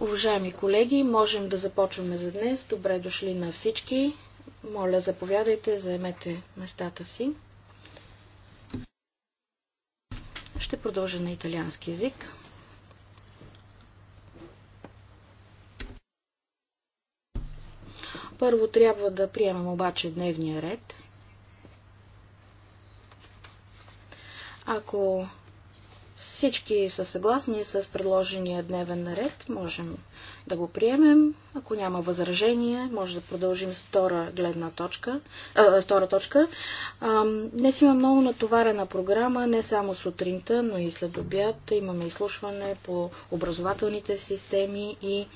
Уважаеми колеги, можем да започваме за днес. Добре дошли на всички. Моля, заповядайте, заемете местата си. Ще продължа на италиански язик. Първо трябва да приемам обаче дневния ред. Ако всички са съгласни с предложения дневен наред. Можем да го приемем. Ако няма възражение, може да продължим с втора гледна точка. Э, втора точка. А, днес има много натоварена програма, не само сутринта, но и след обяд. Имаме изслушване по образователните системи и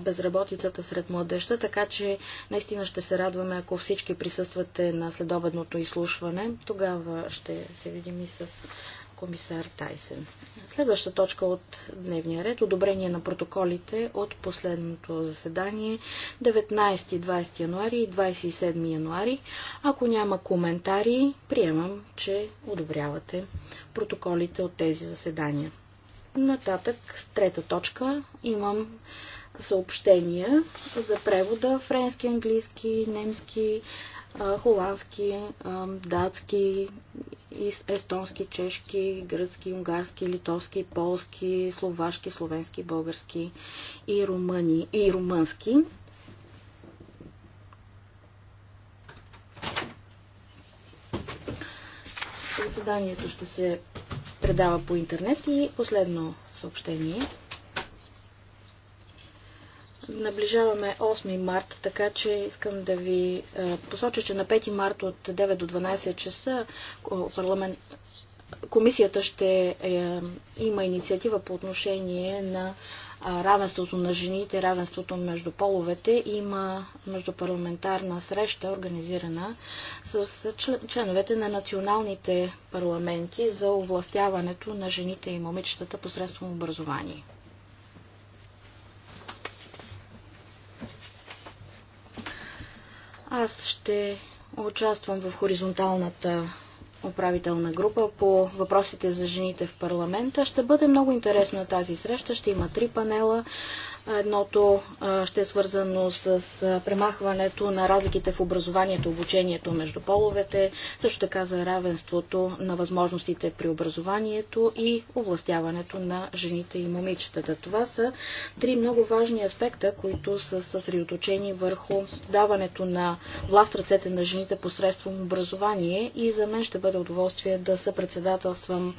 безработицата сред младеща. така че наистина ще се радваме, ако всички присъствате на следобедното изслушване. Тогава ще се видим и с комисар Тайсен. Следваща точка от дневния ред – одобрение на протоколите от последното заседание 19-20 януари и 27 януари. Ако няма коментари, приемам, че одобрявате протоколите от тези заседания. Нататък, трета точка, имам съобщения за превода френски, английски, немски, холандски, датски, естонски, чешки, гръцки, унгарски, литовски, полски, словашки, словенски, български и, румъни, и румънски. Заседанието ще се предава по интернет и последно съобщение – Наближаваме 8 март, така че искам да ви е, посоча, че на 5 март от 9 до 12 часа парламент... комисията ще е, има инициатива по отношение на равенството на жените, равенството между половете. Има междупарламентарна среща, организирана с е, членовете на националните парламенти за овластяването на жените и момичетата посредством образование. Аз ще участвам в хоризонталната управителна група по въпросите за жените в парламента. Ще бъде много интересна тази среща. Ще има три панела. Едното ще е свързано с премахването на разликите в образованието, обучението между половете, също така за равенството на възможностите при образованието и овластяването на жените и момичетата. Това са три много важни аспекта, които са съсредоточени върху даването на власт ръцете на жените посредством образование и за мен ще бъде удоволствие да съпредседателствам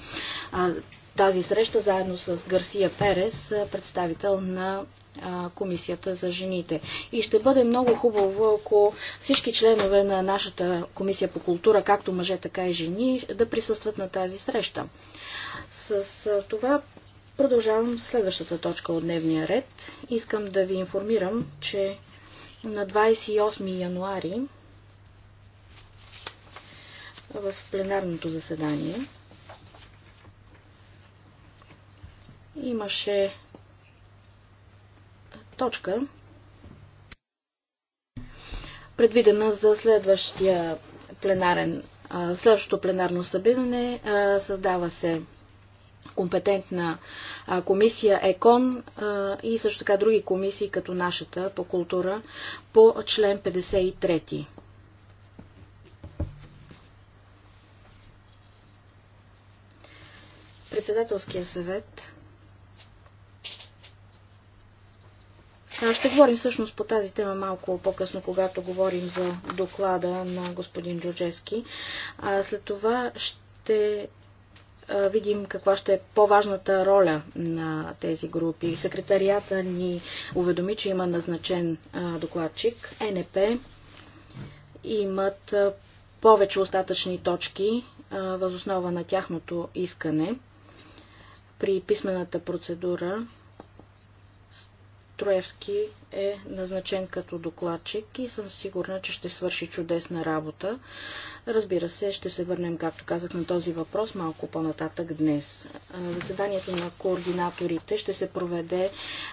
тази среща заедно с Гарсия Перес, представител на Комисията за жените. И ще бъде много хубаво, ако всички членове на нашата Комисия по култура, както мъже, така и жени, да присъстват на тази среща. С това продължавам следващата точка от дневния ред. Искам да ви информирам, че на 28 януари в пленарното заседание имаше точка, предвидена за следващия пленарен, следващото пленарно събиране. Създава се компетентна комисия ЕКОН и също така други комисии, като нашата по култура, по член 53. Председателския съвет Ще говорим всъщност по тази тема малко по-късно, когато говорим за доклада на господин Джуджески. След това ще видим каква ще е по-важната роля на тези групи. Секретарията ни уведоми, че има назначен докладчик. НП имат повече остатъчни точки възоснова на тяхното искане при писмената процедура Троевски е назначен като докладчик и съм сигурна, че ще свърши чудесна работа. Разбира се, ще се върнем, както казах, на този въпрос малко по-нататък днес. Заседанието на координаторите ще се проведе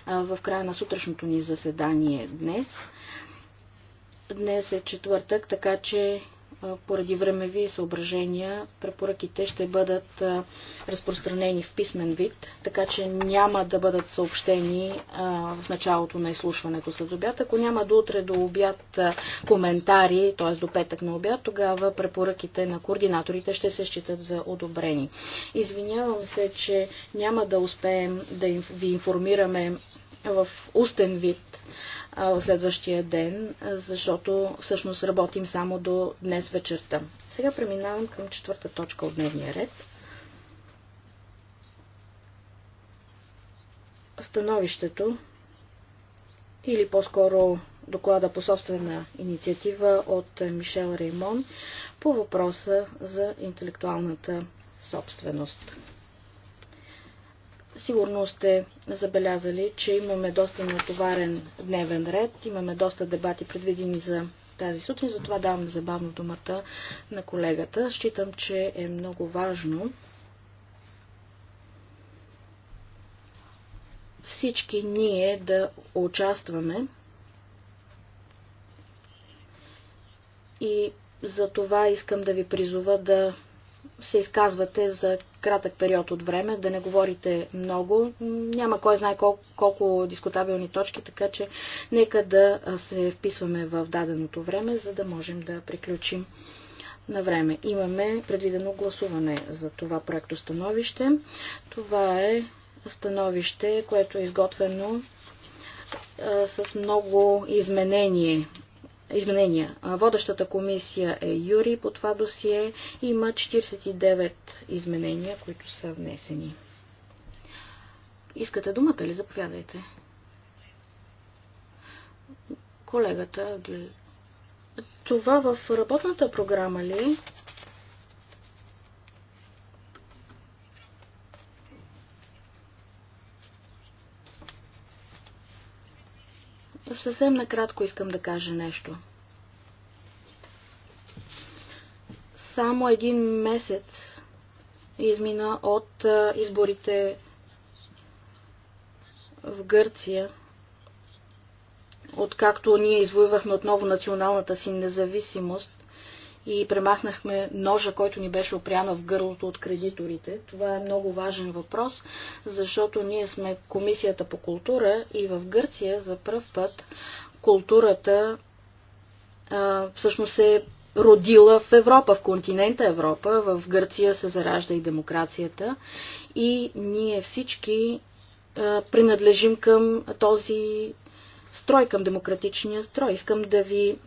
в края на сутрешното ни заседание днес. Днес е четвъртък, така че поради времеви съображения препоръките ще бъдат разпространени в писмен вид, така че няма да бъдат съобщени в началото на изслушването след обяд. Ако няма до утре до обяд коментари, т.е. до петък на обяд, тогава препоръките на координаторите ще се считат за одобрени. Извинявам се, че няма да успеем да ви информираме в устен вид в следващия ден, защото всъщност работим само до днес вечерта. Сега преминавам към четвърта точка от дневния ред. Становището или по-скоро доклада по собствена инициатива от Мишел Реймон по въпроса за интелектуалната собственост. Сигурно сте забелязали, че имаме доста натоварен дневен ред, имаме доста дебати предвидени за тази сутрин, затова давам забавно думата на колегата. Считам, че е много важно всички ние да участваме и за това искам да ви призова да се изказвате за кратък период от време, да не говорите много. Няма кой знае колко, колко дискутабилни точки, така че нека да се вписваме в даденото време, за да можем да приключим на време. Имаме предвидено гласуване за това проекто становище. Това е становище, което е изготвено с много изменение изменения. Водещата комисия е Юри. По това досие има 49 изменения, които са внесени. Искате думата ли? Заповядайте. Колегата. Това в работната програма ли? съвсем накратко искам да кажа нещо. Само един месец измина от изборите в Гърция, откакто ние извоювахме отново националната си независимост и премахнахме ножа, който ни беше опряна в гърлото от кредиторите. Това е много важен въпрос, защото ние сме Комисията по култура и в Гърция за първ път културата а, всъщност се родила в Европа, в континента Европа. В Гърция се заражда и демокрацията. И ние всички а, принадлежим към този строй, към демократичния строй. Искам да ви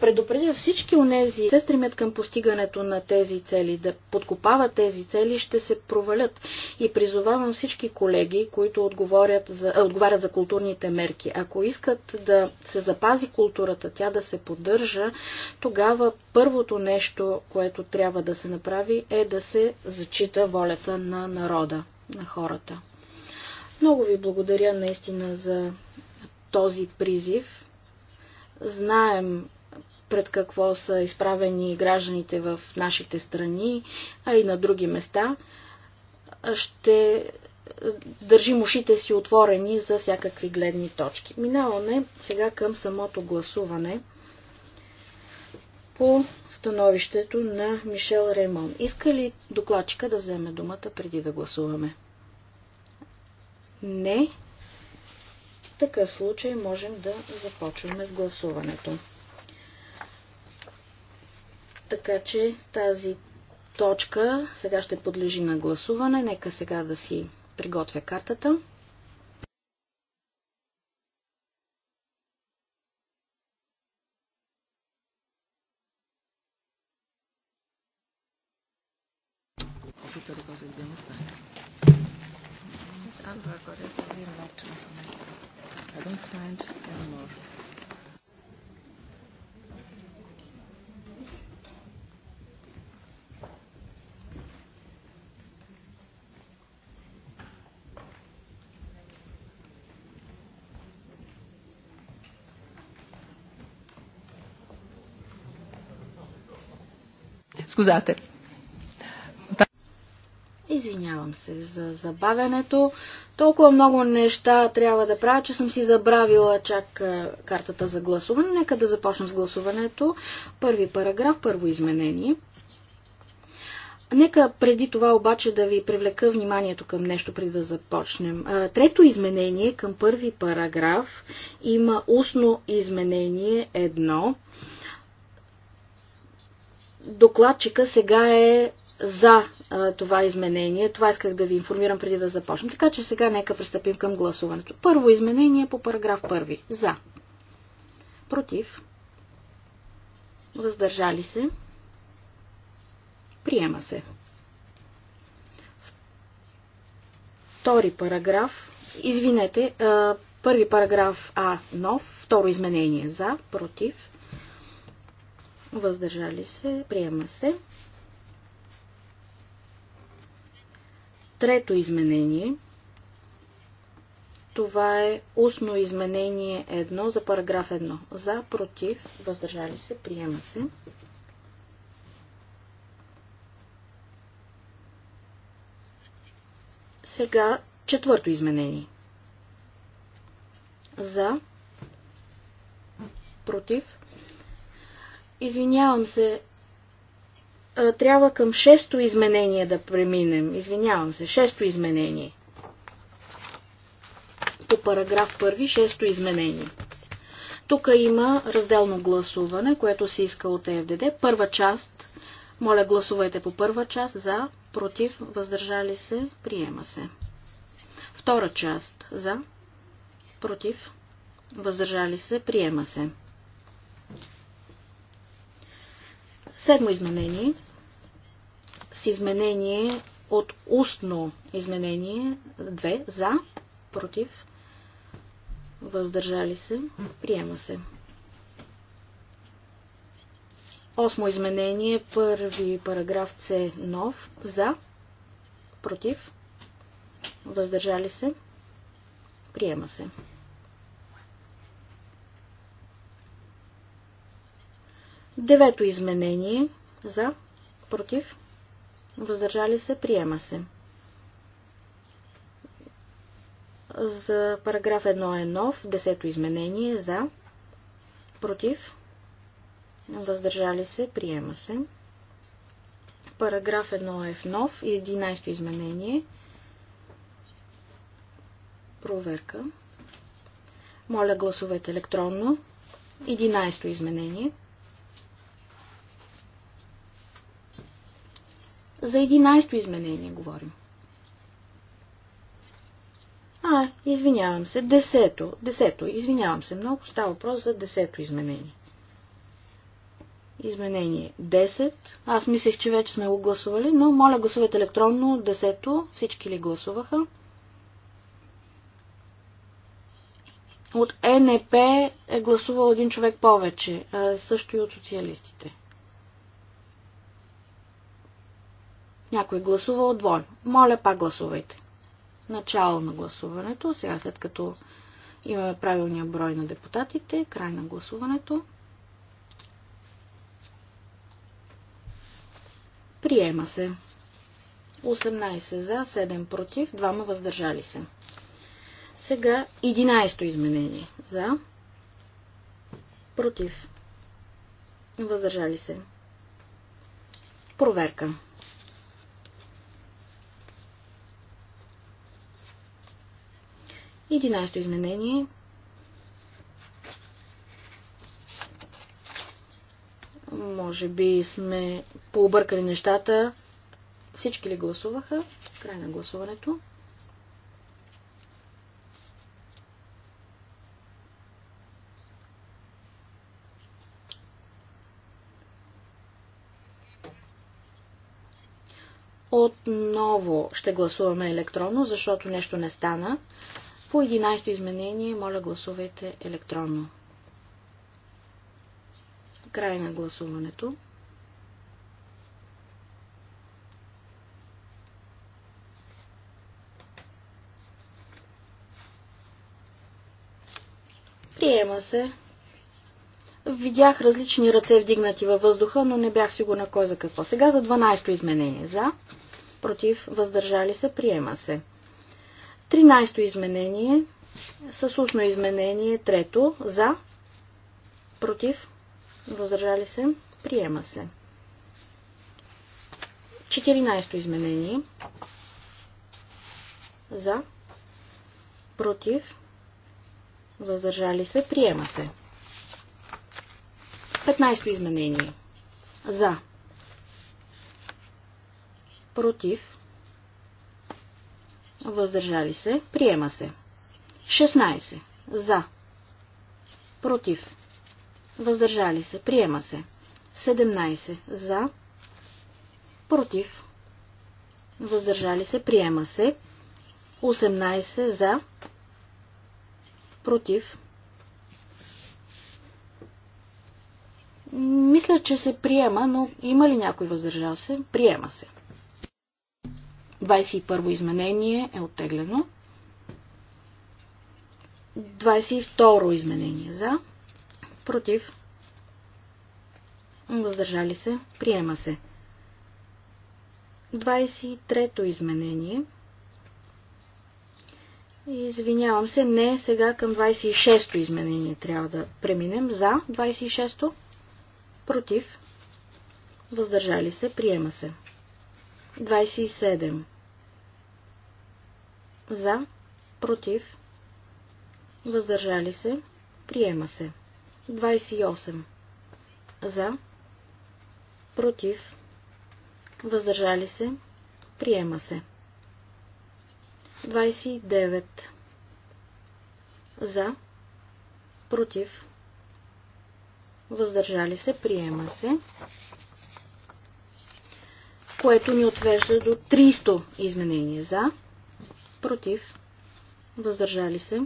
предупредя всички тези, се стремят към постигането на тези цели, да подкопават тези цели, ще се провалят. И призовавам всички колеги, които отговорят за, а, отговарят за културните мерки. Ако искат да се запази културата, тя да се поддържа, тогава първото нещо, което трябва да се направи, е да се зачита волята на народа, на хората. Много ви благодаря наистина за този призив Знаем пред какво са изправени гражданите в нашите страни, а и на други места. Ще държим ушите си отворени за всякакви гледни точки. Минаваме сега към самото гласуване по становището на Мишел Реймон. Иска ли докладчика да вземе думата преди да гласуваме? Не такъв случай можем да започваме с гласуването. Така че тази точка сега ще подлежи на гласуване. Нека сега да си приготвя картата. Scusate. Извинявам се за забавянето. Толкова много неща трябва да правя, че съм си забравила чак е, картата за гласуване. Нека да започнем с гласуването. Първи параграф, първо изменение. Нека преди това обаче да ви привлека вниманието към нещо, преди да започнем. Е, трето изменение към първи параграф има устно изменение едно докладчика сега е за а, това изменение. Това исках да ви информирам преди да започнем. Така че сега нека пристъпим към гласуването. Първо изменение по параграф 1. За. Против. Въздържали се. Приема се. Втори параграф. Извинете, първи параграф А нов, второ изменение за, против, въздържали се, приема се. Трето изменение. Това е устно изменение 1 за параграф 1. За, против, въздържали се, приема се. Сега четвърто изменение. За, против, Извинявам се. Трябва към шесто изменение да преминем. Извинявам се. Шесто изменение. По параграф първи, шесто изменение. Тук има разделно гласуване, което се иска от ЕФДД. Първа част. Моля, гласувайте по първа част. За, против, въздържали се, приема се. Втора част. За, против, въздържали се, приема се. Седмо изменение с изменение от устно изменение 2 за, против, въздържали се, приема се. Осмо изменение, първи параграф С нов, за, против, въздържали се, приема се. Девето изменение за, против, въздържали се, приема се. За параграф 1 е нов, десето изменение за, против, въздържали се, приема се. Параграф 1 е в нов, 11 изменение. Проверка. Моля гласувайте електронно. 11 изменение. За 11-то изменение говорим. А, извинявам се, десето, десето, извинявам се много, става въпрос за десето изменение. Изменение 10. Аз мислех, че вече сме го гласували, но моля гласувайте електронно. Десето. Всички ли гласуваха? От НП е гласувал един човек повече, също и от социалистите. Някой гласува отвор. Моля, пак гласувайте. Начало на гласуването, сега след като имаме правилния брой на депутатите, край на гласуването. Приема се. 18 за, 7 против, 2 въздържали се. Сега 11-то изменение. За, против, въздържали се. Проверка. 11 изменение. Може би сме пообъркали нещата. Всички ли гласуваха? Край на гласуването. Отново ще гласуваме електронно, защото нещо не стана. По 11 изменение, моля гласувайте електронно. Край на гласуването. Приема се. Видях различни ръце вдигнати във въздуха, но не бях сигурна кой за какво. Сега за 12-то изменение. За, против, въздържали се, приема се. 13-то изменение с устно изменение, трето, за, против, въздържали се, приема се. 14 изменение, за, против, въздържали се, приема се. 15-то изменение, за, против, въздържали се, приема се. 16. За, против, въздържали се, приема се. 17. За, против, въздържали се, приема се. 18. За, против. Мисля, че се приема, но има ли някой въздържал се? Приема се. 21 изменение е оттеглено. 22 изменение за, против, въздържали се, приема се. 23 изменение. Извинявам се, не сега към 26-то изменение трябва да преминем. За 26-то, против, въздържали се, приема се. 27. За. Против. Въздържали се. Приема се. 28. За. Против. Въздържали се. Приема се. 29. За. Против. Въздържали се. Приема се. Което ни отвежда до 300 изменения. За против, въздържали се,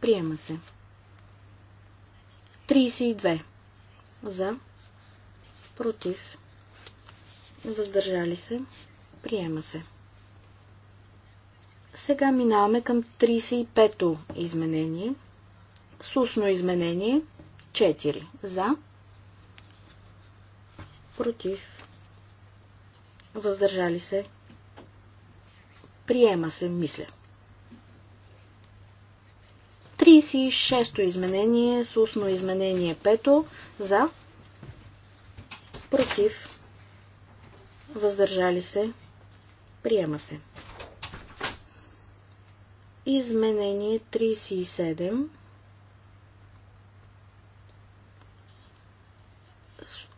приема се. 32 за, против, въздържали се, приема се. Сега минаваме към 35-то изменение. Сусно изменение 4. За. Против. Въздържали се. Приема се, мисля. 36-то изменение с устно изменение 5 за, против, въздържали се, приема се. Изменение 37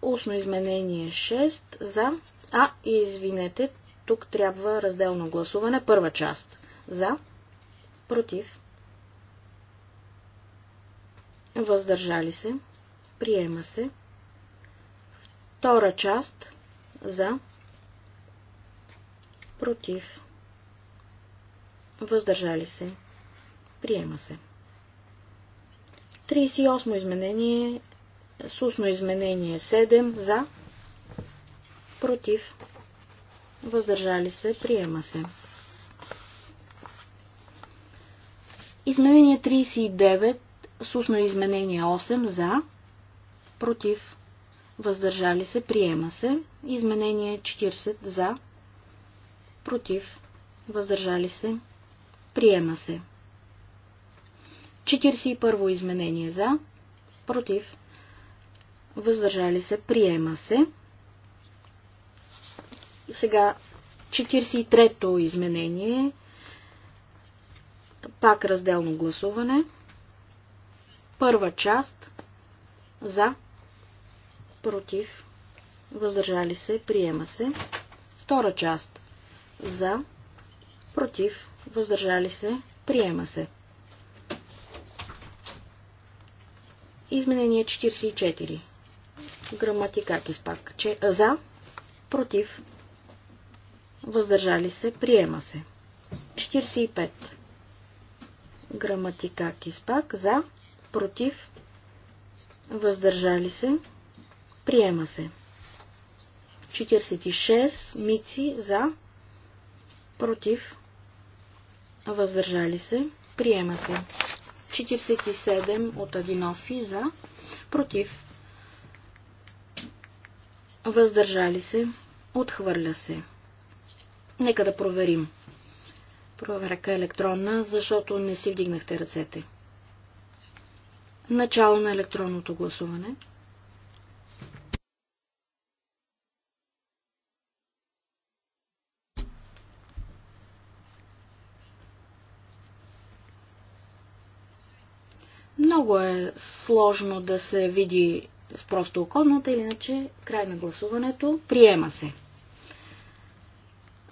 устно изменение 6 за... А, извинете, тук трябва разделно гласуване. Първа част. За, против, въздържали се, приема се. Втора част за, против, въздържали се, приема се. 38 изменение, Сусно изменение 7 за, против, въздържали се, приема се. Изменение 39 Слушно изменение 8 за, против, въздържали се, приема се. Изменение 40 за, против, въздържали се, приема се. 41 изменение за, против, въздържали се, приема се. Сега 43-то изменение, пак разделно гласуване – Първа част за, против, въздържали се, приема се. Втора част за, против, въздържали се, приема се. Изменение 44. Граматика изпак. Че, за, против, въздържали се, приема се. 45. Граматика изпак. За, против, въздържали се, приема се. 46 мици за, против, въздържали се, приема се. 47 от Адинофи за, против, въздържали се, отхвърля се. Нека да проверим. Проверка електронна, защото не си вдигнахте ръцете. Начало на електронното гласуване. Много е сложно да се види с просто оконната, или иначе край на гласуването приема се.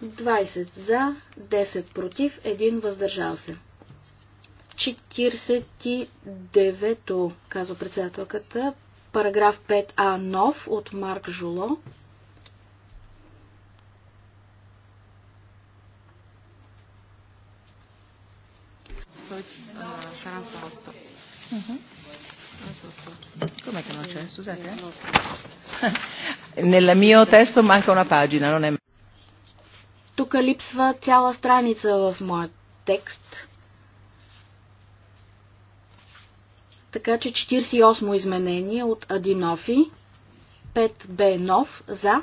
20 за, 10 против, 1 въздържал се. 49-то, казва председателката, параграф 5а нов от Марк Жуло. Com'è che non c'è? Scusate. Eh? Nel mio testo manca una pagina, non è... Тук липсва цяла страница в моят текст. Така че 48 изменение от Адинофи. 5Б нов за.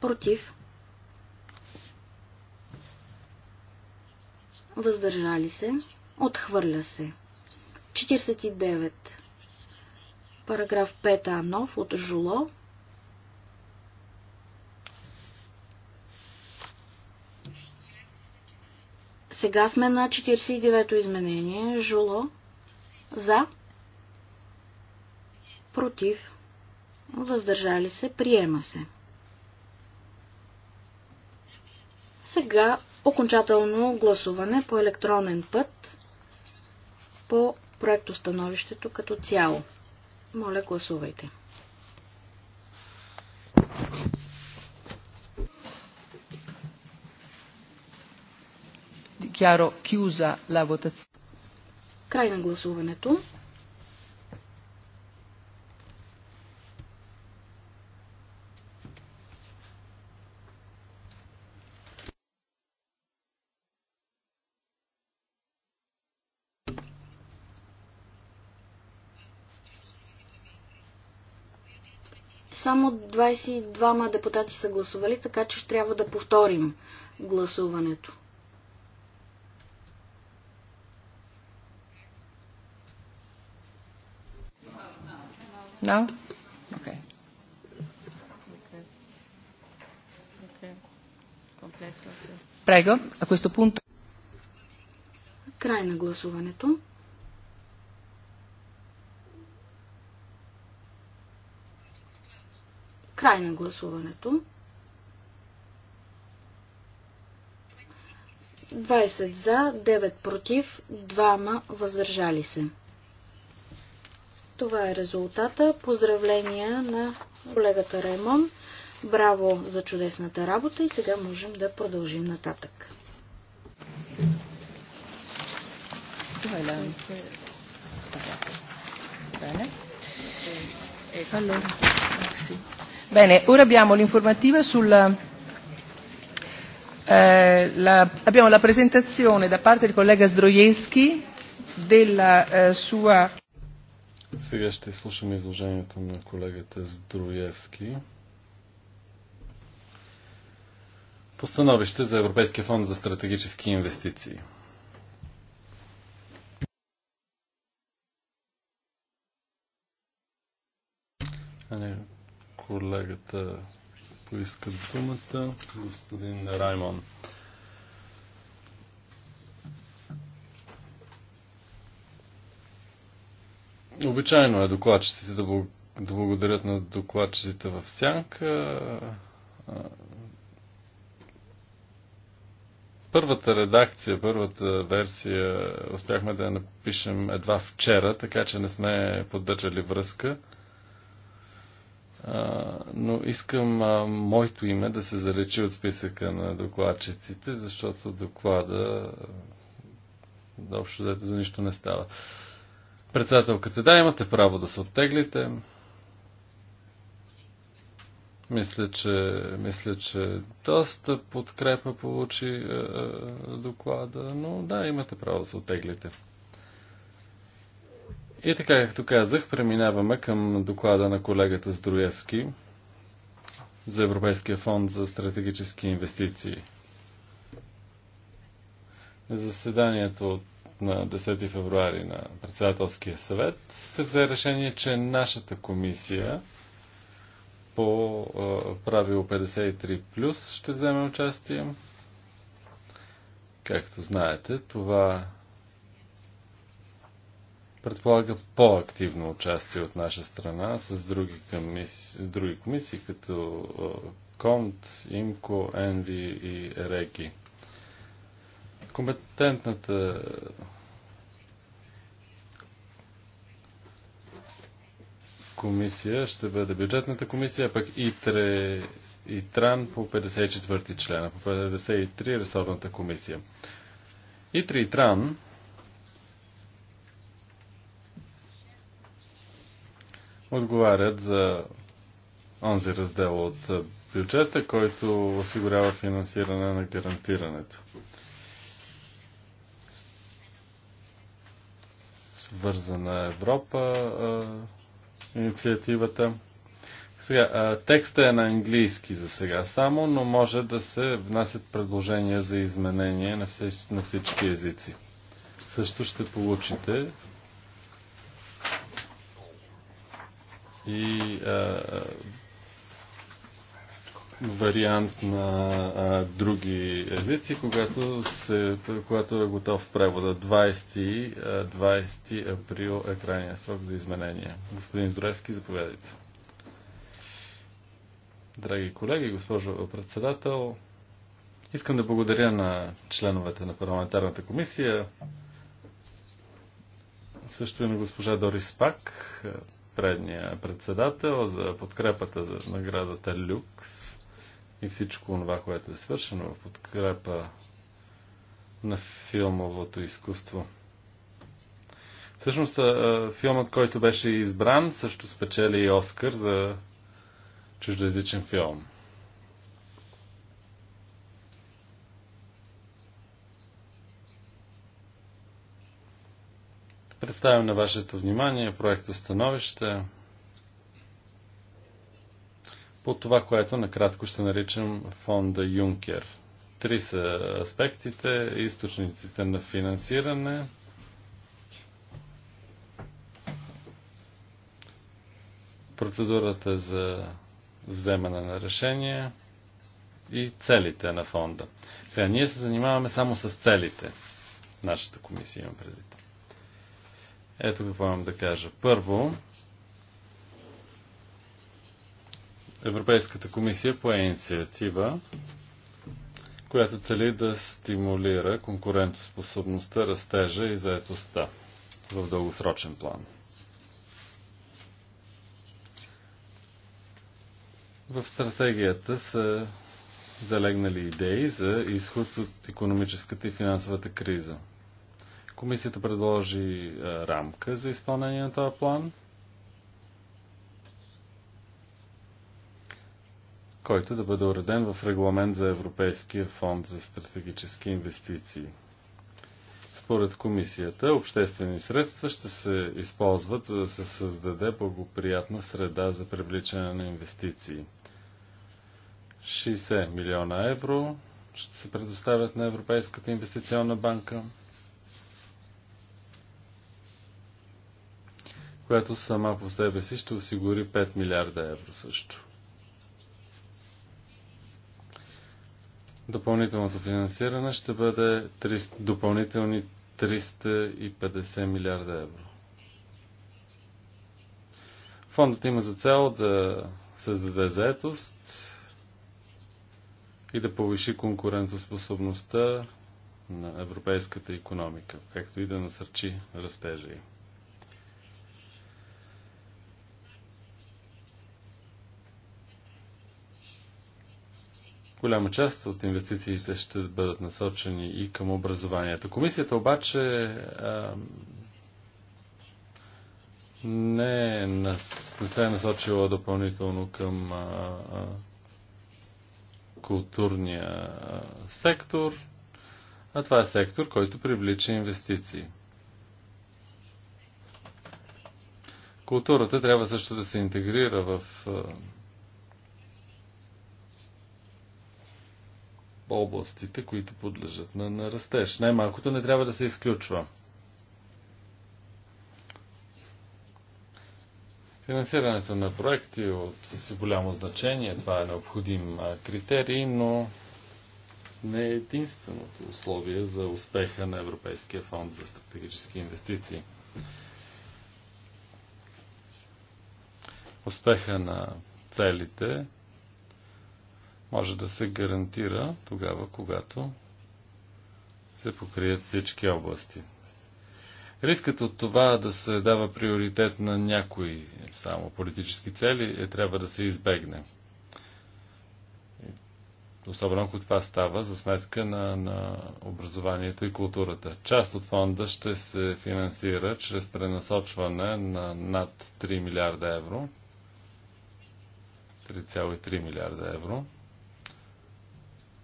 Против. Въздържали се. Отхвърля се. 49. Параграф 5А нов от Жуло. Сега сме на 49-то изменение. Жуло. За. Против. Въздържали се. Приема се. Сега окончателно гласуване по електронен път по проектостановището като цяло. Моля, гласувайте. Chiaro chiusa la votazione. Край на гласуването. само 22 депутати са гласували, така че ще трябва да повторим гласуването. No? Okay. Прего, а questo punto... Край на гласуването. Край на гласуването. 20 за, 9 против, 2 въздържали се. Това е резултата. Поздравления на колегата Раймон. Браво за чудесната работа и сега можем да продължим нататък. Bene, ora abbiamo l'informativa sulla eh, la, abbiamo la presentazione da parte del collega Sdrojewski della eh, sua сега ще слушаме изложението на колегата Здруевски. Постановище за Европейския фонд за стратегически инвестиции. колегата поиска думата, господин Раймон. Обичайно е докладчиците да, благ... да благодарят на докладчиците в сянка. Първата редакция, първата версия успяхме да я напишем едва вчера, така че не сме поддържали връзка. Но искам моето име да се залечи от списъка на докладчиците, защото доклада общо за нищо не става. Председателката, да, имате право да се оттеглите. Мисля, че, мисля, че доста подкрепа получи е, е, доклада, но да, имате право да се оттеглите. И така, както казах, преминаваме към доклада на колегата Здруевски за Европейския фонд за стратегически инвестиции. Заседанието от на 10 февруари на председателския съвет се взе решение, че нашата комисия по правило 53 плюс ще вземе участие. Както знаете, това предполага по-активно участие от наша страна с други комисии, други комисии като КОНТ, ИМКО, ЕНВИ и РЕГИ компетентната комисия ще бъде бюджетната комисия, пък ИТРЕ и ТРАН по 54 члена, по 53 ресорната комисия. ИТРЕ и ТРАН отговарят за онзи раздел от бюджета, който осигурява финансиране на гарантирането. свързана Европа инициативата. Сега, текста е на английски за сега само, но може да се внасят предложения за изменение на, всеч, на всички езици. Също ще получите и а, вариант на а, други езици, когато, се, когато е готов превода. 20, 20 април е крайния срок за изменения. Господин Здоревски, заповядайте. Драги колеги, госпожо председател, искам да благодаря на членовете на парламентарната комисия, също и на госпожа Дорис Пак, предния председател, за подкрепата за наградата Люкс и всичко това, което е свършено в подкрепа на филмовото изкуство. Всъщност, филмът, който беше избран, също спечели и Оскар за чуждоязичен филм. Представям на вашето внимание проекто становище по това, което накратко ще наричам фонда Юнкер. Три са аспектите, източниците на финансиране, процедурата за вземане на решения и целите на фонда. Сега ние се занимаваме само с целите. Нашата комисия има предвид. Ето какво имам да кажа. Първо, Европейската комисия по инициатива, която цели да стимулира конкурентоспособността, растежа и заетостта в дългосрочен план. В стратегията са залегнали идеи за изход от економическата и финансовата криза. Комисията предложи рамка за изпълнение на този план – който да бъде уреден в регламент за Европейския фонд за стратегически инвестиции. Според комисията, обществени средства ще се използват, за да се създаде благоприятна среда за привличане на инвестиции. 60 милиона евро ще се предоставят на Европейската инвестиционна банка, която сама по себе си ще осигури 5 милиарда евро също. Допълнителното финансиране ще бъде 300, допълнителни 350 милиарда евро. Фондът има за цел да създаде заетост и да повиши конкурентоспособността на европейската економика, както и да насърчи растежа й. Голяма част от инвестициите ще бъдат насочени и към образованието. Комисията обаче а, не, е нас, не се е насочила допълнително към а, а, културния а, сектор, а това е сектор, който привлича инвестиции. Културата трябва също да се интегрира в а, областите, които подлежат на, на растеж. Най-малкото не трябва да се изключва. Финансирането на проекти е от голямо значение, това е необходим критерий, но не е единственото условие за успеха на Европейския фонд за стратегически инвестиции. Успеха на целите може да се гарантира тогава, когато се покрият всички области. Рискът от това да се дава приоритет на някои само политически цели е, трябва да се избегне. Особено ако това става за сметка на, на образованието и културата. Част от фонда ще се финансира чрез пренасочване на над 3 милиарда евро. 3,3 милиарда евро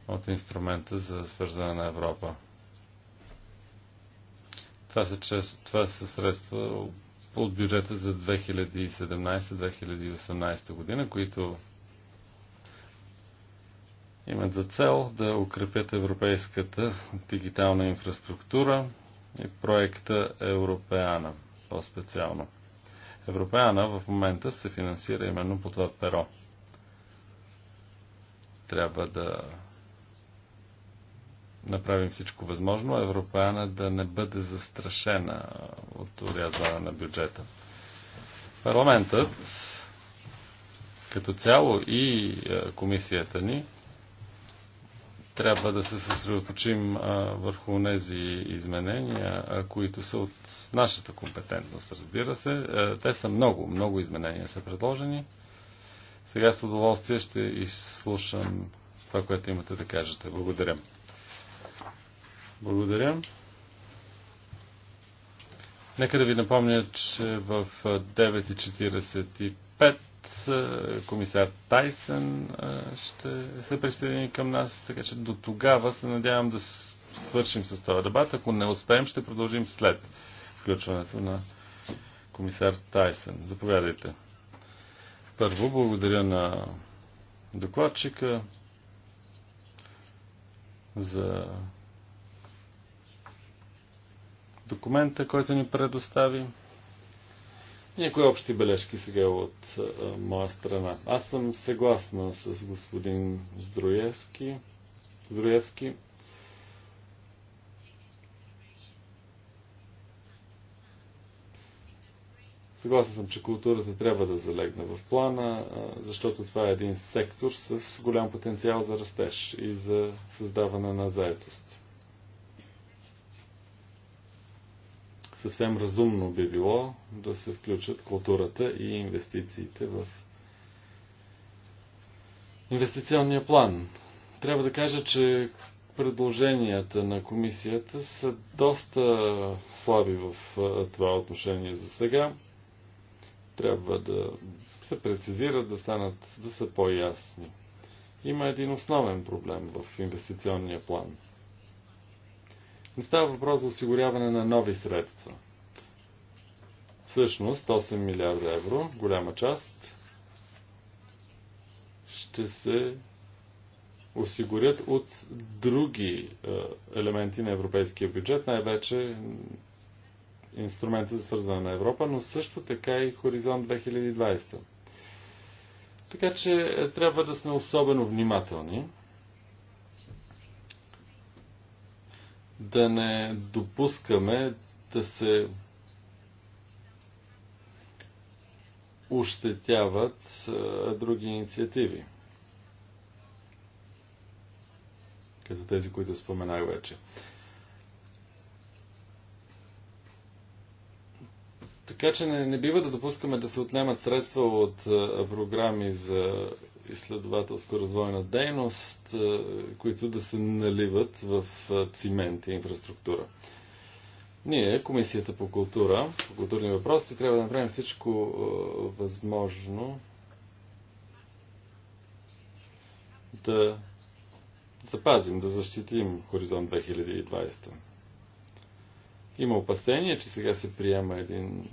от инструмента за свързване на Европа. Това са, това са средства от бюджета за 2017-2018 година, които имат за цел да укрепят европейската дигитална инфраструктура и проекта Европеана по-специално. Европеана в момента се финансира именно по това перо. Трябва да направим всичко възможно Европеана да не бъде застрашена от урязване на бюджета. Парламентът като цяло и е, комисията ни трябва да се съсредоточим е, върху тези изменения, е, които са от нашата компетентност, разбира се. Те са много, много изменения са предложени. Сега с удоволствие ще изслушам това, което имате да кажете. Благодаря. Благодаря. Нека да ви напомня, че в 9.45 е, комисар Тайсън е, ще се присъедини към нас, така че до тогава се надявам да свършим с този дебат. Ако не успеем, ще продължим след включването на комисар Тайсън. Заповядайте. Първо, благодаря на докладчика за документа, който ни предостави. Някои общи бележки сега от а, моя страна. Аз съм съгласна с господин Здруевски. Здруевски. Съгласен съм, че културата трябва да залегне в плана, защото това е един сектор с голям потенциал за растеж и за създаване на заедост. съвсем разумно би било да се включат културата и инвестициите в инвестиционния план. Трябва да кажа, че предложенията на комисията са доста слаби в това отношение за сега. Трябва да се прецизират, да станат, да са по-ясни. Има един основен проблем в инвестиционния план – не става въпрос за осигуряване на нови средства. Всъщност 8 милиарда евро, голяма част, ще се осигурят от други е, елементи на европейския бюджет, най-вече инструмента за свързване на Европа, но също така и Хоризонт 2020. Така че е, трябва да сме особено внимателни. да не допускаме да се ощетяват други инициативи. Като тези, които споменах вече. Така че не, не бива да допускаме да се отнемат средства от а, програми за изследователско-развойна дейност, е, които да се наливат в е, цимент и инфраструктура. Ние, Комисията по култура, по културни въпроси, трябва да направим всичко е, възможно да запазим, да защитим Хоризонт 2020. Има опасение, че сега се приема един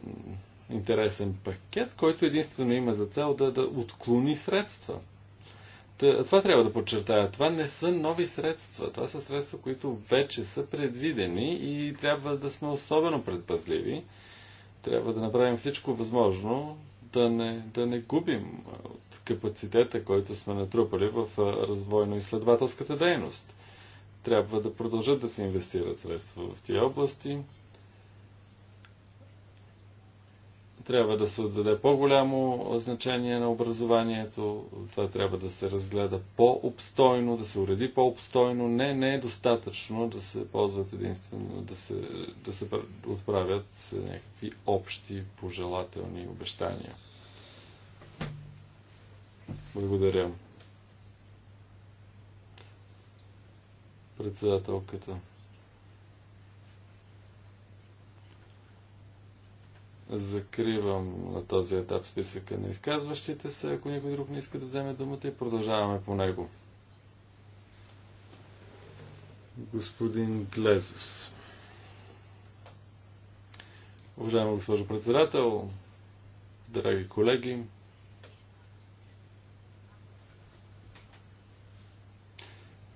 интересен пакет, който единствено има за цел да, да отклони средства. това трябва да подчертая. Това не са нови средства. Това са средства, които вече са предвидени и трябва да сме особено предпазливи. Трябва да направим всичко възможно да не, да не губим от капацитета, който сме натрупали в развойно-изследователската дейност. Трябва да продължат да се инвестират средства в тези области. Трябва да се отдаде по-голямо значение на образованието, това трябва да се разгледа по-обстойно, да се уреди по-обстойно. Не, не е достатъчно да се ползват единствено, да се, да се отправят някакви общи пожелателни обещания. Благодаря. Председателката. Закривам на този етап списъка на изказващите се, ако никой друг не иска да вземе думата и продължаваме по него. Господин Глезус. Уважаема госпожо председател, драги колеги,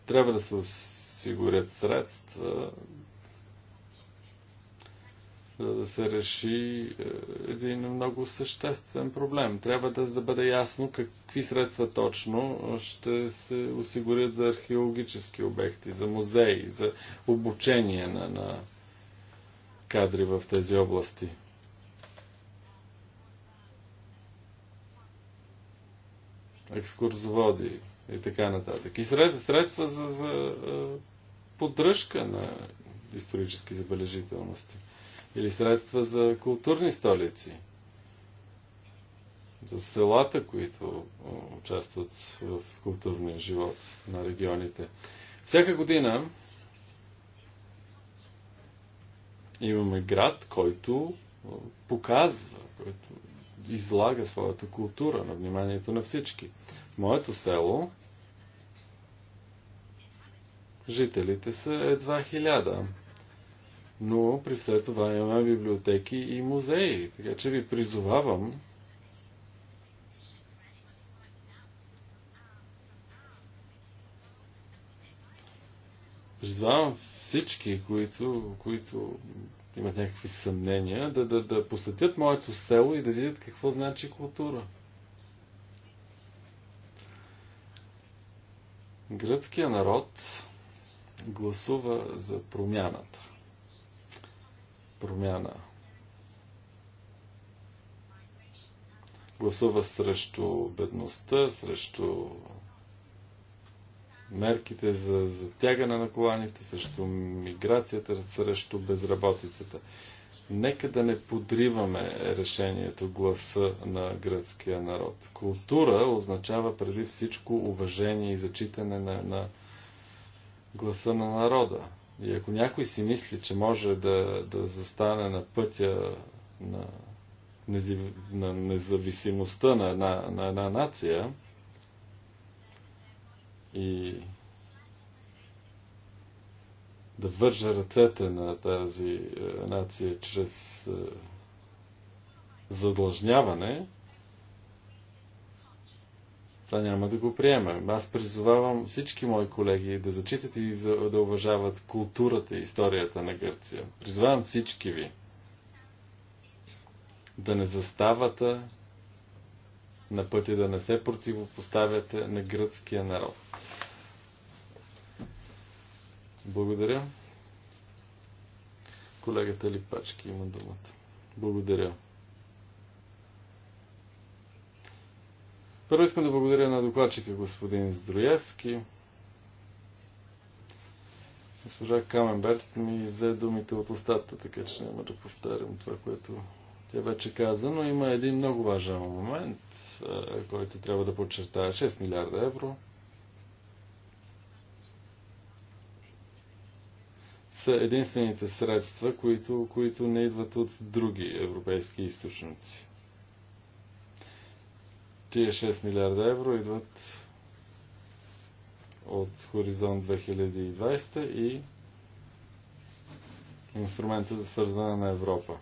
трябва да се осигурят средства за да се реши е, един много съществен проблем. Трябва да, да бъде ясно какви средства точно ще се осигурят за археологически обекти, за музеи, за обучение на, на кадри в тези области. Екскурзоводи и така нататък. И сред, средства за, за е, поддръжка на исторически забележителности или средства за културни столици, за селата, които участват в културния живот на регионите. Всяка година имаме град, който показва, който излага своята култура на вниманието на всички. В моето село жителите са едва хиляда но при все това имаме библиотеки и музеи. Така че ви призовавам призвавам всички, които, които имат някакви съмнения, да, да, да посетят моето село и да видят какво значи култура. Гръцкия народ гласува за промяната промяна. Гласува срещу бедността, срещу мерките за затягане на коланите, срещу миграцията, срещу безработицата. Нека да не подриваме решението гласа на гръцкия народ. Култура означава преди всичко уважение и зачитане на, на гласа на народа. И ако някой си мисли, че може да, да застане на пътя на, незав... на независимостта на една, на една нация и да върже ръцете на тази е, нация чрез е, задлъжняване, това няма да го приема. Аз призовавам всички мои колеги да зачитат и за, да уважават културата и историята на Гърция. Призовавам всички ви да не заставате на пъти, да не се противопоставяте на гръцкия народ. Благодаря. Колегата Липачки има думата. Благодаря. Първо искам да благодаря на докладчика господин Здроевски. Госпожа Каменберт ми взе думите от устата, така че няма да повтарям това, което тя вече каза, но има един много важен момент, който трябва да подчертая. 6 милиарда евро са единствените средства, които, които не идват от други европейски източници. Тия 6 милиарда евро идват от Хоризонт 2020 и инструмента за свързване на Европа.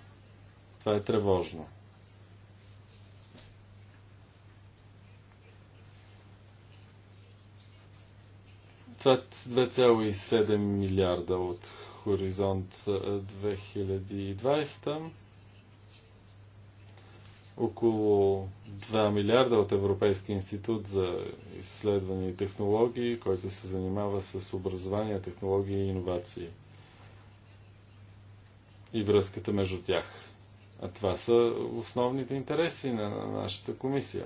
Това е тревожно. Това 2,7 е милиарда от Хоризонт 2020 около 2 милиарда от Европейски институт за изследвания и технологии, който се занимава с образование, технологии и иновации и връзката между тях. А това са основните интереси на нашата комисия.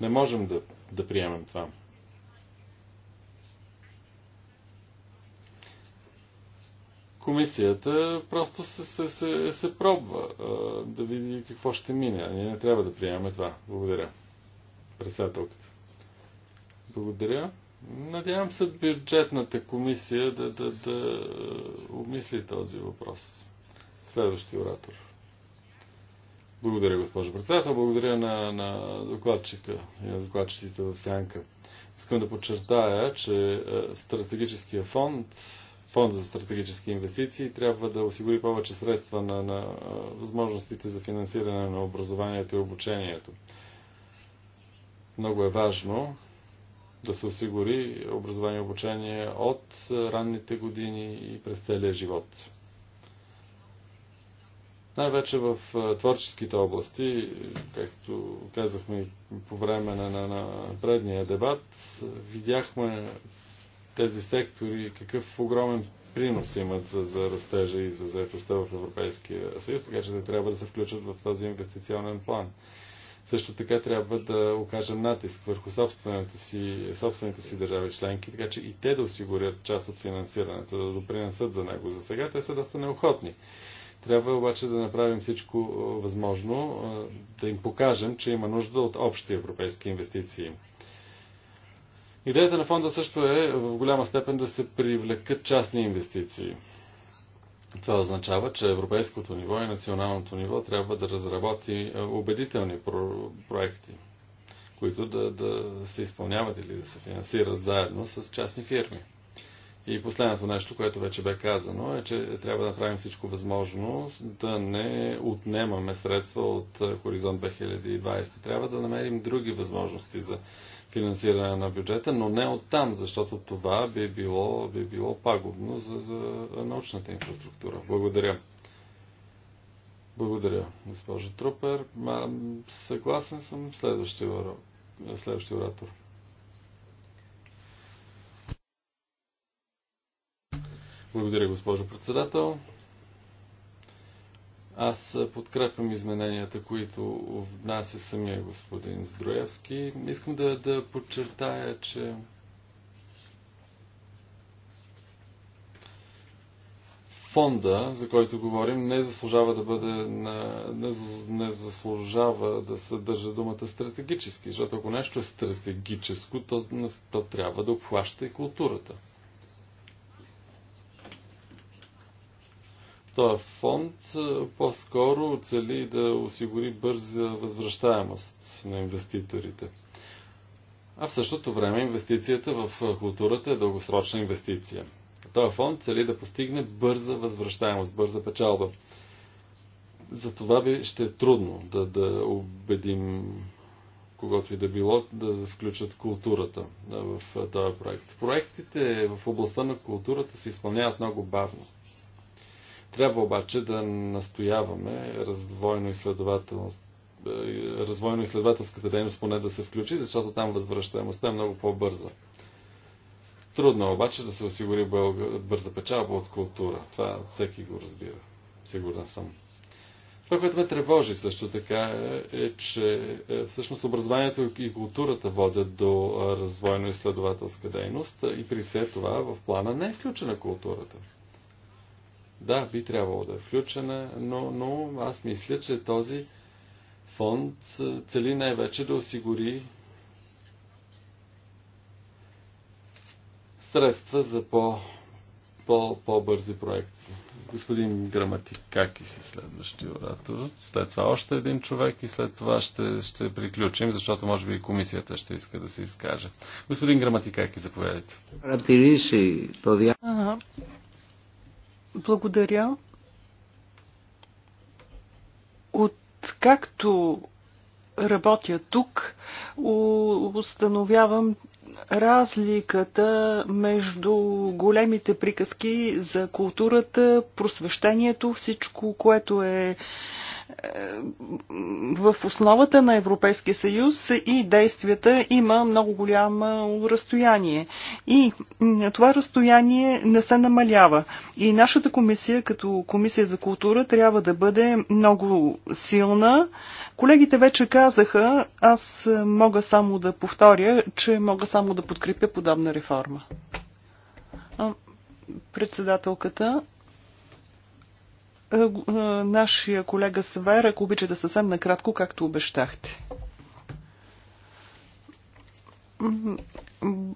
Не можем да, да приемем това. комисията просто се, се, се, се пробва а, да види какво ще мине. А ние не трябва да приемаме това. Благодаря. Председателката. Благодаря. Надявам се бюджетната комисия да, да, да обмисли този въпрос. Следващия оратор. Благодаря, госпожо председател. Благодаря на, на докладчика и на докладчиците в Сянка. Искам да подчертая, че стратегическия фонд фонда за стратегически инвестиции трябва да осигури повече средства на, на възможностите за финансиране на образованието и обучението. Много е важно да се осигури образование и обучение от ранните години и през целия живот. Най-вече в творческите области, както казахме по време на, на, на предния дебат, видяхме тези сектори какъв огромен принос имат за, за растежа и за заетостта в Европейския съюз, така че те трябва да се включат в този инвестиционен план. Също така трябва да окажем натиск върху собственото си, собствените си държави членки, така че и те да осигурят част от финансирането, да допринесат за него. За сега те са доста неохотни. Трябва обаче да направим всичко е, възможно, е, да им покажем, че има нужда от общи европейски инвестиции. Идеята на фонда също е в голяма степен да се привлекат частни инвестиции. Това означава, че европейското ниво и националното ниво трябва да разработи е, убедителни про проекти, които да, да се изпълняват или да се финансират заедно с частни фирми. И последното нещо, което вече бе казано, е, че трябва да направим всичко възможно да не отнемаме средства от е, Хоризонт 2020. Трябва да намерим други възможности за финансиране на бюджета, но не от там, защото това би било, би било пагубно за, за научната инфраструктура. Благодаря. Благодаря, госпожо Трупер. Ма, съгласен съм следващия оратор. Благодаря, госпожо председател. Аз подкрепям измененията, които внася самия господин Здроевски. Искам да, да подчертая, че фонда, за който говорим, не заслужава да бъде на, не, не заслужава да съдържа думата стратегически, защото ако нещо е стратегическо, то, то трябва да обхваща и културата. Този фонд е, по-скоро цели да осигури бърза възвръщаемост на инвеститорите. А в същото време инвестицията в културата е дългосрочна инвестиция. Този фонд цели да постигне бърза възвръщаемост, бърза печалба. За това би, ще е трудно да, да убедим когато и да било, да включат културата в този проект. Проектите в областта на културата се изпълняват много бавно. Трябва обаче да настояваме раздвойно-изследователност е, развойно-изследователската дейност поне да се включи, защото там възвръщаемостта е много по-бърза. Трудно е обаче да се осигури бърза печалба от култура. Това всеки го разбира. Сигурен съм. Това, което ме тревожи също така е, е че е, всъщност образованието и културата водят до е, развойно-изследователска дейност и при все това в плана не е включена културата да, би трябвало да е включена, но, но аз мисля, че този фонд цели най-вече да осигури средства за по, по, по-бързи проекти. Господин Граматикаки се следващия оратор. След това още един човек и след това ще, ще приключим, защото може би и комисията ще иска да се изкаже. Господин Граматикаки, заповядайте. Благодаря. Откакто работя тук, установявам разликата между големите приказки за културата, просвещението, всичко, което е е, в основата на Европейския съюз и действията има много голямо разстояние. И това разстояние не се намалява. И нашата комисия, като комисия за култура, трябва да бъде много силна. Колегите вече казаха, аз мога само да повторя, че мога само да подкрепя подобна реформа. Председателката е, е, нашия колега Свер, ако обичате съвсем накратко, както обещахте.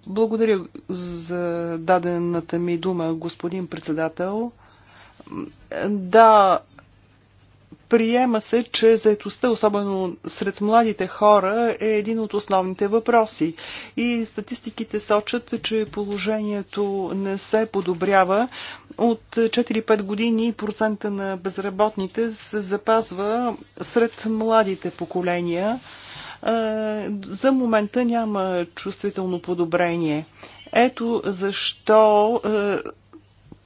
Благодаря за дадената ми дума, господин председател. Да, Приема се, че заетостта, особено сред младите хора, е един от основните въпроси. И статистиките сочат, че положението не се подобрява. От 4-5 години процента на безработните се запазва сред младите поколения. За момента няма чувствително подобрение. Ето защо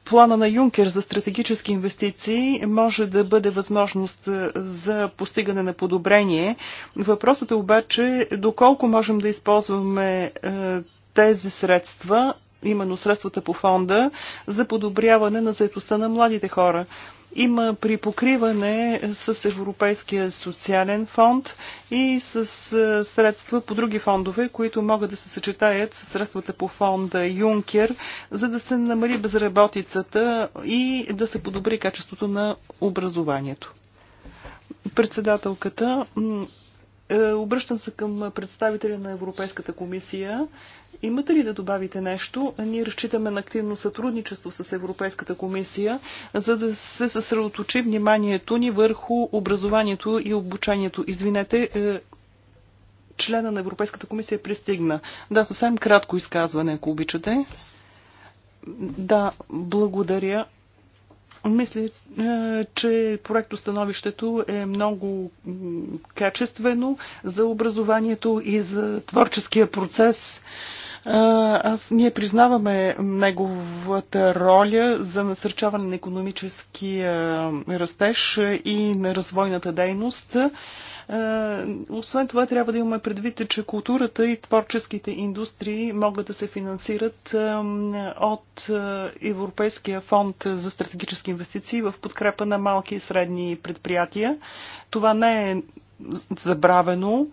плана на Юнкер за стратегически инвестиции може да бъде възможност е, за постигане на подобрение. Въпросът е обаче доколко можем да използваме е, тези средства именно средствата по фонда за подобряване на заедостта на младите хора. Има припокриване с Европейския социален фонд и с средства по други фондове, които могат да се съчетаят с средствата по фонда Юнкер, за да се намали безработицата и да се подобри качеството на образованието. Председателката е, обръщам се към представителя на Европейската комисия. Имате ли да добавите нещо? Ние разчитаме на активно сътрудничество с Европейската комисия, за да се съсредоточи вниманието ни върху образованието и обучението. Извинете, е, члена на Европейската комисия пристигна. Да, съвсем кратко изказване, ако обичате. Да, благодаря. Мисля, е, че проектостановището е много качествено за образованието и за творческия процес. Е, аз ние признаваме неговата роля за насърчаване на економическия растеж и на развойната дейност. Е, освен това, трябва да имаме предвид, че културата и творческите индустрии могат да се финансират от е, Европейския фонд за стратегически инвестиции в подкрепа на малки и средни предприятия. Това не е забравено.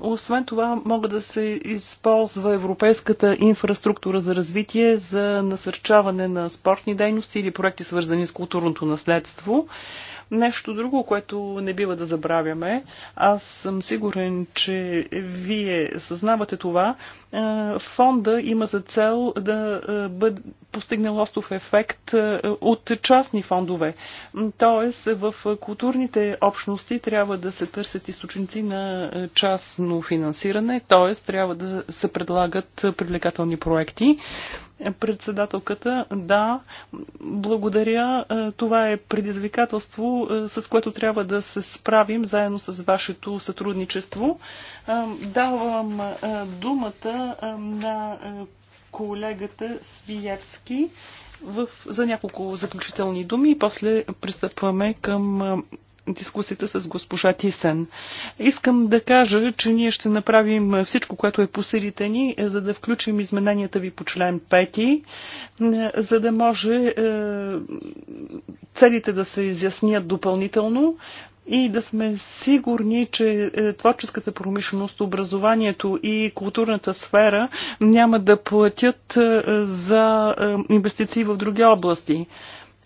Освен това, могат да се използва европейската инфраструктура за развитие за насърчаване на спортни дейности или проекти, свързани с културното наследство. Нещо друго, което не бива да забравяме, аз съм сигурен, че вие съзнавате това, е, фонда има за цел да е, бъде постигне лостов ефект е, от частни фондове. Тоест в културните общности трябва да се търсят източници на частно финансиране, т.е. трябва да се предлагат привлекателни проекти. Председателката, да, благодаря. Е, това е предизвикателство, е, с което трябва да се справим заедно с вашето сътрудничество. Е, давам думата на колегата Свиевски в, за няколко заключителни думи и после пристъпваме към дискусията с госпожа Тисен. Искам да кажа, че ние ще направим всичко, което е по силите ни, е, за да включим измененията ви по член 5, е, за да може е, целите да се изяснят допълнително, и да сме сигурни, че творческата промишленост, образованието и културната сфера няма да платят за инвестиции в други области.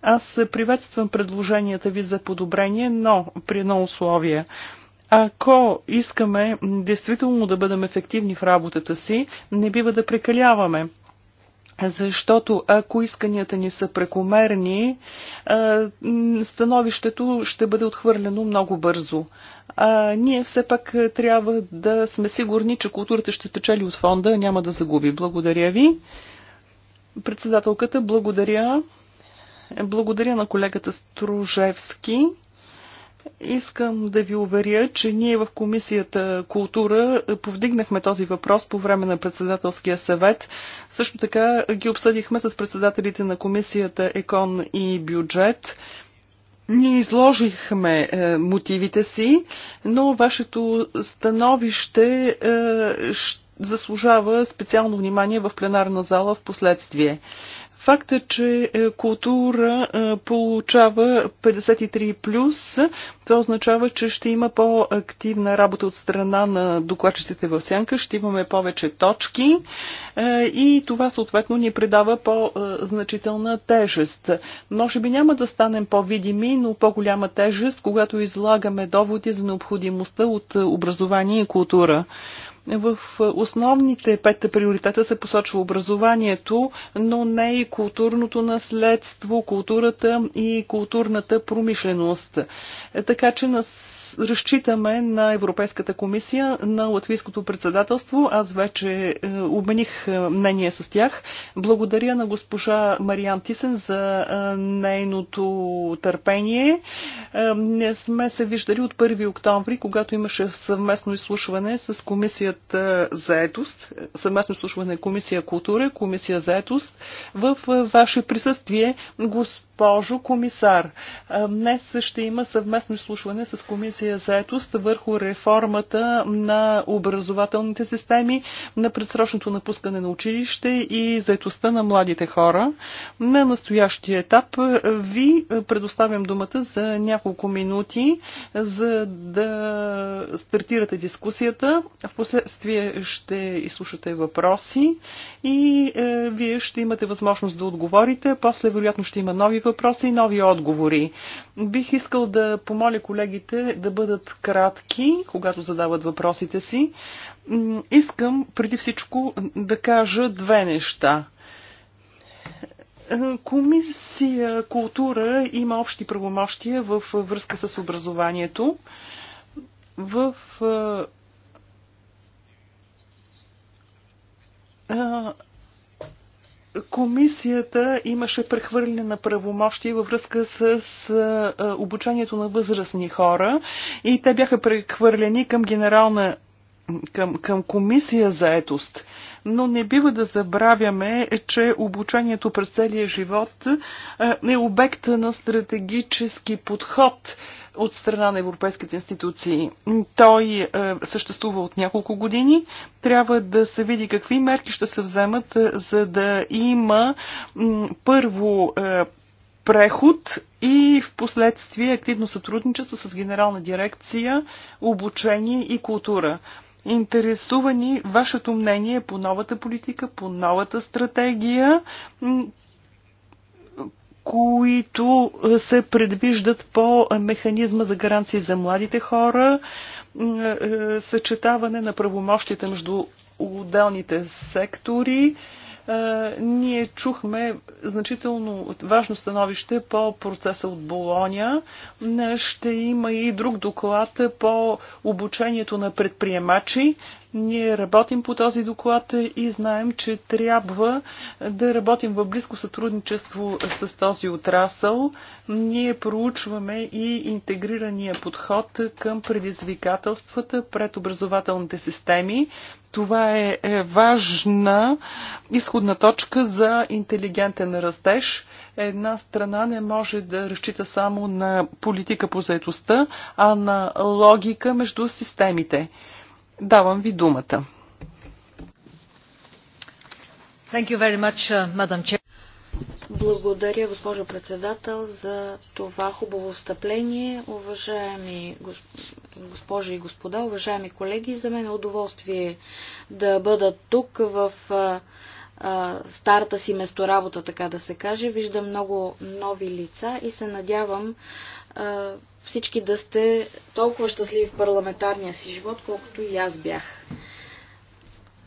Аз приветствам предложенията ви за подобрение, но при едно условие. Ако искаме действително да бъдем ефективни в работата си, не бива да прекаляваме. Защото ако исканията ни са прекомерни, становището ще бъде отхвърлено много бързо. А ние все пак трябва да сме сигурни, че културата ще ли от фонда, няма да загуби. Благодаря ви. Председателката, благодаря. Благодаря на колегата Стружевски. Искам да ви уверя, че ние в Комисията култура повдигнахме този въпрос по време на председателския съвет. Също така ги обсъдихме с председателите на Комисията Екон и бюджет. Ние изложихме е, мотивите си, но вашето становище е, заслужава специално внимание в пленарна зала в последствие. Факт е, че е, култура е, получава 53+, плюс. това означава, че ще има по-активна работа от страна на докладчиците в сянка, ще имаме повече точки е, и това съответно ни предава по-значителна тежест. Може би няма да станем по-видими, но по-голяма тежест, когато излагаме доводи за необходимостта от образование и култура. В основните пет приоритета се посочва образованието, но не и културното наследство, културата и културната промишленост. Така че нас разчитаме на Европейската комисия, на латвийското председателство. Аз вече е, обмених е, мнение с тях. Благодаря на госпожа Мариан Тисен за е, нейното търпение. Не сме се виждали от 1 октомври, когато имаше съвместно изслушване с комисията Комисията заетост, съвместно слушване Комисия култура, Комисия заетост, в ваше присъствие, господин госпожо комисар. Днес ще има съвместно изслушване с комисия за етост върху реформата на образователните системи, на предсрочното напускане на училище и заетостта на младите хора. На настоящия етап ви предоставям думата за няколко минути, за да стартирате дискусията. В последствие ще изслушате въпроси и вие ще имате възможност да отговорите. После, вероятно, ще има нови въпроси и нови отговори. Бих искал да помоля колегите да бъдат кратки, когато задават въпросите си. Искам преди всичко да кажа две неща. Е, Комисия култура има общи правомощия в връзка с образованието. В е, е, Комисията имаше прехвърляне на правомощи във връзка с обучението на възрастни хора и те бяха прехвърлени към Генерална към, към комисия за етост. Но не бива да забравяме, че обучението през целия живот е, е обект на стратегически подход от страна на европейските институции. Той е, съществува от няколко години. Трябва да се види какви мерки ще се вземат, е, за да има първо преход и в последствие активно сътрудничество с Генерална дирекция обучение и култура. Интересувани вашето мнение по новата политика, по новата стратегия, които се предвиждат по механизма за гаранции за младите хора, е, е, съчетаване на правомощите между отделните сектори, е, ние чухме значително важно становище по процеса от Болония. Е, ще има и друг доклад по обучението на предприемачи. Ние работим по този доклад и знаем, че трябва да работим в близко сътрудничество с този отрасъл. Ние проучваме и интегрирания подход към предизвикателствата пред образователните системи. Това е, е важна изходна точка за интелигентен растеж една страна не може да разчита само на политика по заедостта, а на логика между системите. Давам ви думата. Uh, Благодаря, госпожо председател, за това хубаво встъпление. Уважаеми госпожи и господа, уважаеми колеги, за мен е удоволствие да бъда тук в старта си месторабота, така да се каже. Виждам много нови лица и се надявам всички да сте толкова щастливи в парламентарния си живот, колкото и аз бях.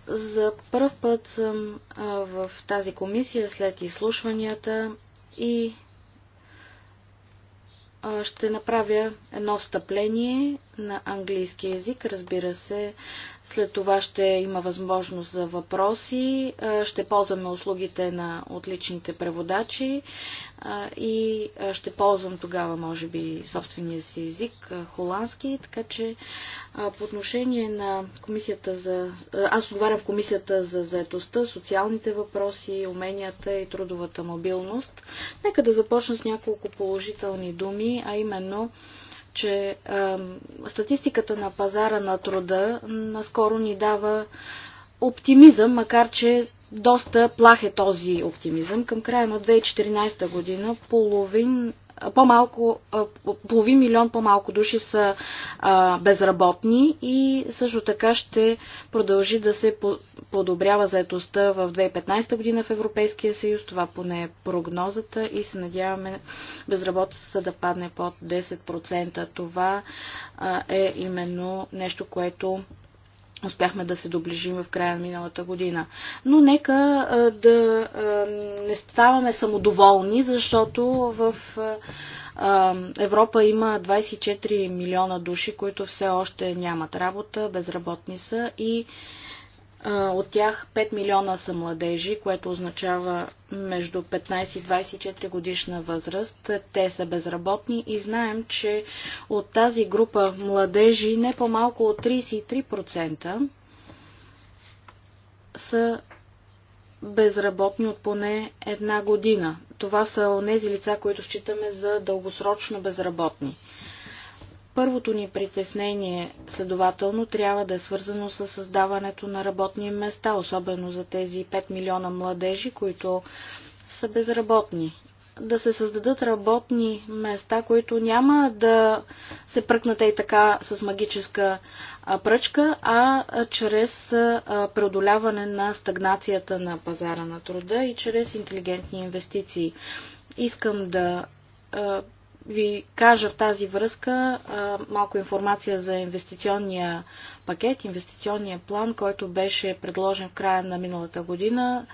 За първ път съм в тази комисия след изслушванията и ще направя едно встъпление на английски язик. Разбира се, след това ще има възможност за въпроси. Е, ще ползваме услугите на отличните преводачи е, и е, ще ползвам тогава, може би, собствения си език, холандски. Така че по отношение на комисията за... Аз отговарям в комисията за заетостта, социалните въпроси, уменията и трудовата мобилност. Нека да започна с няколко положителни думи, а именно че а, статистиката на пазара на труда наскоро ни дава оптимизъм, макар че доста плах е този оптимизъм. Към края на 2014 година половин по-малко, половин милион по-малко души са безработни и също така ще продължи да се подобрява заетостта в 2015 година в Европейския съюз. Това поне е прогнозата и се надяваме безработицата да падне под 10%. Това е именно нещо, което успяхме да се доближим в края на миналата година. Но нека да не ставаме самодоволни, защото в Европа има 24 милиона души, които все още нямат работа, безработни са и от тях 5 милиона са младежи, което означава между 15 и 24 годишна възраст. Те са безработни и знаем, че от тази група младежи не по-малко от 33% са безработни от поне една година. Това са онези лица, които считаме за дългосрочно безработни. Първото ни притеснение, следователно, трябва да е свързано с създаването на работни места, особено за тези 5 милиона младежи, които са безработни. Да се създадат работни места, които няма да се пръкнат и така с магическа пръчка, а чрез преодоляване на стагнацията на пазара на труда и чрез интелигентни инвестиции. Искам да ви кажа в тази връзка малко информация за инвестиционния пакет, инвестиционния план, който беше предложен в края на миналата година,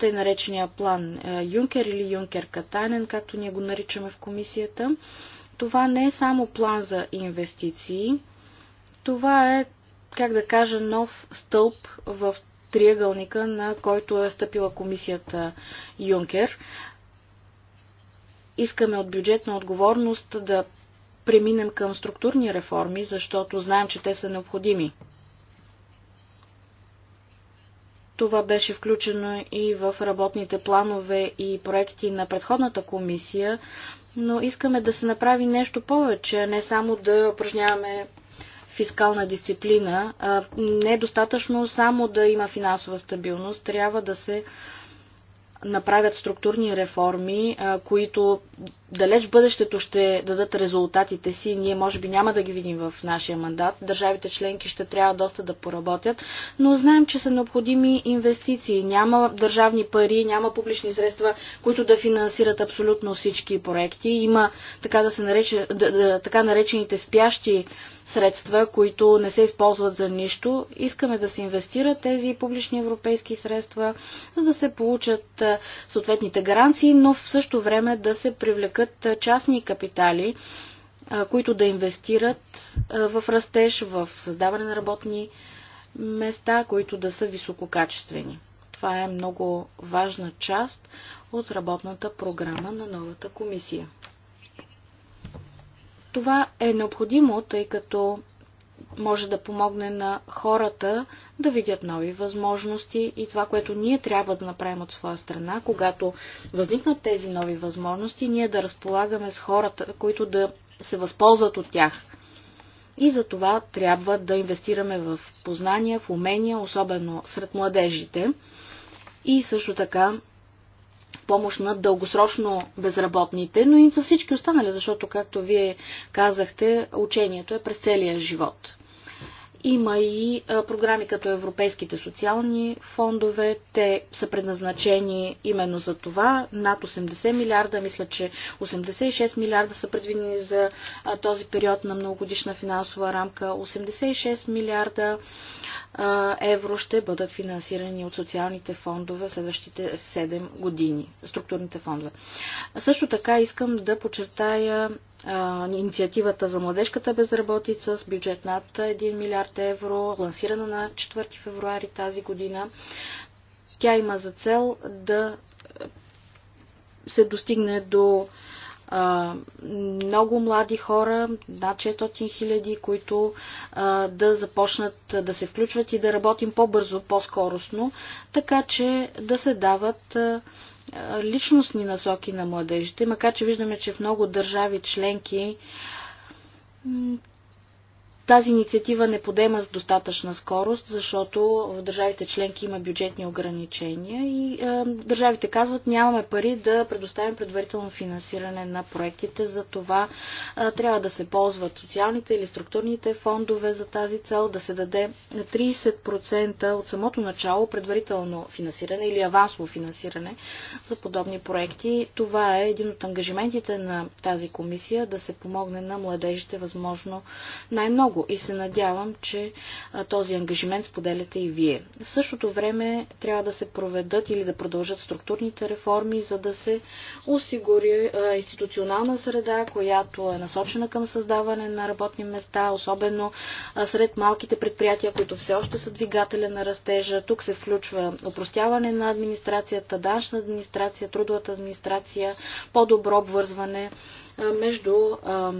тъй наречения план Юнкер или Юнкер Катанен, както ние го наричаме в комисията. Това не е само план за инвестиции, това е, как да кажа, нов стълб в триъгълника, на който е стъпила комисията Юнкер искаме от бюджетна отговорност да преминем към структурни реформи, защото знаем, че те са необходими. Това беше включено и в работните планове и проекти на предходната комисия, но искаме да се направи нещо повече, не само да упражняваме фискална дисциплина. Не е достатъчно само да има финансова стабилност, трябва да се направят структурни реформи, които далеч в бъдещето ще дадат резултатите си. Ние може би няма да ги видим в нашия мандат. Държавите членки ще трябва доста да поработят, но знаем, че са необходими инвестиции. Няма държавни пари, няма публични средства, които да финансират абсолютно всички проекти. Има така, да се нарече, да, да, така наречените спящи средства, които не се използват за нищо. Искаме да се инвестират тези публични европейски средства, за да се получат съответните гаранции, но в същото време да се привлекат частни капитали, които да инвестират в растеж, в създаване на работни места, които да са висококачествени. Това е много важна част от работната програма на новата комисия. Това е необходимо, тъй като може да помогне на хората да видят нови възможности и това, което ние трябва да направим от своя страна, когато възникнат тези нови възможности, ние да разполагаме с хората, които да се възползват от тях. И за това трябва да инвестираме в познания, в умения, особено сред младежите. И също така помощ на дългосрочно безработните, но и за всички останали, защото, както вие казахте, учението е през целия живот. Има и програми като европейските социални фондове. Те са предназначени именно за това. Над 80 милиарда, мисля, че 86 милиарда са предвидени за този период на многогодишна финансова рамка. 86 милиарда евро ще бъдат финансирани от социалните фондове в следващите 7 години. Структурните фондове. Също така искам да подчертая инициативата за младежката безработица с бюджет над 1 милиард евро, лансирана на 4 февруари тази година. Тя има за цел да се достигне до много млади хора, над 600 хиляди, които да започнат да се включват и да работим по-бързо, по-скоростно, така че да се дават личностни насоки на младежите, макар че виждаме, че в много държави членки тази инициатива не подема с достатъчна скорост, защото в държавите членки има бюджетни ограничения и е, държавите казват нямаме пари да предоставим предварително финансиране на проектите, за това е, трябва да се ползват социалните или структурните фондове за тази цел, да се даде 30% от самото начало предварително финансиране или авансово финансиране за подобни проекти. Това е един от ангажиментите на тази комисия да се помогне на младежите възможно най-много много и се надявам, че този ангажимент споделяте и вие. В същото време трябва да се проведат или да продължат структурните реформи, за да се осигури институционална среда, която е насочена към създаване на работни места, особено сред малките предприятия, които все още са двигателя на растежа. Тук се включва опростяване на администрацията, данъчна администрация, трудовата администрация, по-добро обвързване между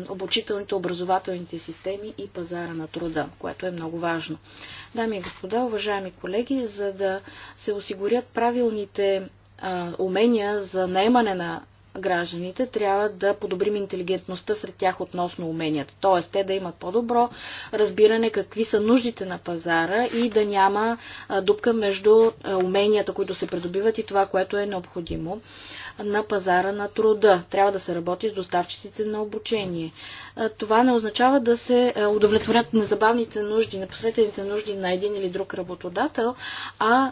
обучителните, образователните системи и пазара на труда, което е много важно. Дами и господа, уважаеми колеги, за да се осигурят правилните умения за наемане на гражданите, трябва да подобрим интелигентността сред тях относно уменията. Тоест, те да имат по-добро разбиране какви са нуждите на пазара и да няма дупка между уменията, които се придобиват и това, което е необходимо на пазара на труда. Трябва да се работи с доставчиците на обучение. Това не означава да се удовлетворят незабавните нужди, непосредствените нужди на един или друг работодател, а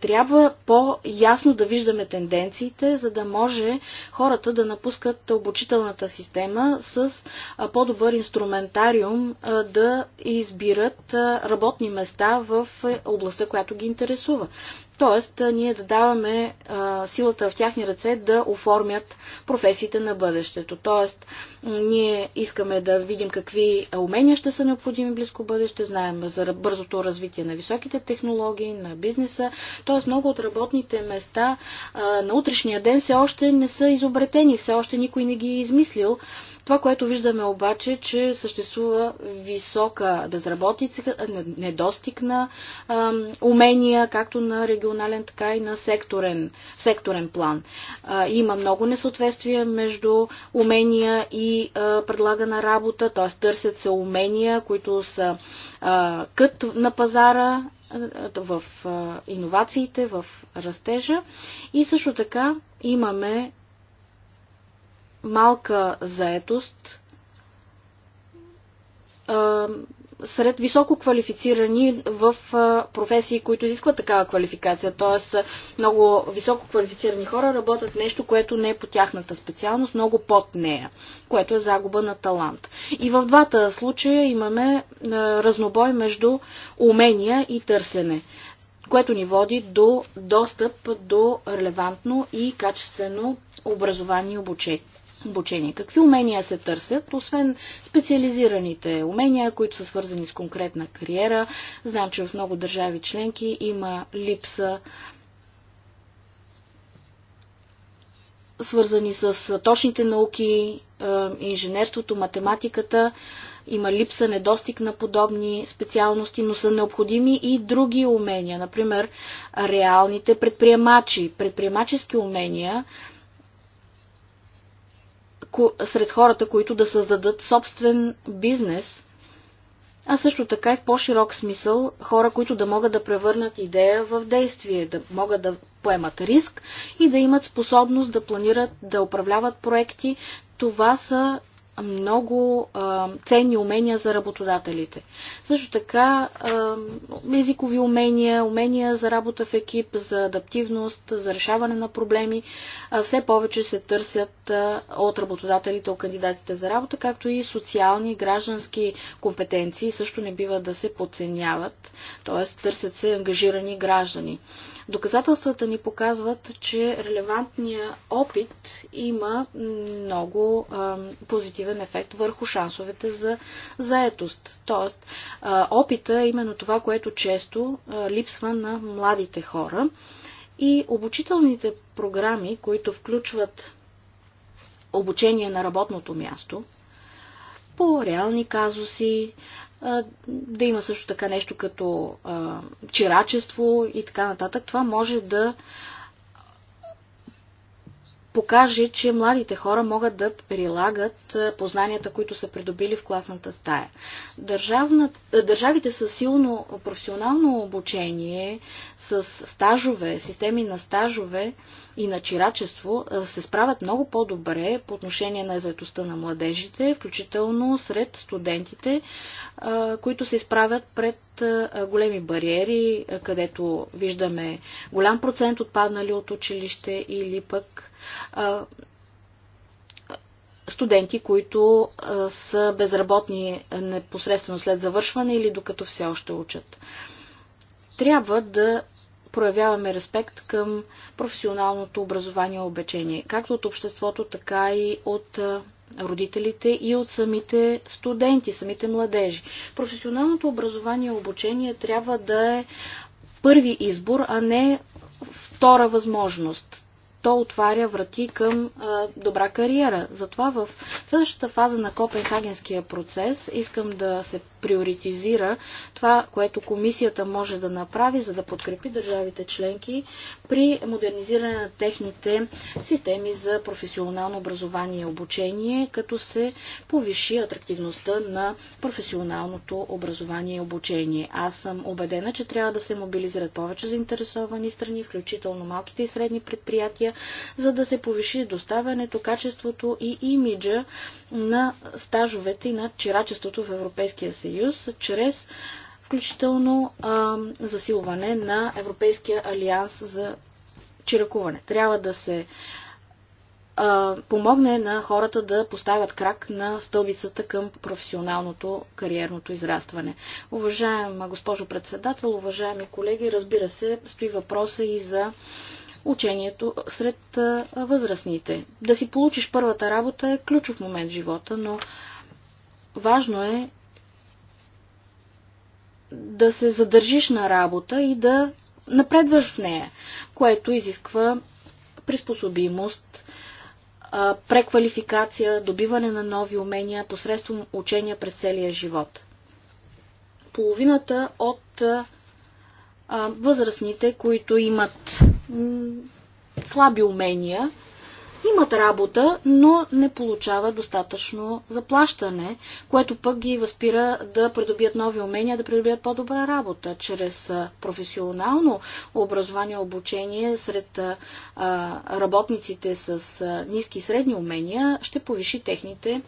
трябва по-ясно да виждаме тенденциите, за да може хората да напускат обучителната система с по-добър инструментариум да избират работни места в е, областта, която ги интересува. Тоест, ние да даваме а, силата в тяхни ръце да оформят професиите на бъдещето. Тоест, ние искаме да видим какви умения ще са необходими в близко бъдеще, знаем за бързото развитие на високите технологии, на бизнеса. Тоест, много от работните места а, на утрешния ден все още не са изобретени, все още никой не ги е измислил това, което виждаме обаче, е, че съществува висока безработица, недостиг на умения, както на регионален, така и на секторен, секторен план. А, има много несъответствия между умения и а, предлагана работа, т.е. търсят се умения, които са а, кът на пазара в иновациите, в растежа. И също така имаме малка заетост сред високо квалифицирани в професии, които изискват такава квалификация. т.е. много високо квалифицирани хора работят нещо, което не е по тяхната специалност, много под нея, което е загуба на талант. И в двата случая имаме разнобой между умения и търсене което ни води до достъп до релевантно и качествено образование и обучение обучение. Какви умения се търсят, освен специализираните умения, които са свързани с конкретна кариера? Знам, че в много държави членки има липса свързани с точните науки, е, инженерството, математиката. Има липса, недостиг на подобни специалности, но са необходими и други умения. Например, реалните предприемачи, предприемачески умения, сред хората, които да създадат собствен бизнес, а също така и в по-широк смисъл хора, които да могат да превърнат идея в действие, да могат да поемат риск и да имат способност да планират, да управляват проекти. Това са много а, ценни умения за работодателите. Също така а, езикови умения, умения за работа в екип, за адаптивност, за решаване на проблеми, а, все повече се търсят а, от работодателите, от кандидатите за работа, както и социални, граждански компетенции също не бива да се подценяват, т.е. търсят се ангажирани граждани. Доказателствата ни показват, че релевантният опит има много а, позитивен ефект върху шансовете за заетост. Тоест, а, опита е именно това, което често а, липсва на младите хора. И обучителните програми, които включват обучение на работното място, по реални казуси, да има също така нещо като чирачество и така нататък. Това може да покаже, че младите хора могат да прилагат познанията, които са придобили в класната стая. Държавна, държавите с силно професионално обучение, с стажове, системи на стажове и на чирачество се справят много по-добре по отношение на заедостта на младежите, включително сред студентите, които се изправят пред големи бариери, където виждаме голям процент отпаднали от училище или пък студенти, които са безработни непосредствено след завършване или докато все още учат. Трябва да проявяваме респект към професионалното образование и обечение, както от обществото, така и от родителите и от самите студенти, самите младежи. Професионалното образование и обучение трябва да е първи избор, а не втора възможност то отваря врати към а, добра кариера. Затова в следващата фаза на Копенхагенския процес искам да се приоритизира това, което комисията може да направи, за да подкрепи държавите членки при модернизиране на техните системи за професионално образование и обучение, като се повиши атрактивността на професионалното образование и обучение. Аз съм убедена, че трябва да се мобилизират повече заинтересовани страни, включително малките и средни предприятия, за да се повиши доставянето, качеството и имиджа на стажовете и на чирачеството в Европейския съюз, чрез включително а, засилване на Европейския алианс за чиракуване. Трябва да се а, помогне на хората да поставят крак на стълбицата към професионалното кариерното израстване. Уважаема госпожо председател, уважаеми колеги, разбира се, стои въпроса и за учението сред възрастните. Да си получиш първата работа е ключов момент в живота, но важно е да се задържиш на работа и да напредваш в нея, което изисква приспособимост, преквалификация, добиване на нови умения посредством учения през целия живот. Половината от възрастните, които имат слаби умения, имат работа, но не получават достатъчно заплащане, което пък ги възпира да придобият нови умения, да придобият по-добра работа. Чрез професионално образование, обучение сред работниците с ниски и средни умения ще повиши техните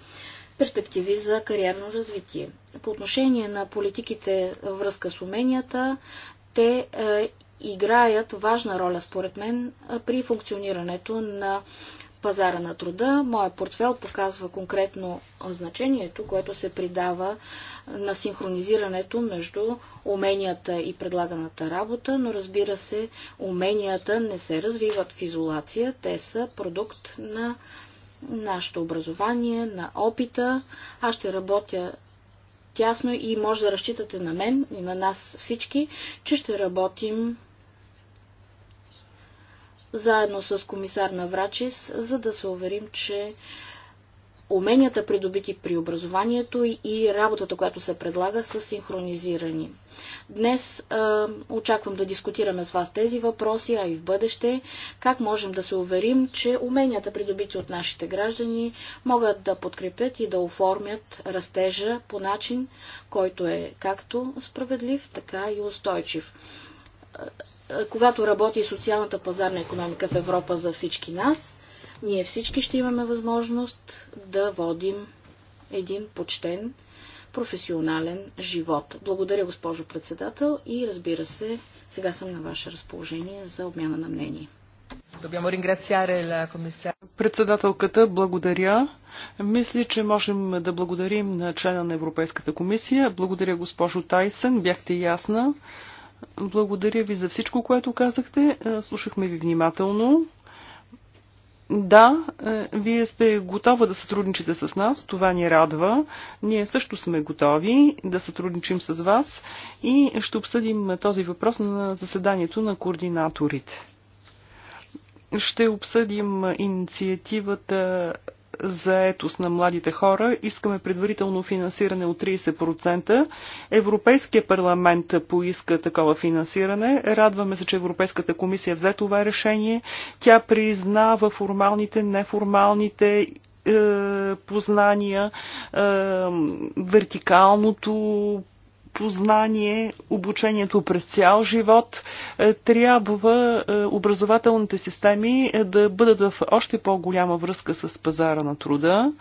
перспективи за кариерно развитие. По отношение на политиките връзка с уменията, те е, играят важна роля, според мен, при функционирането на пазара на труда. Моя портфел показва конкретно значението, което се придава на синхронизирането между уменията и предлаганата работа, но разбира се, уменията не се развиват в изолация, те са продукт на нашето образование, на опита. Аз ще работя тясно и може да разчитате на мен и на нас всички, че ще работим заедно с комисар Наврачис, за да се уверим, че уменията придобити при образованието и работата, която се предлага, са синхронизирани. Днес е, очаквам да дискутираме с вас тези въпроси, а и в бъдеще, как можем да се уверим, че уменията придобити от нашите граждани могат да подкрепят и да оформят растежа по начин, който е както справедлив, така и устойчив когато работи социалната пазарна економика в Европа за всички нас, ние всички ще имаме възможност да водим един почтен, професионален живот. Благодаря, госпожо председател, и разбира се, сега съм на ваше разположение за обмяна на мнение. Председателката, благодаря. Мисля, че можем да благодарим на члена на Европейската комисия. Благодаря, госпожо Тайсън. Бяхте ясна. Благодаря ви за всичко, което казахте. Е, слушахме ви внимателно. Да, е, вие сте готова да сътрудничите с нас, това ни радва. Ние също сме готови да сътрудничим с вас и ще обсъдим този въпрос на заседанието на координаторите. Ще обсъдим инициативата заетост на младите хора. Искаме предварително финансиране от 30%. Европейския парламент поиска такова финансиране. Радваме се, че Европейската комисия взе това решение. Тя признава формалните, неформалните е, познания, е, вертикалното познание, обучението през цял живот. Е, трябва е, образователните системи е, да бъдат в още по-голяма връзка с пазара на труда.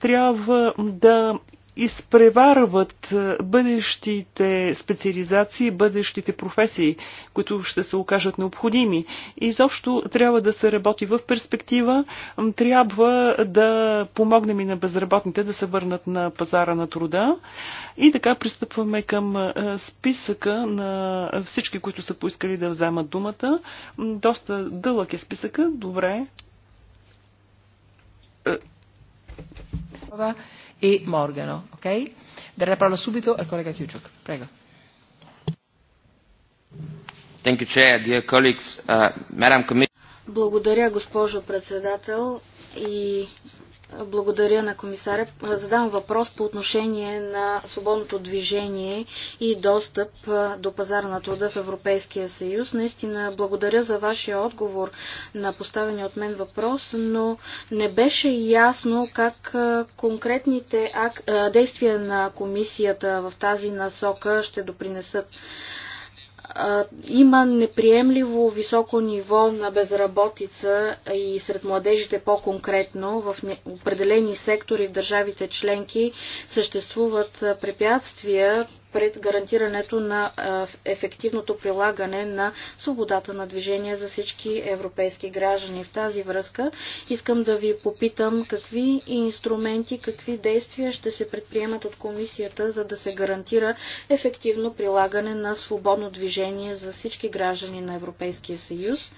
Трябва да изпреварват е, бъдещите специализации, бъдещите професии, които ще се окажат необходими. И изобщо трябва да се работи в перспектива, трябва да помогнем и на безработните да се върнат на пазара на труда. И така пристъпваме към е, списъка на всички, които са поискали да вземат думата. Доста дълъг е списъка, добре. Е e Morgano. Ok? Darei la parola subito al collega Kiuciuk. Prego. Thank you, Chair. Dear colleagues, uh, Madam Commissioner. Благодаря, госпожо председател и благодаря на комисаря. Задам въпрос по отношение на свободното движение и достъп до пазара на труда в Европейския съюз. Наистина благодаря за вашия отговор на поставения от мен въпрос, но не беше ясно как конкретните действия на комисията в тази насока ще допринесат има неприемливо високо ниво на безработица и сред младежите по-конкретно в определени сектори в държавите членки съществуват препятствия пред гарантирането на ефективното прилагане на свободата на движение за всички европейски граждани. В тази връзка искам да ви попитам какви инструменти, какви действия ще се предприемат от комисията, за да се гарантира ефективно прилагане на свободно движение за всички граждани на Европейския съюз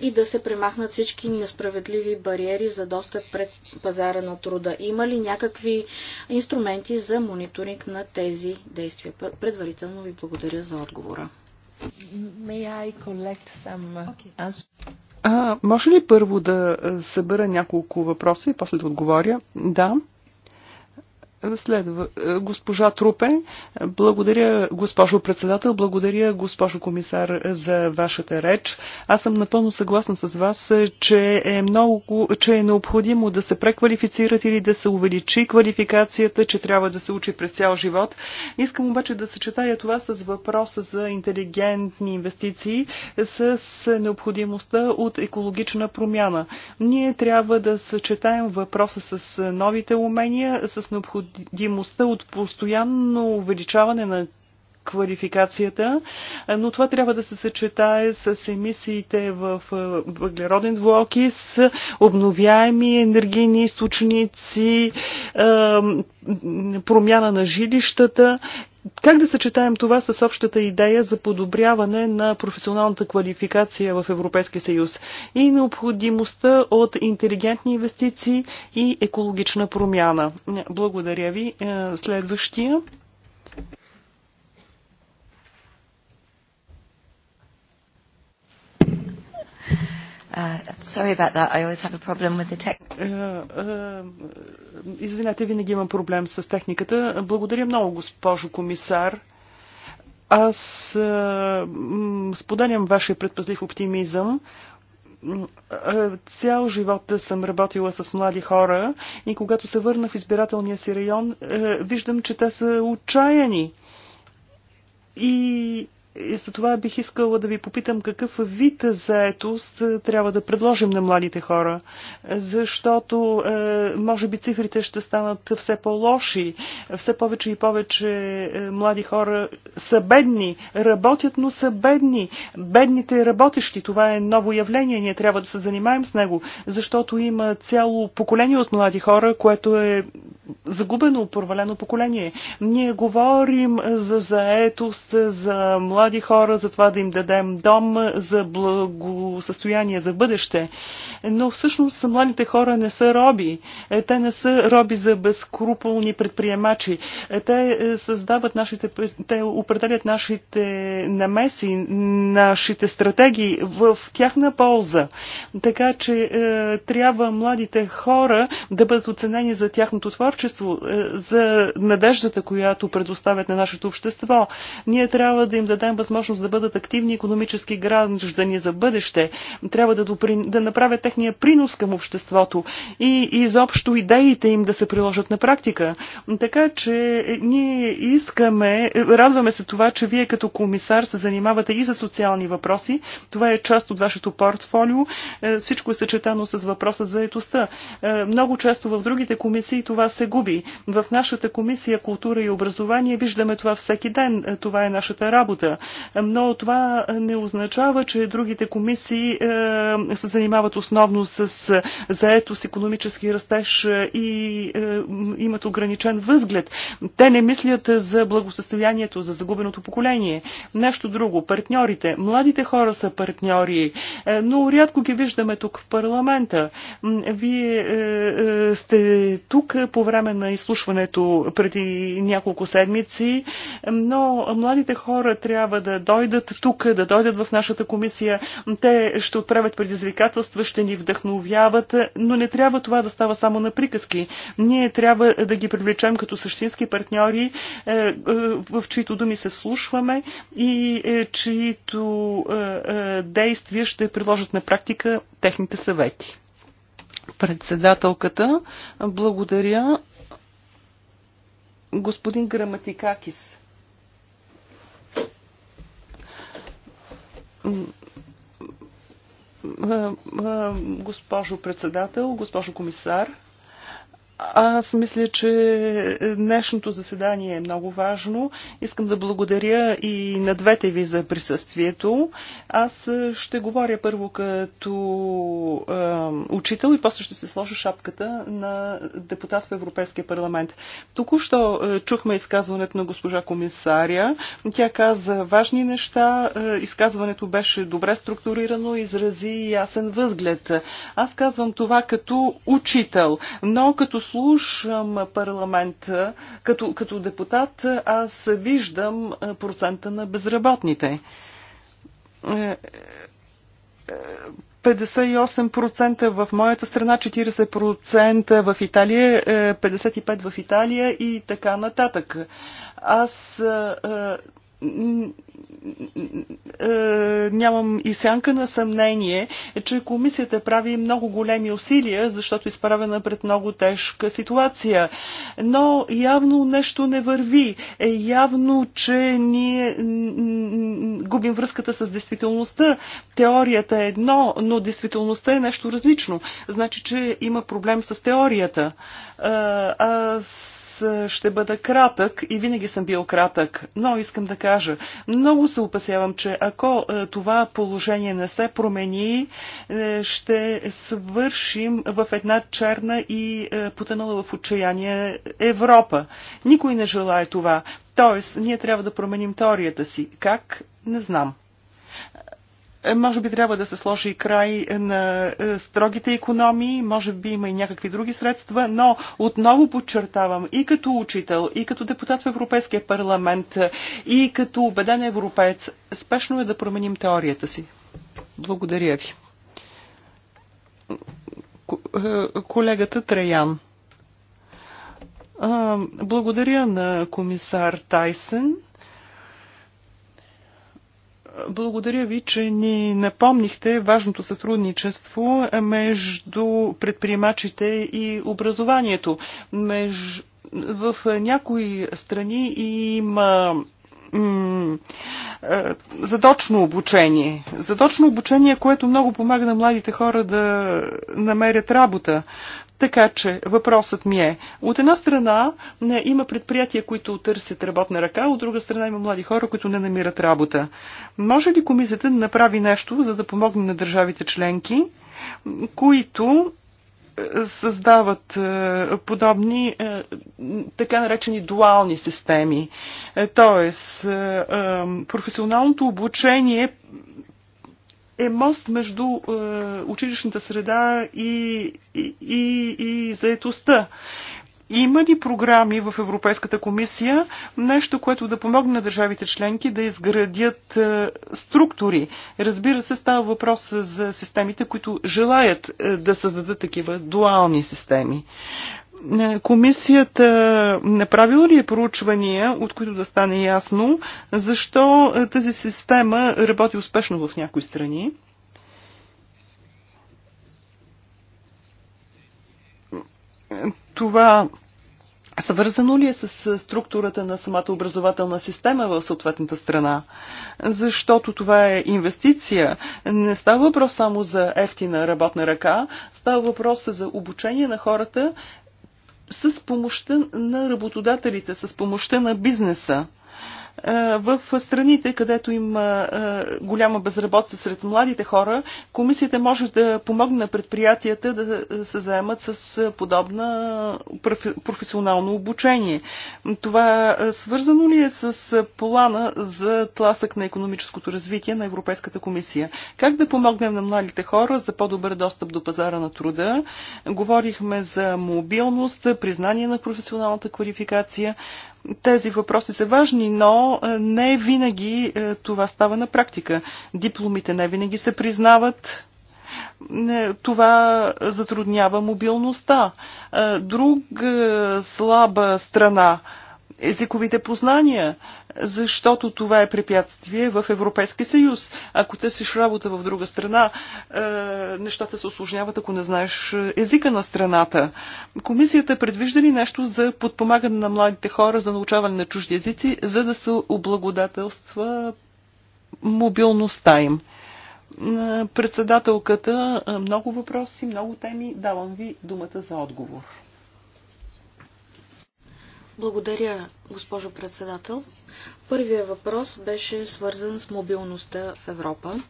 и да се премахнат всички несправедливи бариери за достъп пред пазара на труда. Има ли някакви инструменти за мониторинг на тези действия? Предварително ви благодаря за отговора. Uh, а, може ли първо да събера няколко въпроса и после да отговоря? Да. Следва е, госпожа Трупен. Благодаря, госпожо председател, благодаря, госпожо комисар, за вашата реч. Аз съм напълно съгласна с вас, че е, много, че е необходимо да се преквалифицират или да се увеличи квалификацията, че трябва да се учи през цял живот. Искам обаче да съчетая това с въпроса за интелигентни инвестиции, с необходимостта от екологична промяна. Ние трябва да съчетаем въпроса с новите умения, с необходимостта необходимостта от постоянно увеличаване на квалификацията, но това трябва да се съчетае с емисиите в е, въглероден с обновяеми енергийни източници, е, промяна на жилищата как да съчетаем това с общата идея за подобряване на професионалната квалификация в Европейския съюз и необходимостта от интелигентни инвестиции и екологична промяна? Благодаря ви. Е, следващия. Uh, sorry about that. I always have a problem with the tech. Uh, uh, извинете, винаги имам проблем с техниката. Благодаря много, госпожо комисар. Аз е, споделям вашия предпазлив оптимизъм. Цял живот съм работила с млади хора и когато се върна в избирателния си район, виждам, че те са отчаяни. И и за това бих искала да ви попитам какъв вид заетост е, трябва да предложим на младите хора, защото е, може би цифрите ще станат все по-лоши. Все повече и повече е, млади хора са бедни, работят, но са бедни. Бедните работещи, това е ново явление, ние трябва да се занимаем с него, защото има цяло поколение от млади хора, което е загубено, провалено поколение. Ние говорим за заетост, за млади хора, за това да им дадем дом, за благосъстояние за бъдеще. Но всъщност младите хора не са роби. Те не са роби за безкруполни предприемачи. Те е, създават нашите, те определят нашите намеси, нашите стратегии в тяхна полза. Така че е, трябва младите хора да бъдат оценени за тяхното творчество творчество, е, за надеждата, която предоставят на нашето общество. Ние трябва да им дадем възможност да бъдат активни економически граждани за бъдеще. Трябва да, доприн... да направят техния принос към обществото и изобщо идеите им да се приложат на практика. Така че ние искаме, радваме се това, че вие като комисар се занимавате и за социални въпроси. Това е част от вашето портфолио. Е, всичко е съчетано с въпроса за етостта. Е, много често в другите комисии това се губи. В нашата комисия култура и образование виждаме това всеки ден. Е, това е нашата работа. Е, но това не означава, че другите комисии е, се занимават основно с заетост, економически растеж и имат ограничен възглед. Те не мислят за благосъстоянието, за загубеното поколение. Нещо друго. Партньорите. Младите хора са партньори, но рядко ги виждаме тук в парламента. Вие сте тук по време време на изслушването преди няколко седмици, но младите хора трябва да дойдат тук, да дойдат в нашата комисия. Те ще отправят предизвикателства, ще ни вдъхновяват, но не трябва това да става само на приказки. Ние трябва да ги привлечем като същински партньори, е, е, в чието думи се слушваме и е, чието действия ще приложат на практика техните съвети. Председателката, благодаря. Господин Граматикакис. Госпожо председател, госпожо комисар, аз мисля, че днешното заседание е много важно. Искам да благодаря и на двете ви за присъствието. Аз ще говоря първо като е, учител и после ще се сложа шапката на депутат в Европейския парламент. Току-що е, чухме изказването на госпожа комисаря. Тя каза важни неща. Е, изказването беше добре структурирано, изрази ясен възглед. Аз казвам това като учител, но като слушам парламента като, като депутат, аз виждам процента на безработните. 58% е, е, в моята страна, 40% в Италия, 55% е, в Италия и така нататък. Аз нямам и сянка на съмнение, че комисията прави много големи усилия, защото е изправена пред много тежка ситуация. Но явно нещо не върви. Е явно, че ние губим връзката с действителността. Теорията е едно, но действителността е нещо различно. Значи, че има проблем с теорията. Аз аз е, ще бъда кратък и винаги съм бил кратък, но искам да кажа, много се опасявам, че ако е, това положение не се промени, е, ще свършим в една черна и потънала в отчаяние Европа. Никой не желая това. Тоест, ние трябва да променим теорията си. Как? Не знам. Може би трябва да се сложи край на е, строгите економии, може би има и някакви други средства, но отново подчертавам и като учител, и като депутат в Европейския парламент, и като убеден европеец, спешно е да променим теорията си. Благодаря ви. Е, колегата Треян. Е, благодаря на комисар Тайсен. Благодаря ви, че ни напомнихте важното сътрудничество между предприемачите и образованието. Меж... В някои страни има задочно обучение. Задочно обучение, което много помага на младите хора да намерят работа. Така че въпросът ми е, от една страна има предприятия, които търсят работна ръка, от друга страна има млади хора, които не намират работа. Може ли комисията да направи нещо, за да помогне на държавите членки, които е, създават е, подобни е, така наречени дуални системи. Тоест, професионалното обучение е мост между е, училищната среда и, и, и, и заетостта. Има ли програми в Европейската комисия, нещо, което да помогне на държавите членки да изградят е, структури? Разбира се, става въпрос за системите, които желаят е, да създадат такива дуални системи. Е, е, комисията направила ли е проучвания, от които да стане ясно, защо е, тази система работи успешно в някои страни? Това Свързано ли е с структурата на самата образователна система в съответната страна? Защото това е инвестиция. Не става въпрос само за ефтина работна ръка, става въпрос за обучение на хората с помощта на работодателите, с помощта на бизнеса в страните, където има голяма безработица сред младите хора, комисията може да помогне на предприятията да се заемат с подобна професионално обучение. Това свързано ли е с плана за тласък на економическото развитие на Европейската комисия? Как да помогнем на младите хора за по-добър достъп до пазара на труда? Говорихме за мобилност, признание на професионалната квалификация. Тези въпроси са важни, но е, не винаги е, това става на практика. Дипломите не винаги се признават. Е, това затруднява мобилността. Друг слаба страна езиковите познания, защото това е препятствие в Европейския съюз. Ако търсиш работа в друга страна, е, нещата се осложняват, ако не знаеш езика на страната. Комисията предвижда ли нещо за подпомагане на младите хора за научаване на чужди езици, за да се облагодателства мобилността им? Е, председателката, е, много въпроси, много теми. Давам ви думата за отговор. Благодаря, госпожо председател. Първият въпрос беше свързан с мобилността в Европа.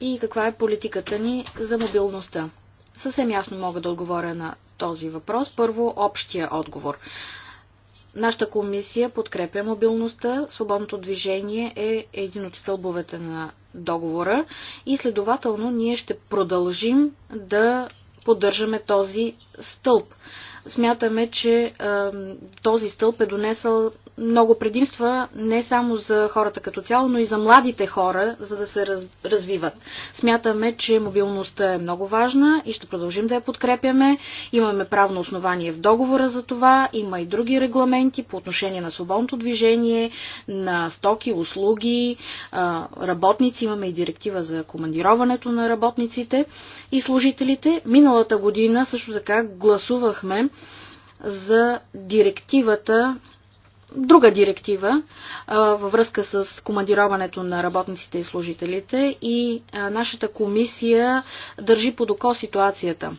И каква е политиката ни за мобилността? Съвсем ясно мога да отговоря на този въпрос. Първо, общия отговор. Нашата комисия подкрепя мобилността. Свободното движение е един от стълбовете на договора и следователно ние ще продължим да поддържаме този стълб. Смятаме, че този стълб е донесъл много предимства не само за хората като цяло, но и за младите хора, за да се раз, развиват. Смятаме, че мобилността е много важна и ще продължим да я подкрепяме. Имаме правно основание в договора за това, има и други регламенти по отношение на свободното движение, на стоки, услуги, работници. Имаме и директива за командироването на работниците и служителите. Миналата година също така гласувахме за директивата друга директива а, във връзка с командироването на работниците и служителите и а, нашата комисия държи под око ситуацията.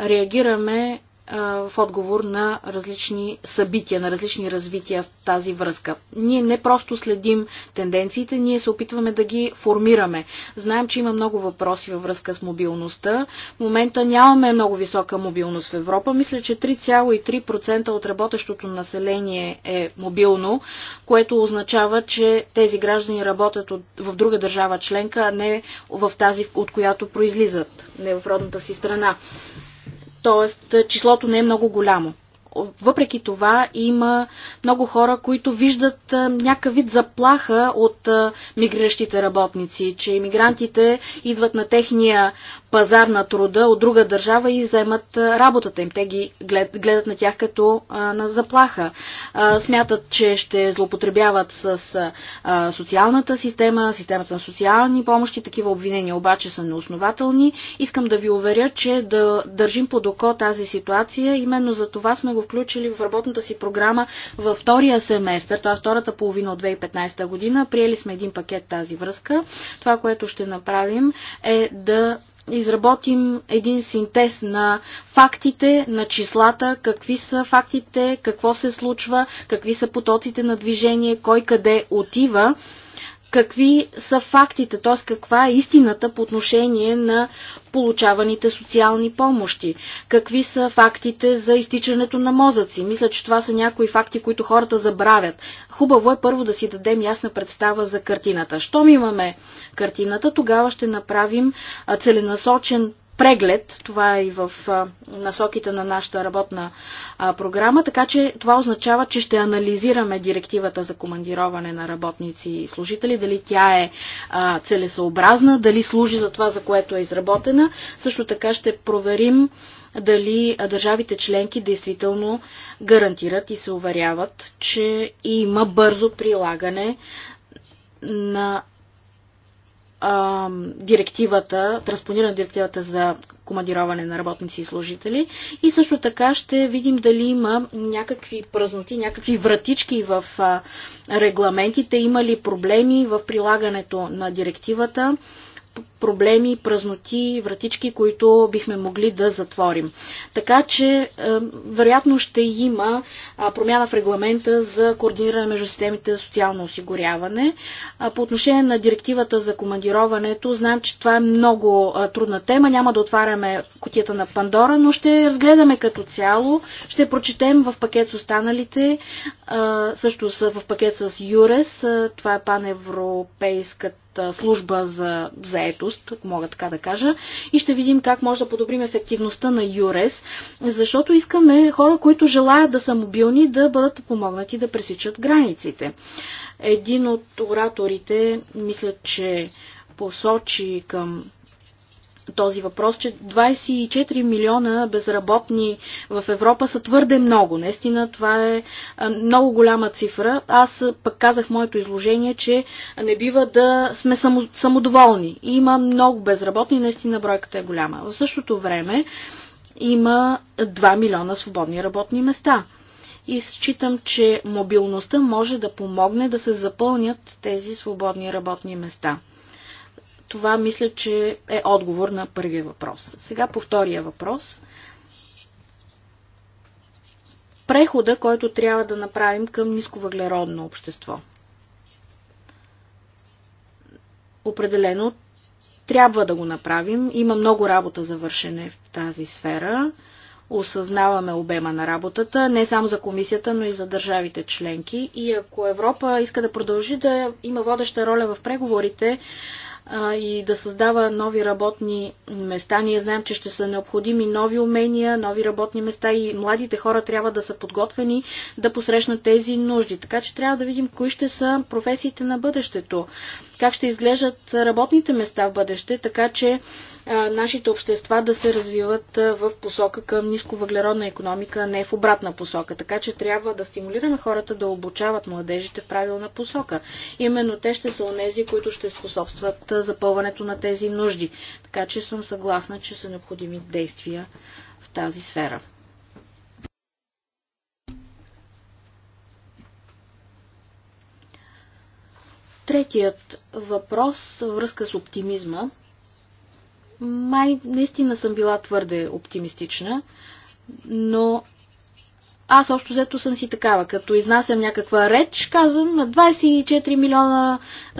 Реагираме в отговор на различни събития, на различни развития в тази връзка. Ние не просто следим тенденциите, ние се опитваме да ги формираме. Знаем, че има много въпроси във връзка с мобилността. В момента нямаме много висока мобилност в Европа. Мисля, че 3,3% от работещото население е мобилно, което означава, че тези граждани работят от, в друга държава членка, а не в тази, от която произлизат, не в родната си страна. Тоест, числото не е много голямо въпреки това има много хора, които виждат някакъв вид заплаха от мигриращите работници, че иммигрантите идват на техния пазар на труда от друга държава и вземат работата им. Те ги гледат, гледат на тях като а, на заплаха. А, смятат, че ще злоупотребяват с а, социалната система, системата на социални помощи. Такива обвинения обаче са неоснователни. Искам да ви уверя, че да държим под око тази ситуация. Именно за това сме го го включили в работната си програма във втория семестър, т.е. втората половина от 2015 година. Приели сме един пакет тази връзка. Това, което ще направим е да изработим един синтез на фактите, на числата, какви са фактите, какво се случва, какви са потоците на движение, кой къде отива какви са фактите, т.е. каква е истината по отношение на получаваните социални помощи, какви са фактите за изтичането на мозъци. Мисля, че това са някои факти, които хората забравят. Хубаво е първо да си дадем ясна представа за картината. Щом имаме картината, тогава ще направим целенасочен преглед. Това е и в насоките на нашата работна програма, така че това означава, че ще анализираме директивата за командироване на работници и служители, дали тя е целесообразна, дали служи за това, за което е изработена. Също така ще проверим дали държавите членки действително гарантират и се уверяват, че има бързо прилагане на а, директивата, транспонирана директивата за командироване на работници и служители. И също така ще видим дали има някакви празноти, някакви вратички в а, регламентите, има ли проблеми в прилагането на директивата проблеми, празноти, вратички, които бихме могли да затворим. Така че, е, вероятно ще има промяна в регламента за координиране между системите за социално осигуряване. По отношение на директивата за командироването, знам, че това е много трудна тема. Няма да отваряме котията на Пандора, но ще разгледаме като цяло. Ще прочетем в пакет с останалите, също са в пакет с ЮРЕС. Това е паневропейската служба за заетост, ако мога така да кажа, и ще видим как може да подобрим ефективността на ЮРЕС, защото искаме хора, които желаят да са мобилни, да бъдат помогнати да пресичат границите. Един от ораторите, мисля, че посочи към този въпрос, че 24 милиона безработни в Европа са твърде много. Наистина това е много голяма цифра. Аз пък казах моето изложение, че не бива да сме само, самодоволни. Има много безработни, наистина бройката е голяма. В същото време има 2 милиона свободни работни места и считам, че мобилността може да помогне да се запълнят тези свободни работни места. Това мисля, че е отговор на първия въпрос. Сега по втория въпрос. Прехода, който трябва да направим към нисковъглеродно общество. Определено трябва да го направим. Има много работа за вършене в тази сфера. Осъзнаваме обема на работата, не само за комисията, но и за държавите членки. И ако Европа иска да продължи да има водеща роля в преговорите и да създава нови работни места. Ние знаем, че ще са необходими нови умения, нови работни места и младите хора трябва да са подготвени да посрещнат тези нужди. Така че трябва да видим кои ще са професиите на бъдещето как ще изглеждат работните места в бъдеще, така че нашите общества да се развиват в посока към нисковъглеродна економика, а не в обратна посока. Така че трябва да стимулираме хората да обучават младежите в правилна посока. Именно те ще са онези, които ще способстват запълването на тези нужди. Така че съм съгласна, че са необходими действия в тази сфера. Третият въпрос връзка с оптимизма. Май наистина съм била твърде оптимистична, но аз общо взето съм си такава. Като изнасям някаква реч, казвам на 24 милиона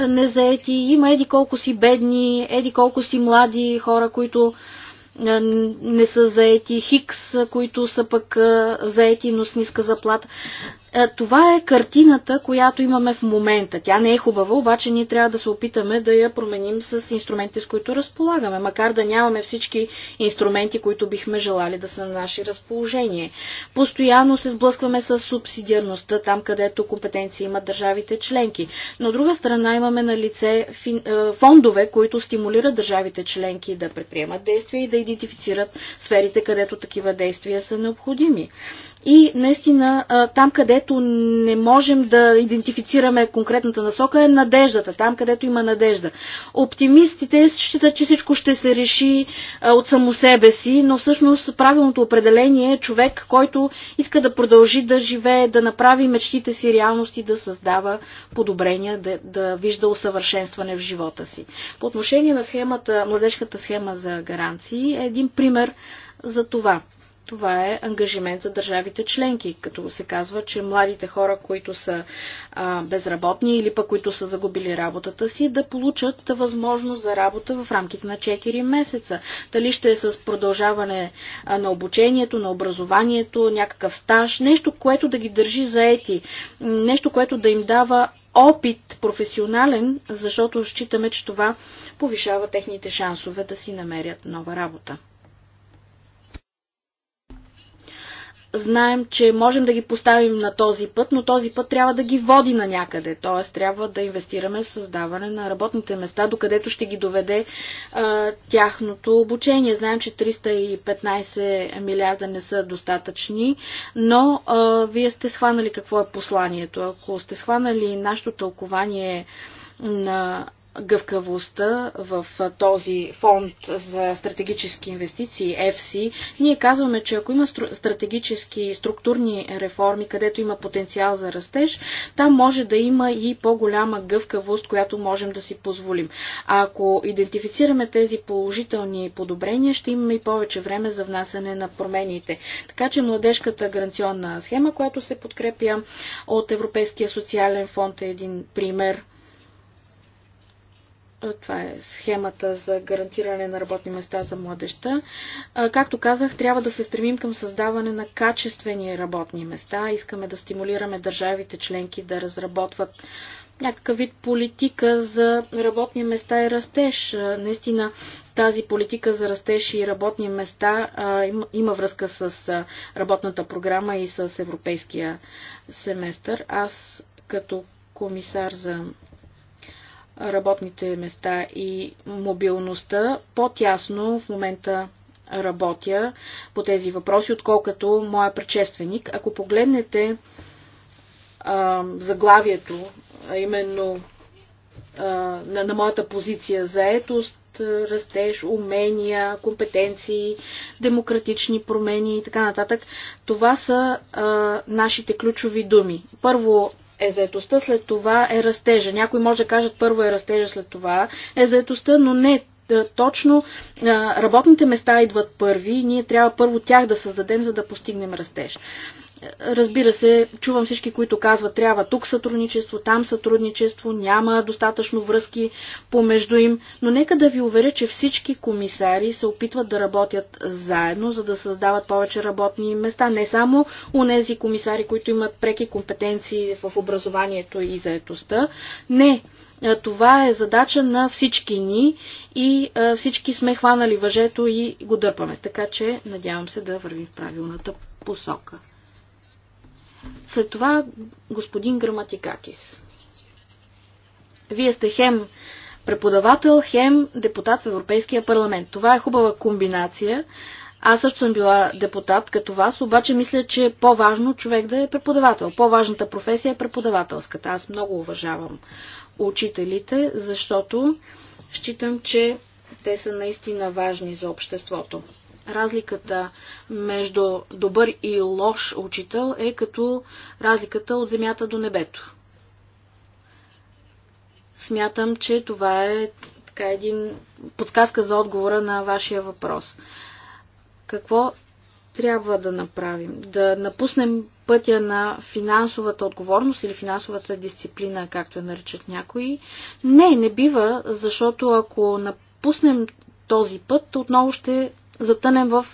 незаети, има еди колко си бедни, еди колко си млади хора, които не са заети, хикс, които са пък заети, но с ниска заплата. Е, това е картината, която имаме в момента. Тя не е хубава, обаче ние трябва да се опитаме да я променим с инструментите, с които разполагаме, макар да нямаме всички инструменти, които бихме желали да са на наше разположение. Постоянно се сблъскваме с субсидиарността, там където компетенции имат държавите членки. Но от друга страна имаме на лице е, фондове, които стимулират държавите членки да предприемат действия и да идентифицират сферите, където такива действия са необходими. И наистина там, където не можем да идентифицираме конкретната насока е надеждата, там, където има надежда. Оптимистите считат, че всичко ще се реши от само себе си, но всъщност правилното определение е човек, който иска да продължи да живее, да направи мечтите си реалности, да създава подобрения, да, да вижда усъвършенстване в живота си. По отношение на схемата, младежката схема за гаранции е един пример за това. Това е ангажимент за държавите членки, като се казва, че младите хора, които са а, безработни или пък които са загубили работата си, да получат възможност за работа в рамките на 4 месеца. Дали ще е с продължаване на обучението, на образованието, някакъв стаж, нещо, което да ги държи заети, нещо, което да им дава опит професионален, защото считаме, че това повишава техните шансове да си намерят нова работа. знаем, че можем да ги поставим на този път, но този път трябва да ги води на някъде. Т.е. трябва да инвестираме в създаване на работните места, докъдето ще ги доведе а, тяхното обучение. Знаем, че 315 милиарда не са достатъчни, но а, вие сте схванали какво е посланието. Ако сте схванали нашето тълкование на гъвкавостта в този фонд за стратегически инвестиции, EFSI, ние казваме, че ако има стратегически структурни реформи, където има потенциал за растеж, там може да има и по-голяма гъвкавост, която можем да си позволим. А ако идентифицираме тези положителни подобрения, ще имаме и повече време за внасяне на промените. Така че младежката гаранционна схема, която се подкрепя от Европейския социален фонд е един пример – това е схемата за гарантиране на работни места за младеща. Както казах, трябва да се стремим към създаване на качествени работни места. Искаме да стимулираме държавите членки да разработват някакъв вид политика за работни места и растеж. Наистина тази политика за растеж и работни места има, връзка с работната програма и с европейския семестър. Аз като комисар за работните места и мобилността. По-тясно в момента работя по тези въпроси, отколкото моя предшественик. Ако погледнете а, заглавието, а именно а, на, на моята позиция заетост, растеж, умения, компетенции, демократични промени и така нататък. Това са а, нашите ключови думи. Първо, е заетостта, след това е растежа. Някой може да кажат първо е растежа, след това е заетостта, но не е, точно е, работните места идват първи и ние трябва първо тях да създадем, за да постигнем растеж. Разбира се, чувам всички, които казват, трябва тук сътрудничество, там сътрудничество, няма достатъчно връзки помежду им, но нека да ви уверя, че всички комисари се опитват да работят заедно, за да създават повече работни места. Не само у нези комисари, които имат преки компетенции в образованието и заетостта. Не, това е задача на всички ни и всички сме хванали въжето и го дърпаме. Така че надявам се да вървим в правилната посока. След това господин Граматикакис. Вие сте хем преподавател, хем депутат в Европейския парламент. Това е хубава комбинация. Аз също съм била депутат като вас, обаче мисля, че е по-важно човек да е преподавател. По-важната професия е преподавателската. Аз много уважавам учителите, защото считам, че те са наистина важни за обществото разликата между добър и лош учител е като разликата от земята до небето. Смятам, че това е така един подсказка за отговора на вашия въпрос. Какво трябва да направим? Да напуснем пътя на финансовата отговорност или финансовата дисциплина, както я наричат някои? Не, не бива, защото ако напуснем този път, отново ще затънем в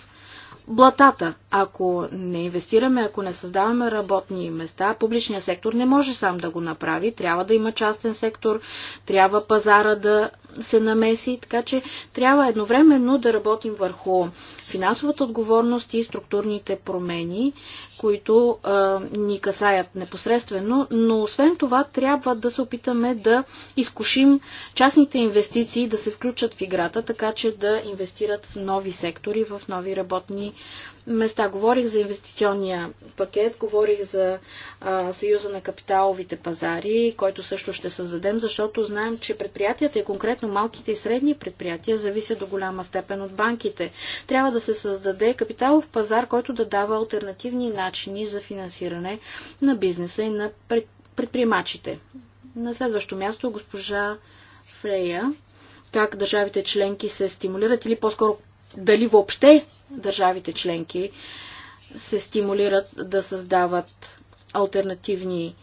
блатата. Ако не инвестираме, ако не създаваме работни места, публичният сектор не може сам да го направи. Трябва да има частен сектор, трябва пазара да се намеси, така че трябва едновременно да работим върху финансовата отговорност и структурните промени, които а, ни касаят непосредствено, но освен това трябва да се опитаме да изкушим частните инвестиции да се включат в играта, така че да инвестират в нови сектори, в нови работни места. Говорих за инвестиционния пакет, говорих за а, Съюза на капиталовите пазари, който също ще създадем, защото знаем, че предприятията и конкретно малките и средни предприятия зависят до голяма степен от банките. Трябва да се създаде капиталов пазар, който да дава альтернативни начини за финансиране на бизнеса и на предприемачите. На следващо място госпожа Фрея как държавите членки се стимулират или по-скоро дали въобще държавите членки се стимулират да създават альтернативни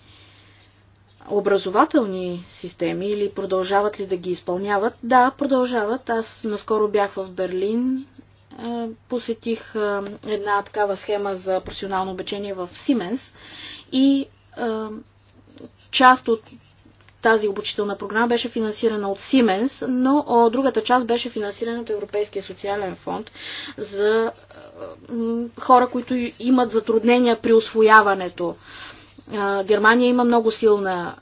образователни системи или продължават ли да ги изпълняват? Да, продължават. Аз наскоро бях в Берлин, е, посетих е, една такава схема за професионално обучение в Сименс и е, част от тази обучителна програма беше финансирана от Siemens, но другата част беше финансирана от Европейския социален фонд за хора, които имат затруднения при освояването. Германия има много силна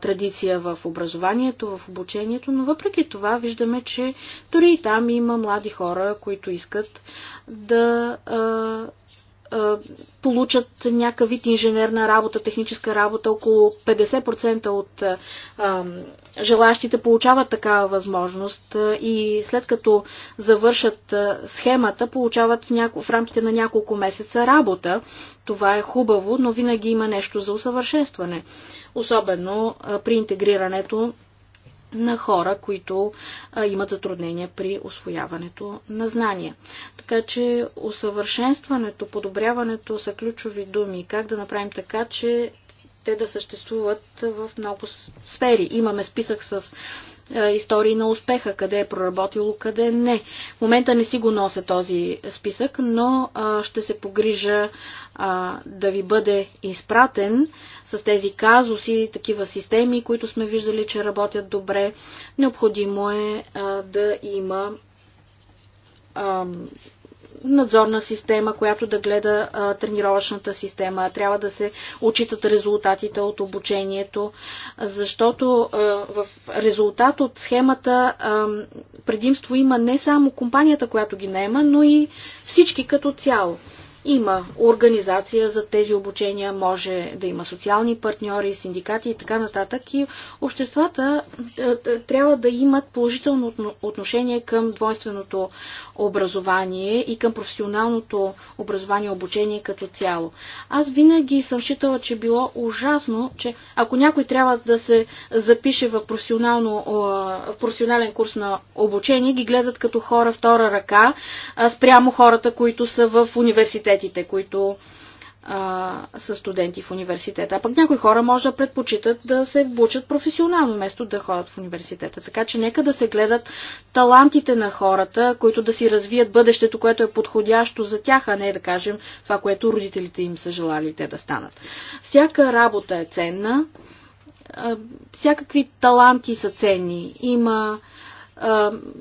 традиция в образованието, в обучението, но въпреки това виждаме, че дори и там има млади хора, които искат да е, получат някакъв вид инженерна работа, техническа работа. Около 50% от а, е, е, желащите получават такава възможност и след като завършат схемата, получават няко... в рамките на няколко месеца работа. Това е хубаво, но винаги има нещо за усъвършенстване. Особено при интегрирането на хора, които а, имат затруднения при освояването на знания. Така че усъвършенстването, подобряването са ключови думи. Как да направим така, че те да съществуват в много сфери. Имаме списък с е, истории на успеха, къде е проработило, къде не. В момента не си го нося този списък, но ще се погрижа да ви бъде изпратен с тези казуси, такива системи, които сме виждали, че работят добре. Необходимо е да има надзорна система, която да гледа а, тренировъчната система. Трябва да се учитат резултатите от обучението, защото а, в резултат от схемата а, предимство има не само компанията, която ги наема, но и всички като цяло. Има организация за тези обучения, може да има социални партньори, синдикати и така нататък. И обществата е, трябва да имат положително отношение към двойственото образование и към професионалното образование и обучение като цяло. Аз винаги съм считала, че било ужасно, че ако някой трябва да се запише в, в професионален курс на обучение, ги гледат като хора втора ръка спрямо хората, които са в университет университетите, които а, са студенти в университета. А пък някои хора може да предпочитат да се обучат професионално, вместо да ходят в университета. Така че нека да се гледат талантите на хората, които да си развият бъдещето, което е подходящо за тях, а не да кажем това, което родителите им са желали те да станат. Всяка работа е ценна, всякакви таланти са ценни. Има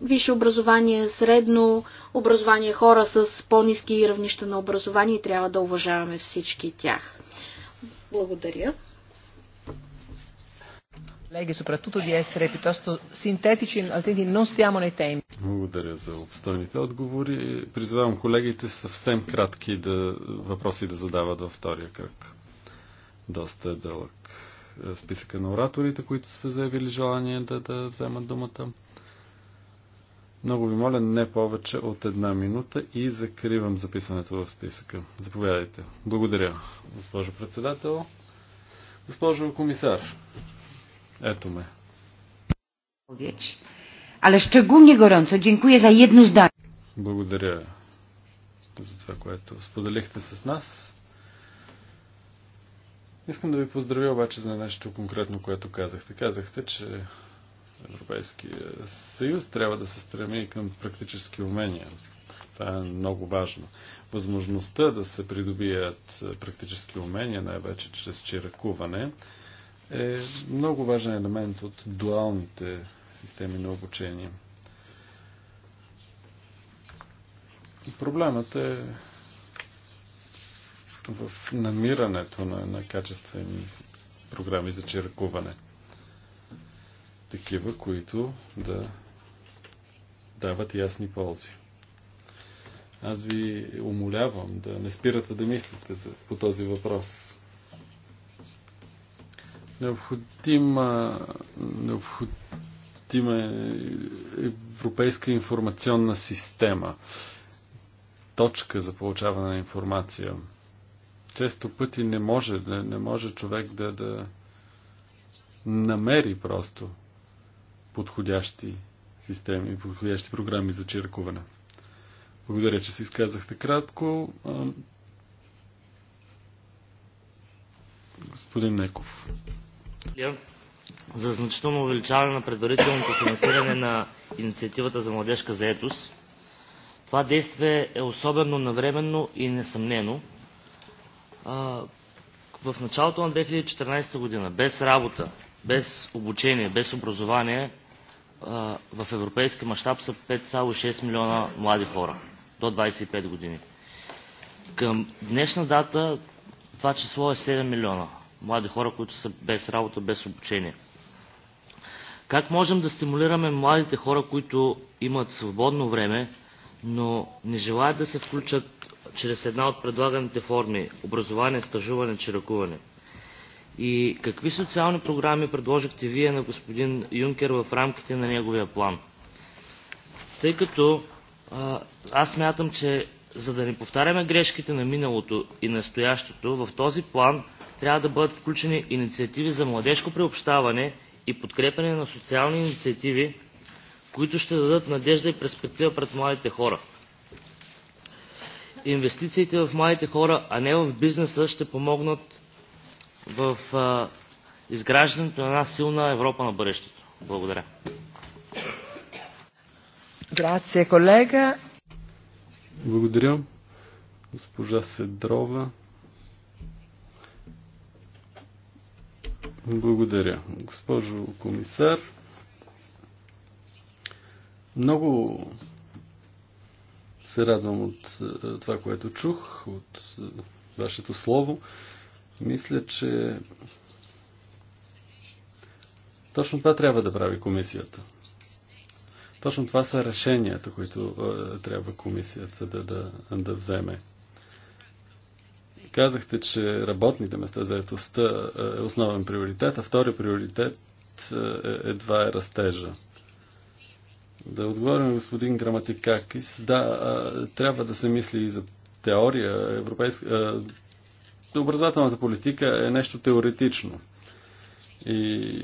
висше образование, средно образование, хора с по-низки равнища на образование и трябва да уважаваме всички тях. Благодаря. Леги soprattutto di essere piuttosto синтетичен, altrimenti non stiamo nei Благодаря за обстойните отговори. Призвавам колегите съвсем кратки да, въпроси да задават във втория кръг. Доста е дълъг е, списъка на ораторите, които са заявили желание да, да вземат думата. Много ви моля, не повече от една минута и закривам записването в списъка. Заповядайте. Благодаря, госпожо председател. Госпожо комисар, ето ме. Але szczególnie gorąco dziękuję за едно здание. Благодаря за това, което споделихте с нас. Искам да ви поздравя обаче за нещо конкретно, което казахте. Казахте, че Европейския съюз трябва да се стреми към практически умения. Това е много важно. Възможността да се придобият практически умения, най-вече чрез чиракуване, е много важен елемент от дуалните системи на обучение. Проблемът е в намирането на, на качествени програми за чиракуване такива, които да дават ясни ползи. Аз ви умолявам да не спирате да мислите за, по този въпрос. Необходима, необходима е европейска информационна система. Точка за получаване на информация. Често пъти не може, не, не може човек да, да намери просто подходящи системи, подходящи програми за черкуване. Благодаря, че се изказахте кратко. Господин Неков. За значително увеличаване на предварителното финансиране на инициативата за младежка заетост. Това действие е особено навременно и несъмнено. В началото на 2014 година без работа, без обучение, без образование – в европейски мащаб са 5,6 милиона млади хора до 25 години. Към днешна дата това число е 7 милиона млади хора, които са без работа, без обучение. Как можем да стимулираме младите хора, които имат свободно време, но не желаят да се включат чрез една от предлаганите форми – образование, стажуване, чиракуване – и какви социални програми предложихте вие на господин Юнкер в рамките на неговия план? Тъй като аз смятам, че за да не повтаряме грешките на миналото и настоящето, в този план трябва да бъдат включени инициативи за младежко приобщаване и подкрепане на социални инициативи, които ще дадат надежда и перспектива пред младите хора. Инвестициите в младите хора, а не в бизнеса, ще помогнат в а, изграждането на една силна Европа на бъдещето. Благодаря. Грация, колега. Благодаря. Госпожа Седрова. Благодаря. Госпожо комисар, много се радвам от това, което чух, от вашето слово. Мисля, че точно това трябва да прави комисията. Точно това са решенията, които е, трябва комисията да, да, да вземе. Казахте, че работните места за етостта е, е основен приоритет, а втори приоритет е, е, едва е растежа. Да отговорим господин Граматикакис. Да, е, трябва да се мисли и за теория, европейска, образователната политика е нещо теоретично. И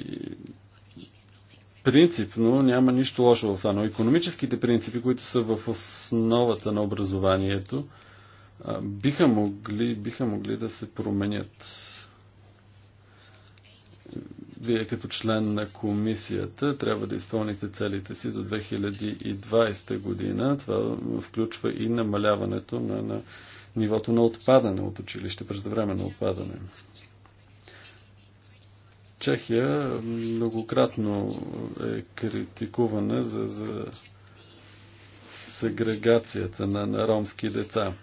принципно няма нищо лошо в това, но економическите принципи, които са в основата на образованието, биха могли, биха могли да се променят. Вие като член на комисията трябва да изпълните целите си до 2020 година. Това включва и намаляването на, на нивото на отпадане от училище, преждевременно отпадане. Чехия многократно е критикувана за, за сегрегацията на, на ромски деца.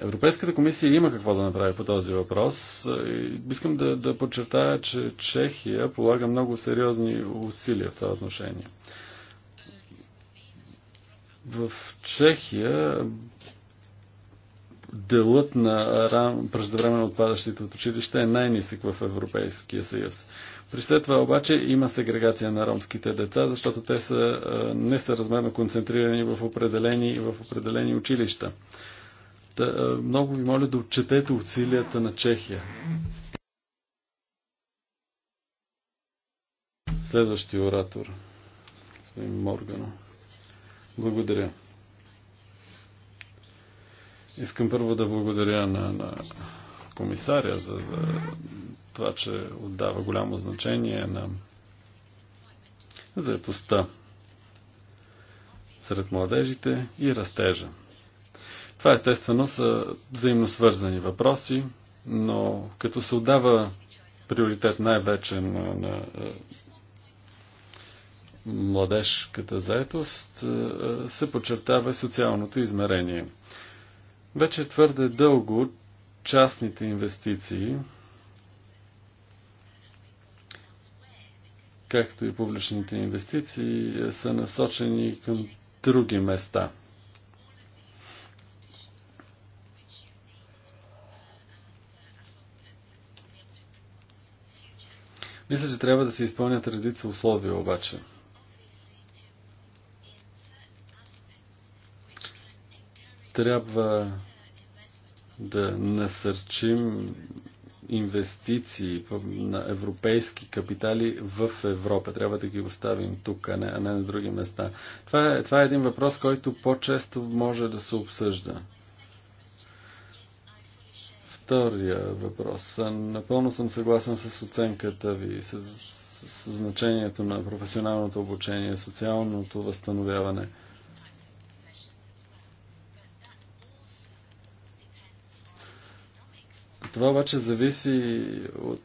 Европейската комисия има какво да направи по този въпрос. Искам да, да подчертая, че Чехия полага много сериозни усилия в това отношение. В Чехия делът на преждевременно отпадащите от училище е най-нисък в Европейския съюз. При след това обаче има сегрегация на ромските деца, защото те са несъразмерно концентрирани в определени, в определени училища. Та, много ви моля да отчетете усилията на Чехия. Следващия оратор. Господин Моргано. Благодаря. Искам първо да благодаря на, на комисаря за, за това, че отдава голямо значение на заетостта сред младежите и растежа. Това естествено са взаимно свързани въпроси, но като се отдава приоритет най-вече на, на е, младежката заетост, е, е, се подчертава социалното измерение. Вече твърде дълго частните инвестиции, както и публичните инвестиции, са насочени към други места. Мисля, че трябва да се изпълнят редица условия обаче – Трябва да насърчим инвестиции на европейски капитали в Европа. Трябва да ги оставим тук, а не, а не на други места. Това е, това е един въпрос, който по-често може да се обсъжда. Втория въпрос. Напълно съм съгласен с оценката ви, с, с, с значението на професионалното обучение, социалното възстановяване – Това обаче зависи от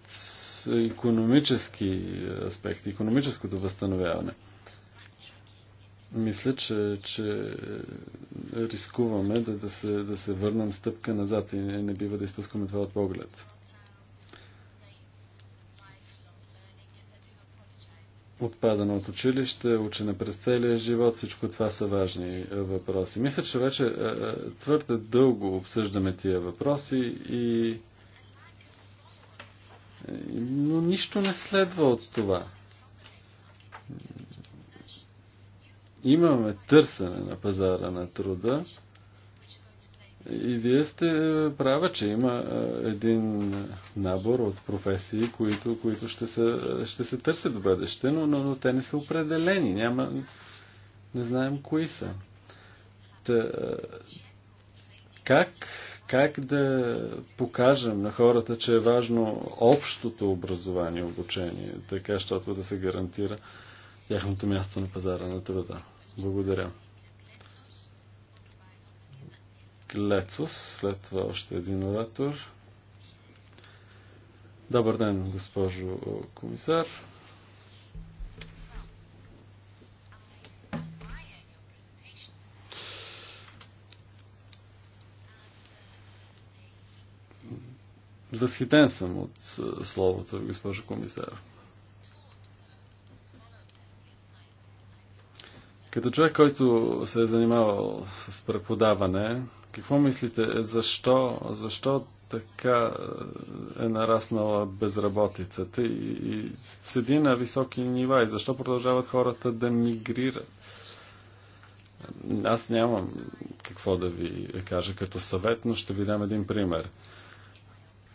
економически аспекти, економическото възстановяване. Мисля, че, че рискуваме да, да, се, да се върнем стъпка назад и не, не бива да изпускаме това от поглед. отпадане от училище, учене през целия живот, всичко това са важни въпроси. Мисля, че вече е, е, твърде дълго обсъждаме тия въпроси и но нищо не следва от това. Имаме търсене на пазара на труда. И вие сте права, че има един набор от професии, които, които ще, се, ще се търсят в бъдеще, но, но, но те не са определени. Няма, не знаем кои са. Та, как как да покажем на хората, че е важно общото образование обучение, така, щото да се гарантира тяхното място на пазара на труда. Благодаря. Лецус, след това още един оратор. Добър ден, госпожо комисар. Възхитен съм от словото, госпожо комисар. Като човек, който се е занимавал с преподаване, какво мислите, защо, защо така е нараснала безработицата и, и седи на високи нива и защо продължават хората да мигрират? Аз нямам какво да ви кажа като съвет, но ще ви дам един пример.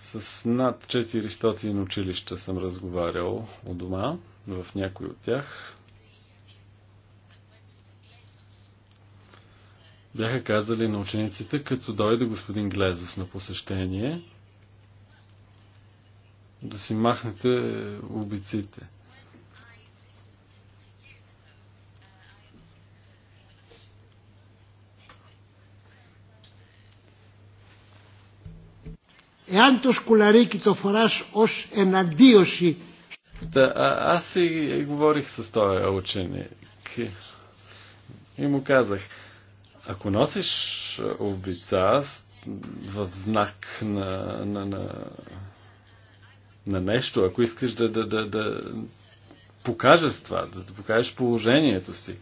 С над 400 училища съм разговарял у дома, в някои от тях. Бяха казали на учениците, като дойде господин Глезос на посещение, да си махнете обиците. Εάν το σκουλαρίκι το φοράς ως εναντίωση... Да, а, аз и, и говорих с този ученик и му казах, ако носиш обица в знак на, на, на, на нещо, ако искаш да, да, да, да покажеш това, да, да покажеш положението си,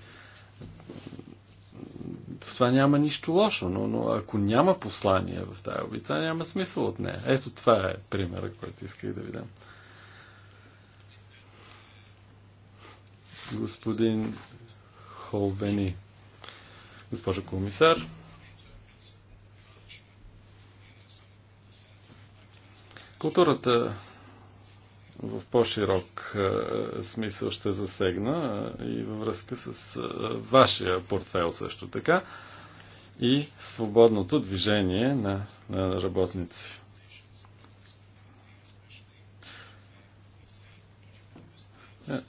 в това няма нищо лошо, но, но ако няма послание в тази обица, няма смисъл от нея. Ето това е примера, който исках да ви дам. Господин Холбени, госпожа комисар, културата в по-широк е, смисъл ще засегна е, и във връзка с е, вашия портфел също така и свободното движение на, на работници.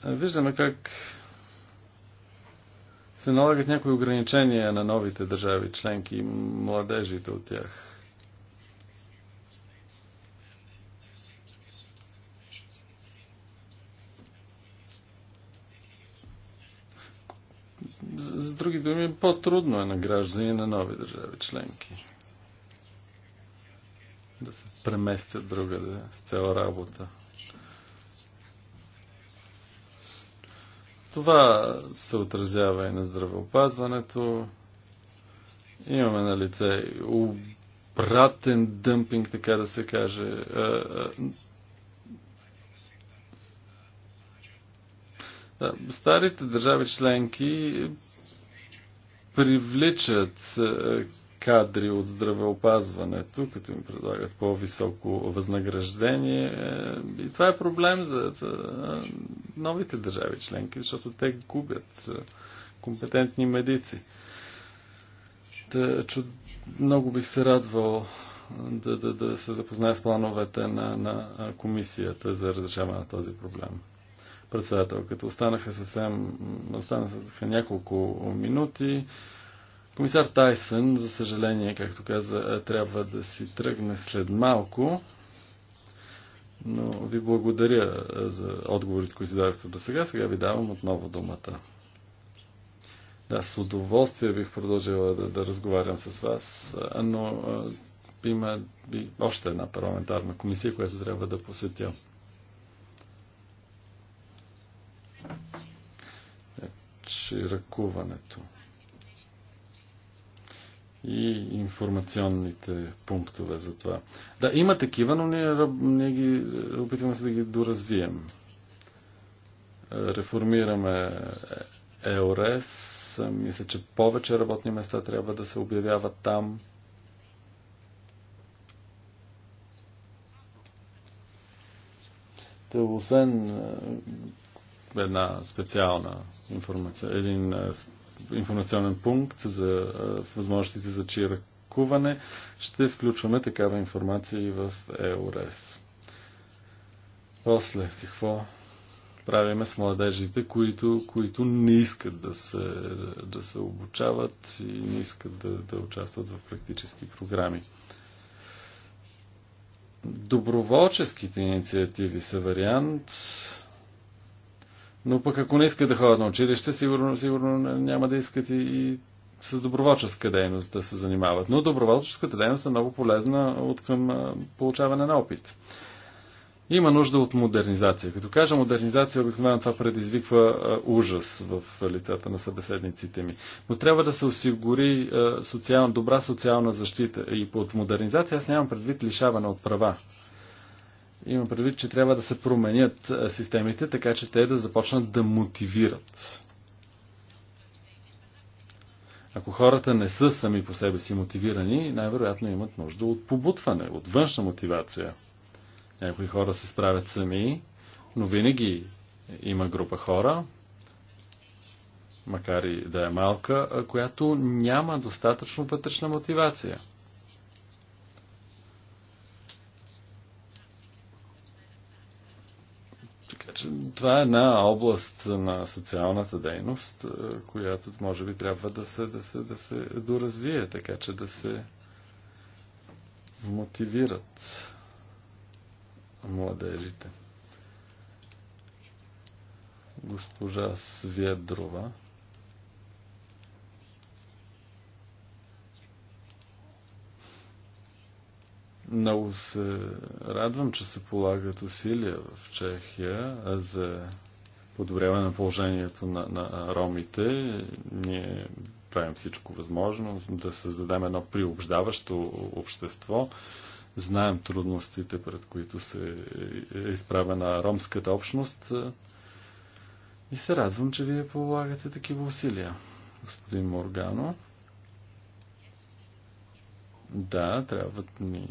Виждаме как се налагат някои ограничения на новите държави членки и младежите от тях. други думи, по-трудно е на граждани на нови държави членки да се преместят другаде с цяла работа. Това се отразява и на здравеопазването. Имаме на лице обратен дъмпинг, така да се каже. Да, е, е, е, старите държави членки привличат е, кадри от здравеопазването, като им предлагат по-високо възнаграждение. Е, и това е проблем за, е, новите държави членки, защото те губят компетентни медици. Та, чуд... Много бих се радвал да, да, да се запозная с плановете на, на комисията за разрешаване на този проблем. Като Останаха съвсем, останаха няколко минути. Комисар Тайсън, за съжаление, както каза, трябва да си тръгне след малко. Но ви благодаря за отговорите, които дадохте до сега. Сега ви давам отново думата. Да, с удоволствие бих продължила да, да разговарям с вас, но има и още една парламентарна комисия, която трябва да посетя. и и информационните пунктове за това. Да, има такива, но ние, ние ги, е, опитваме се да ги доразвием. Реформираме ЕОРЕС. Мисля, че повече работни места трябва да се обявяват там. Те, освен е, една специална информация, един е, информационен пункт за е, възможностите за чиракуване. Ще включваме такава информация и в ЕОРЕС. После, какво правиме с младежите, които, които не искат да се, да се обучават и не искат да, да участват в практически програми. Доброволческите инициативи са вариант. Но пък ако не искат да ходят на училище, сигурно, сигурно няма да искат и, и с доброволческа дейност да се занимават. Но доброволческата дейност е много полезна от към получаване на опит. Има нужда от модернизация. Като кажа модернизация, обикновено това предизвиква ужас в лицата на събеседниците ми. Но трябва да се осигури социална, добра социална защита. И под модернизация аз нямам предвид лишаване от права. Има предвид, че трябва да се променят системите, така че те да започнат да мотивират. Ако хората не са сами по себе си мотивирани, най-вероятно имат нужда от побутване, от външна мотивация. Някои хора се справят сами, но винаги има група хора, макар и да е малка, която няма достатъчно вътрешна мотивация. това е една област на социалната дейност, е, която може би трябва да се, да се, да се доразвие, така че да се мотивират младежите. Госпожа Сведрова. Много се радвам, че се полагат усилия в Чехия за подобряване на положението на, на ромите. Ние правим всичко възможно да създадем едно приобждаващо общество. Знаем трудностите, пред които се е изправена ромската общност. И се радвам, че вие полагате такива усилия, господин Моргано. Да, трябват ни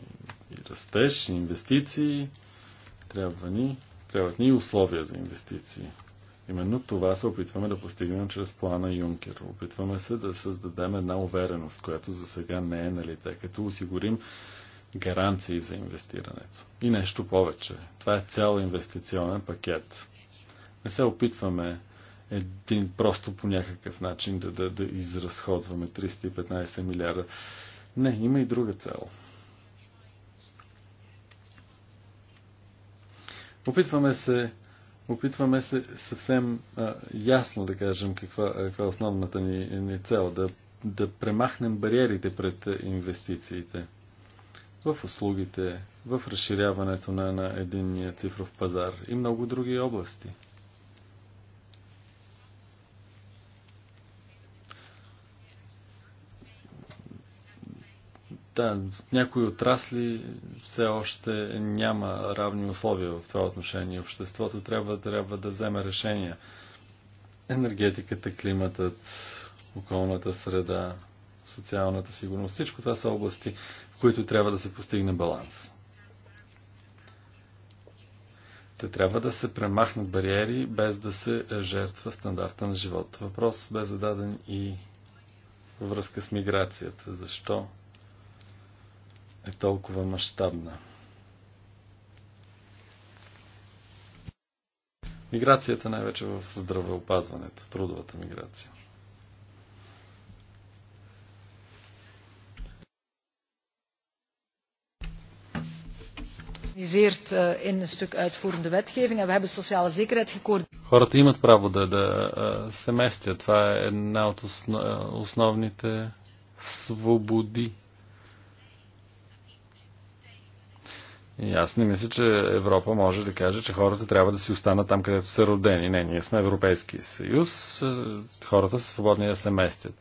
и растеж, и инвестиции, трябва ни, трябват ни и условия за инвестиции. Именно това се опитваме да постигнем чрез плана Юнкер. Опитваме се да създадем една увереност, която за сега не е налите, като осигурим гаранции за инвестирането. И нещо повече. Това е цял инвестиционен пакет. Не се опитваме един просто по някакъв начин да, да, да изразходваме 315 милиарда. Не, има и друга цел. Опитваме се, опитваме се съвсем а, ясно да кажем каква, каква е основната ни, ни цел. Да, да премахнем бариерите пред инвестициите в услугите, в разширяването на, на единния цифров пазар и много други области – Да, някои отрасли все още няма равни условия в това отношение. Обществото трябва, трябва да вземе решения. Енергетиката, климатът, околната среда, социалната сигурност. Всичко това са области, в които трябва да се постигне баланс. Те трябва да се премахнат бариери, без да се жертва стандарта на живот. Въпрос бе зададен и във връзка с миграцията. Защо е толкова мащабна. Миграцията най-вече в здравеопазването, трудовата миграция. Eh, Хората имат право да, да eh, се местят. Това е една от основ, eh, основните свободи И аз не мисля, че Европа може да каже, че хората трябва да си останат там, където са родени. Не, ние сме Европейски съюз, е, хората са свободни да се местят.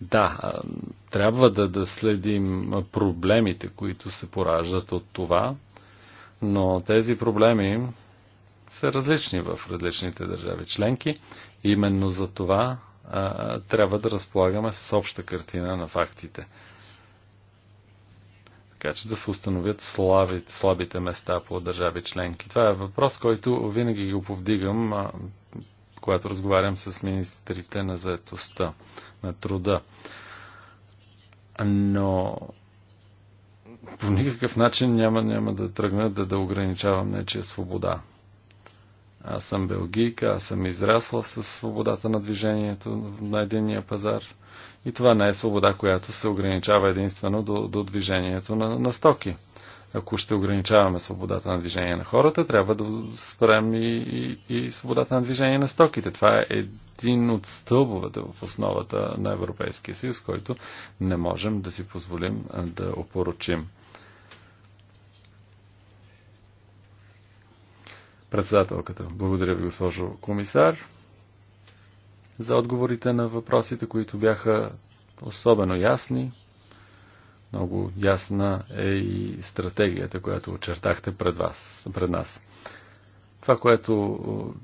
Да, е, трябва да, да следим проблемите, които се пораждат от това, но тези проблеми са различни в различните държави членки. Именно за това а, е, трябва да разполагаме с обща картина на фактите така че да се установят слаби, слабите места по държави членки. Това е въпрос, който винаги го повдигам, а, когато разговарям с министрите на заетостта, на труда. Но по никакъв начин няма, няма да тръгна да, да ограничавам нечия свобода. Аз съм белгийка, аз съм израсла с свободата на движението на единния пазар. И това не е свобода, която се ограничава единствено до, до движението на, на стоки. Ако ще ограничаваме свободата на движение на хората, трябва да спрем и, и, и свободата на движение на стоките. Това е един от стълбовете в основата на Европейския съюз, който не можем да си позволим да опорочим. Председателката. Благодаря ви, госпожо комисар, за отговорите на въпросите, които бяха особено ясни. Много ясна е и стратегията, която очертахте пред, вас, пред нас. Това, което е,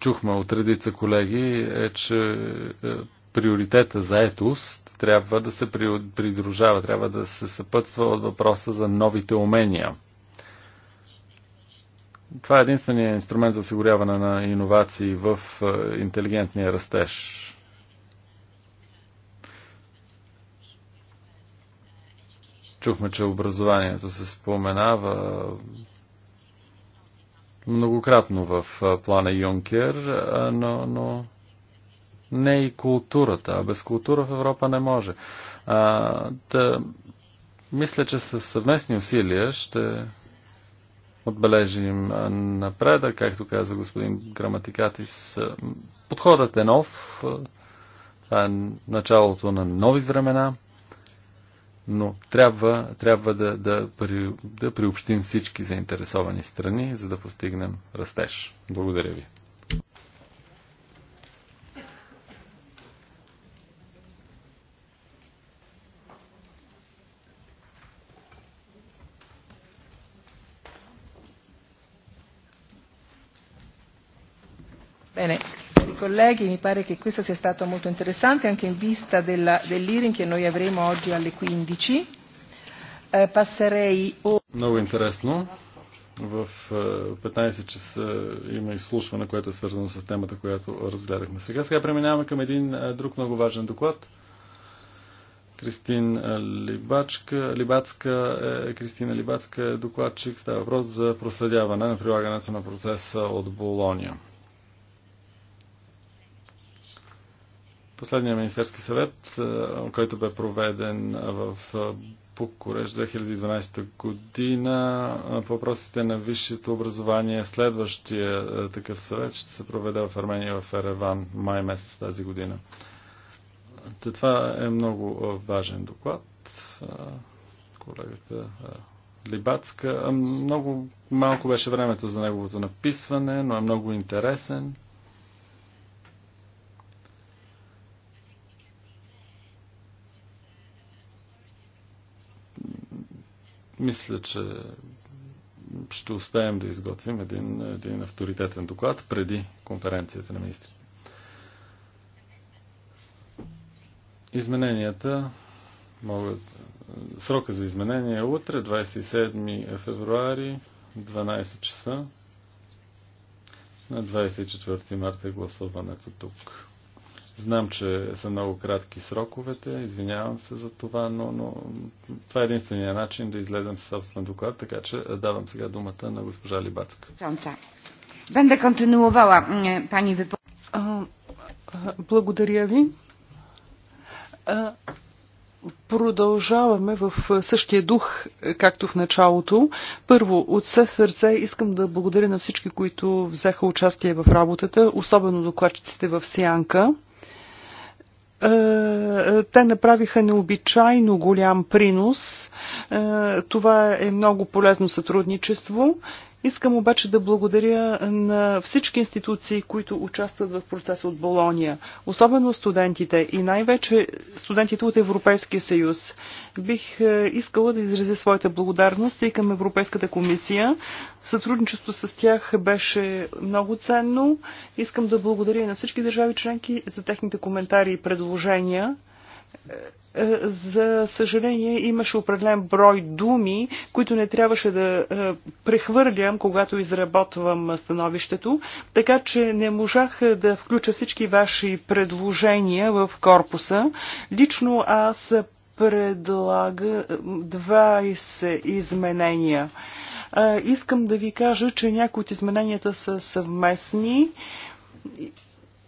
чухме от редица колеги е, че е, приоритета за етост трябва да се придружава, трябва да се съпътства от въпроса за новите умения. Това е единствения инструмент за осигуряване на иновации в е, интелигентния растеж. Чухме, че образованието се споменава многократно в е, плана Юнкер, е, но, но не и културата. А без култура в Европа не може. А, да, мисля, че с съвместни усилия ще отбележим напредък, както каза господин Граматикатис. Подходът е нов, това е началото на нови времена, но трябва, трябва да, да, при, да приобщим всички заинтересовани страни, за да постигнем растеж. Благодаря ви. colleghi, mi pare che questo sia stato molto interessante anche in vista della, dell'hearing che noi avremo oggi alle 15. Eh, passerei o... Много интересно. В 15 е, часа има изслушване, което е свързано с темата, която разгледахме сега. Сега преминаваме към един е, друг много важен доклад. Кристин е, Либачка, Либацка, е, Кристина Либацка е докладчик. Става въпрос за проследяване на прилагането на процеса от Болония. Последния Министерски съвет, е, който бе проведен в е, Букурещ 2012 година е, по въпросите на висшето образование. Следващия такъв съвет ще се проведе в Армения в Ереван май месец тази година. Това е много важен доклад. Колегата Либацка. Много малко беше времето за неговото написване, но е много интересен. Мисля, че ще успеем да изготвим един, един авторитетен доклад преди конференцията на министрите. Измененията могат... Срока за изменение е утре, 27 февруари, 12 часа. На 24 марта е гласуването тук. Знам, че са много кратки сроковете, извинявам се за това, но, но това е единствения начин да излезем със собствен доклад, така че давам сега думата на госпожа Либацка. Бенда континуувала, е, пани Випо. Благодаря ви. Продължаваме в същия дух, както в началото. Първо, от все сърце искам да благодаря на всички, които взеха участие в работата, особено докладчиците в Сянка. Е, те направиха необичайно голям принос. Е, това е много полезно сътрудничество Искам обаче да благодаря на всички институции, които участват в процеса от Болония, особено студентите и най-вече студентите от Европейския съюз. Бих е, искала да изразя своята благодарност и към Европейската комисия. Сътрудничество с тях беше много ценно. Искам да благодаря на всички държави членки за техните коментари и предложения. Е, е, за съжаление, имаше определен брой думи, които не трябваше да е, прехвърлям, когато изработвам становището, така че не можах е, да включа всички ваши предложения в корпуса. Лично аз предлага 20 изменения. Искам да ви кажа, че някои от измененията са съвместни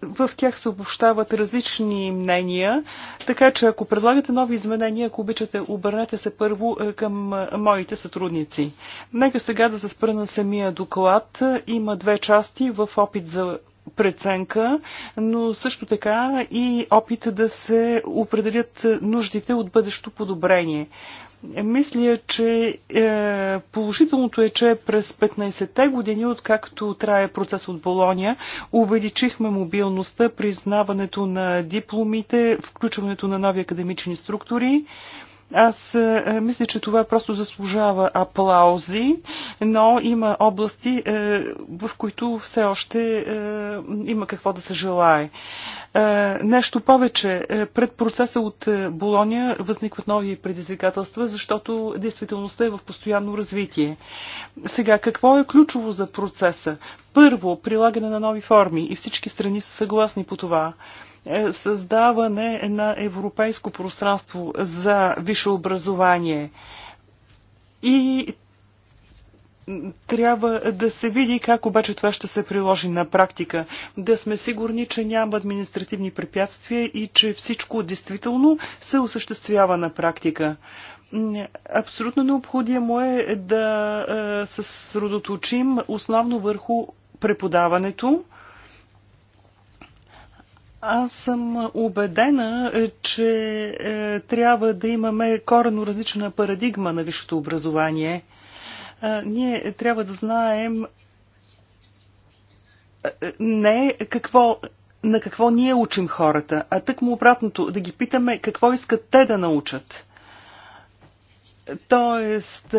в тях се обобщават различни мнения, така че ако предлагате нови изменения, ако обичате, обърнете се първо е, към е, моите сътрудници. Нека сега да се спра на самия доклад. Има две части в опит за преценка, но също така и опит да се определят нуждите от бъдещо подобрение. Е, мисля, че е, положителното е, че през 15-те години, откакто трае процес от Болония, увеличихме мобилността, признаването на дипломите, включването на нови академични структури. Аз е, е, мисля, че това просто заслужава аплаузи, но има области, е, в които все още има какво да се желае. Нещо повече, пред процеса от Болония възникват нови предизвикателства, защото действителността е в постоянно развитие. Сега, какво е ключово за процеса? Първо, прилагане на нови форми и всички страни са съгласни по това. Е създаване на европейско пространство за висше образование. И трябва да се види как обаче това ще се приложи на практика. Да сме сигурни, че няма административни препятствия и че всичко действително се осъществява на практика. Абсолютно необходимо е да е, се съсредоточим основно върху преподаването, аз съм убедена, е, че е, трябва да имаме корено различна парадигма на висшето образование. Е, ние трябва да знаем е, не какво, на какво ние учим хората, а тъкмо обратното, да ги питаме какво искат те да научат. Тоест,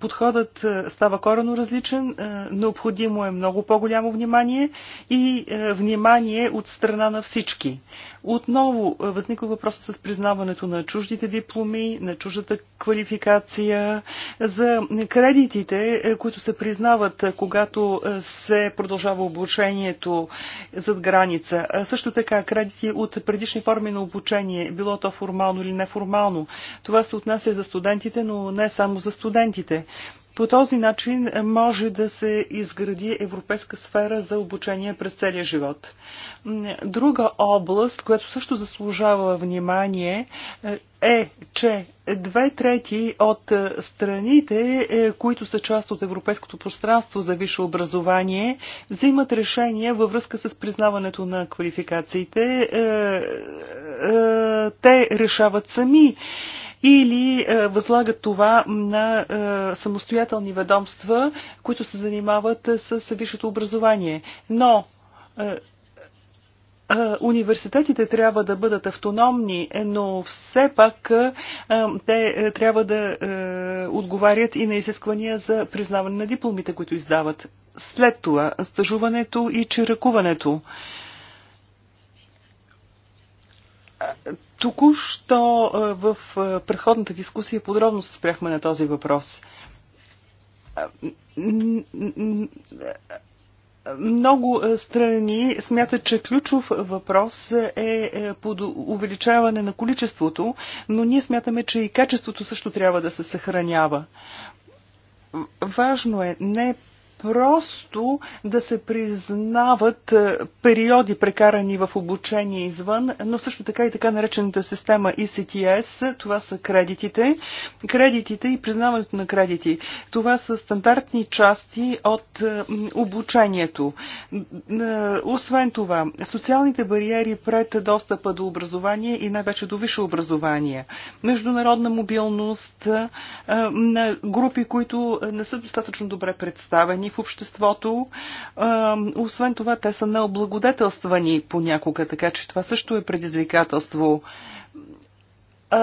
подходът става корено различен, необходимо е много по-голямо внимание и внимание от страна на всички. Отново е, възниква въпрос с признаването на чуждите дипломи, на чуждата квалификация, за кредитите, е, които се признават, е, когато се продължава обучението зад граница. Също така кредити от предишни форми на обучение, било то формално или неформално. Това се отнася за студентите, но не само за студентите. По този начин може да се изгради европейска сфера за обучение през целия живот. Друга област, която също заслужава внимание, е, че две трети от страните, е, които са част от Европейското пространство за висше образование, взимат решения във връзка с признаването на квалификациите. Е, е, те решават сами или е, възлагат това на е, самостоятелни ведомства, които се занимават е, с висшето образование. Но университетите трябва да бъдат автономни, но все пак те трябва да отговарят и на изисквания за признаване на дипломите, които издават. След това стъжуването и чиракуването Току-що е, в е, предходната дискусия подробно се спряхме на този въпрос. Е, много страни смятат, че ключов въпрос е под увеличаване на количеството, но ние смятаме, че и качеството също трябва да се съхранява важно е не просто да се признават е, периоди прекарани в обучение извън, но също така и така наречената система ECTS, това са кредитите. Кредитите и признаването на кредити. Това са стандартни части от е, обучението. Е, освен това, социалните бариери пред достъпа до образование и най-вече до висше образование. Международна мобилност на групи, които не са достатъчно добре представени влияние в обществото. Освен това, те са необлагодетелствани понякога, така че това също е предизвикателство а,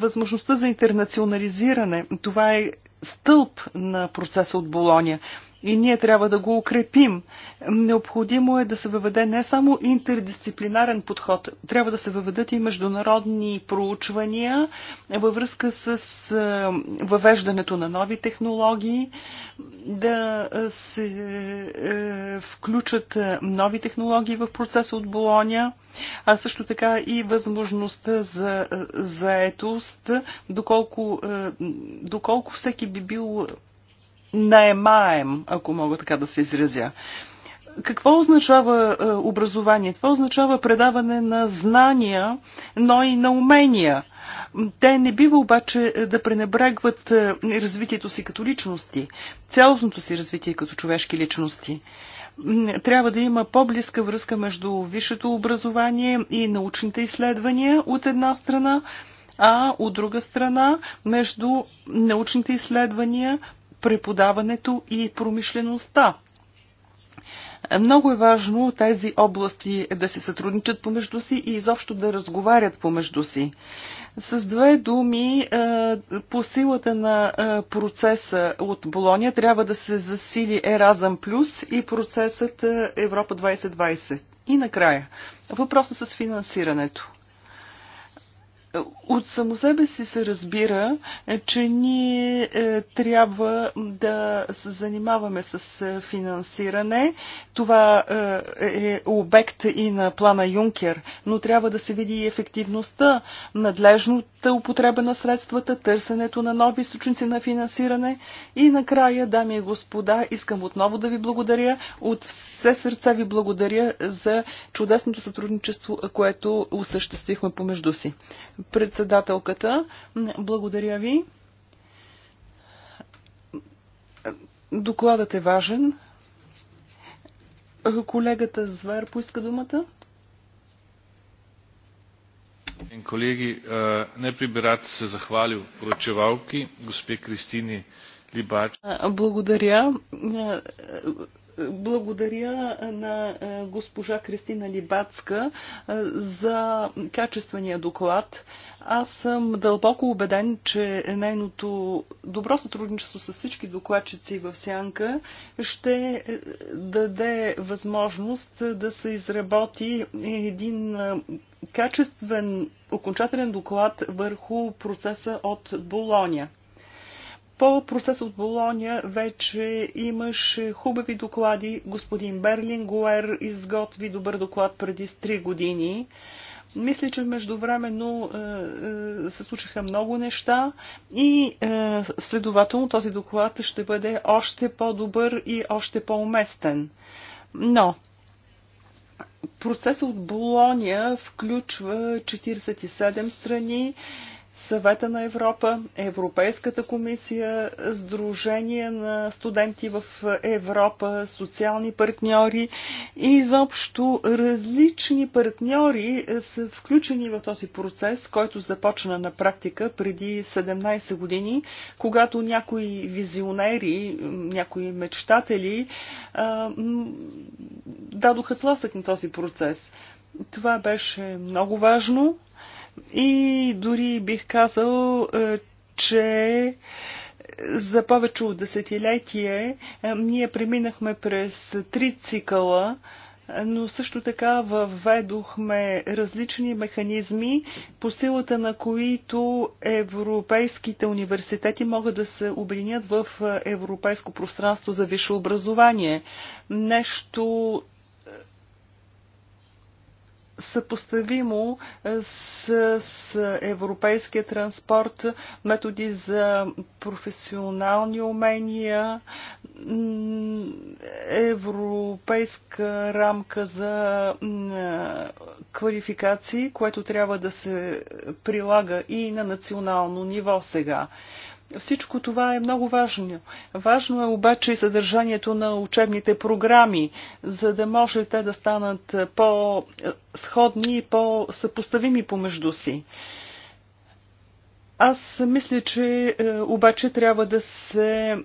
възможността за интернационализиране. Това е стълб на процеса от Болония и ние трябва да го укрепим. Необходимо е да се въведе не само интердисциплинарен подход, трябва да се въведат и международни проучвания във връзка с въвеждането на нови технологии, да се включат нови технологии в процеса от Болония, а също така и възможността за заетост, доколко, доколко всеки би бил наемаем, ако мога така да се изразя. Какво означава е, образование? Това означава предаване на знания, но и на умения. Те не бива обаче е, да пренебрегват е, развитието си като личности, цялостното си развитие като човешки личности трябва да има по-близка връзка между висшето образование и научните изследвания от една страна, а от друга страна между научните изследвания, преподаването и промишлеността. Много е важно тези области да се сътрудничат помежду си и изобщо да разговарят помежду си. С две думи, е, по силата на е, процеса от Болония трябва да се засили Еразъм Плюс и процесът е, Европа 2020. И накрая, въпросът с финансирането от само себе си се разбира, е, че ние е, трябва да се занимаваме с е, финансиране. Това е обект и на плана Юнкер, но трябва да се види и ефективността, надлежната употреба на средствата, търсенето на нови източници на финансиране. И накрая, дами и господа, искам отново да ви благодаря. От все сърце ви благодаря за чудесното сътрудничество, което осъществихме помежду си. Председателката, благодаря ви. Докладът е важен. Колегата Звер поиска думата. Колеги, не najprej се захвалил se zahvalil poročevalki, Кристини Либач. Благодаря. Благодаря на е, госпожа Кристина Либацка е, за качествения доклад. Аз съм дълбоко убеден, че нейното добро сътрудничество с всички докладчици в Сянка ще е, даде възможност да се изработи един качествен окончателен доклад върху процеса от Болония. По процеса от Болония вече имаше хубави доклади. Господин Берлин, Гуер изготви добър доклад преди 3 години. Мисля, че междувременно е, е, се случиха много неща и е, следователно този доклад ще бъде още по-добър и още по-уместен. Но процесът от Болония включва 47 страни Съвета на Европа, Европейската комисия, Сдружение на студенти в Европа, социални партньори и изобщо различни партньори са включени в този процес, който започна на практика преди 17 години, когато някои визионери, някои мечтатели дадоха тласък на този процес. Това беше много важно и дори бих казал, е, че за повече от десетилетие е, ние преминахме през три цикъла, е, но също така въведохме различни механизми, по силата на които европейските университети могат да се обединят в европейско пространство за висше образование. Нещо съпоставимо е, с, с европейския транспорт, методи за професионални умения, европейска рамка за квалификации, което трябва да се прилага и на национално ниво сега. Всичко това е много важно. Важно е обаче и съдържанието на учебните програми, за да може те да станат по-сходни и по-съпоставими помежду си. Аз мисля, че е, обаче трябва да се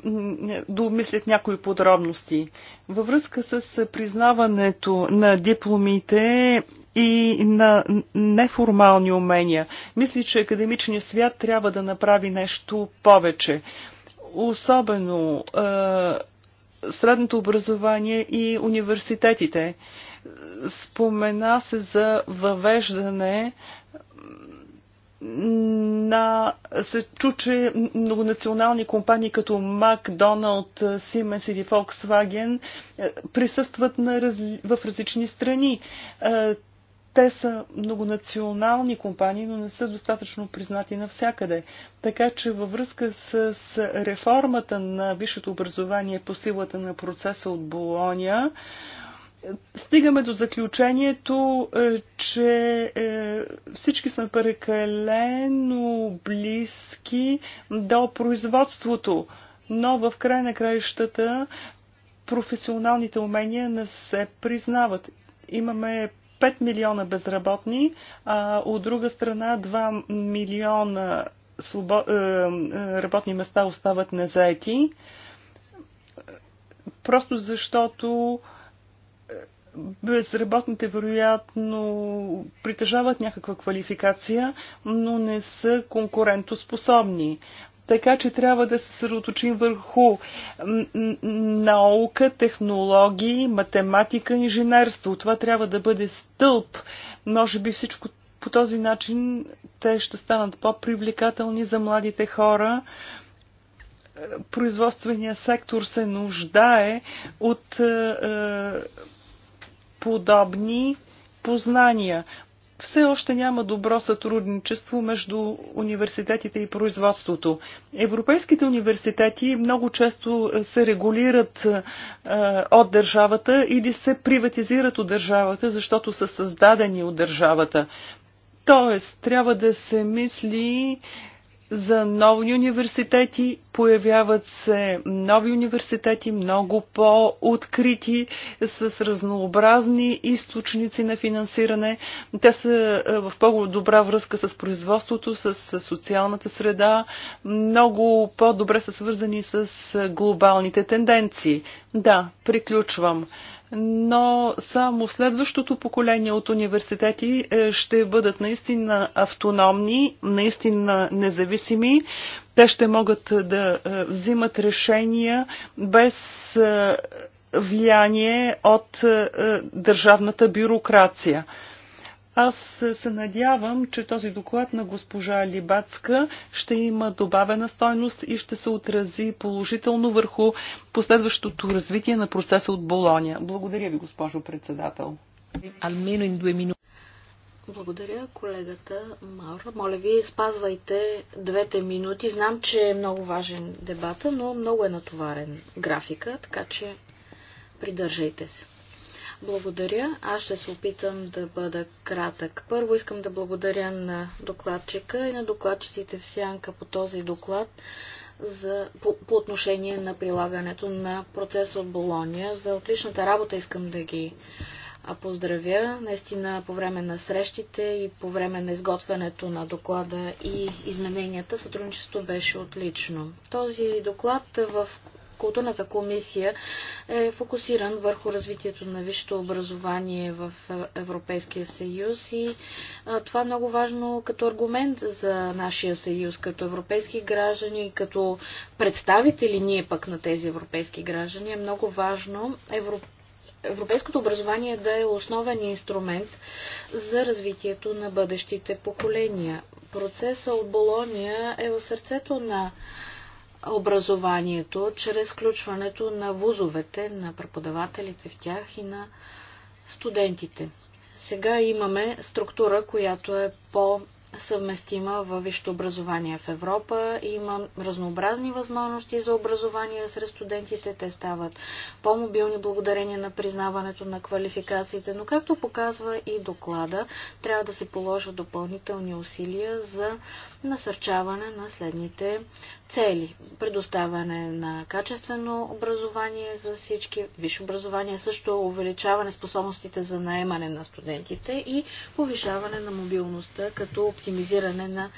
домислят някои подробности. Във връзка с признаването на дипломите и на неформални умения, мисля, че академичният свят трябва да направи нещо повече. Особено е, средното образование и университетите. Спомена се за въвеждане на, се чу, че многонационални компании като Макдоналд, Siemens или Volkswagen е, присъстват на разли, в различни страни. Е, те са многонационални компании, но не са достатъчно признати навсякъде. Така че във връзка с, с реформата на висшето образование по силата на процеса от Болония, стигаме до заключението, е, че е, всички са прекалено близки до производството, но в край на краищата професионалните умения не се признават. Имаме 5 милиона безработни, а от друга страна 2 милиона е, работни места остават незаети, просто защото безработните вероятно притежават някаква квалификация, но не са конкурентоспособни. Така че трябва да се съсредоточим върху наука, технологии, математика, инженерство. Това трябва да бъде стълб. Може би всичко по този начин те ще станат по-привлекателни за младите хора. Производственият сектор се нуждае от е, е, подобни познания. Все още няма добро сътрудничество между университетите и производството. Европейските университети много често се регулират е, от държавата или се приватизират от държавата, защото са създадени от държавата. Тоест, трябва да се мисли за нови университети. Появяват се нови университети, много по-открити, с разнообразни източници на финансиране. Те са е, в по-добра връзка с производството, с социалната среда, много по-добре са свързани с глобалните тенденции. Да, приключвам но само следващото поколение от университети е, ще бъдат наистина автономни, наистина независими. Те ще могат да е, взимат решения без е, влияние от държавната бюрокрация. Аз се надявам, че този доклад на госпожа Либацка ще има добавена стойност и ще се отрази положително върху последващото развитие на процеса от Болония. Благодаря ви, госпожо председател. Благодаря, колегата Маура. Моля ви, спазвайте двете минути. Знам, че е много важен дебата, но много е натоварен графика, така че придържайте се. Благодаря. Аз ще се опитам да бъда кратък. Първо искам да благодаря на докладчика и на докладчиците в сянка по този доклад за, по, по отношение на прилагането на процеса от Болония. За отличната работа искам да ги поздравя. Наистина по време на срещите и по време на изготвянето на доклада и измененията сътрудничеството беше отлично. Този доклад в културната комисия е фокусиран върху развитието на висшето образование в Европейския съюз и това е много важно като аргумент за нашия съюз, като европейски граждани, като представители ние пък на тези европейски граждани. Е много важно Европа европейското образование да е основен инструмент за развитието на бъдещите поколения. Процесът от Болония е в сърцето на образованието, чрез включването на вузовете, на преподавателите в тях и на студентите. Сега имаме структура, която е по-съвместима във висшето образование в Европа. Има разнообразни възможности за образование сред студентите. Те стават по-мобилни благодарение на признаването на квалификациите. Но както показва и доклада, трябва да се положат допълнителни усилия за насърчаване на следните цели. Предоставяне на качествено образование за всички, висше образование, също увеличаване способностите за наемане на студентите и повишаване на мобилността, като оптимизиране на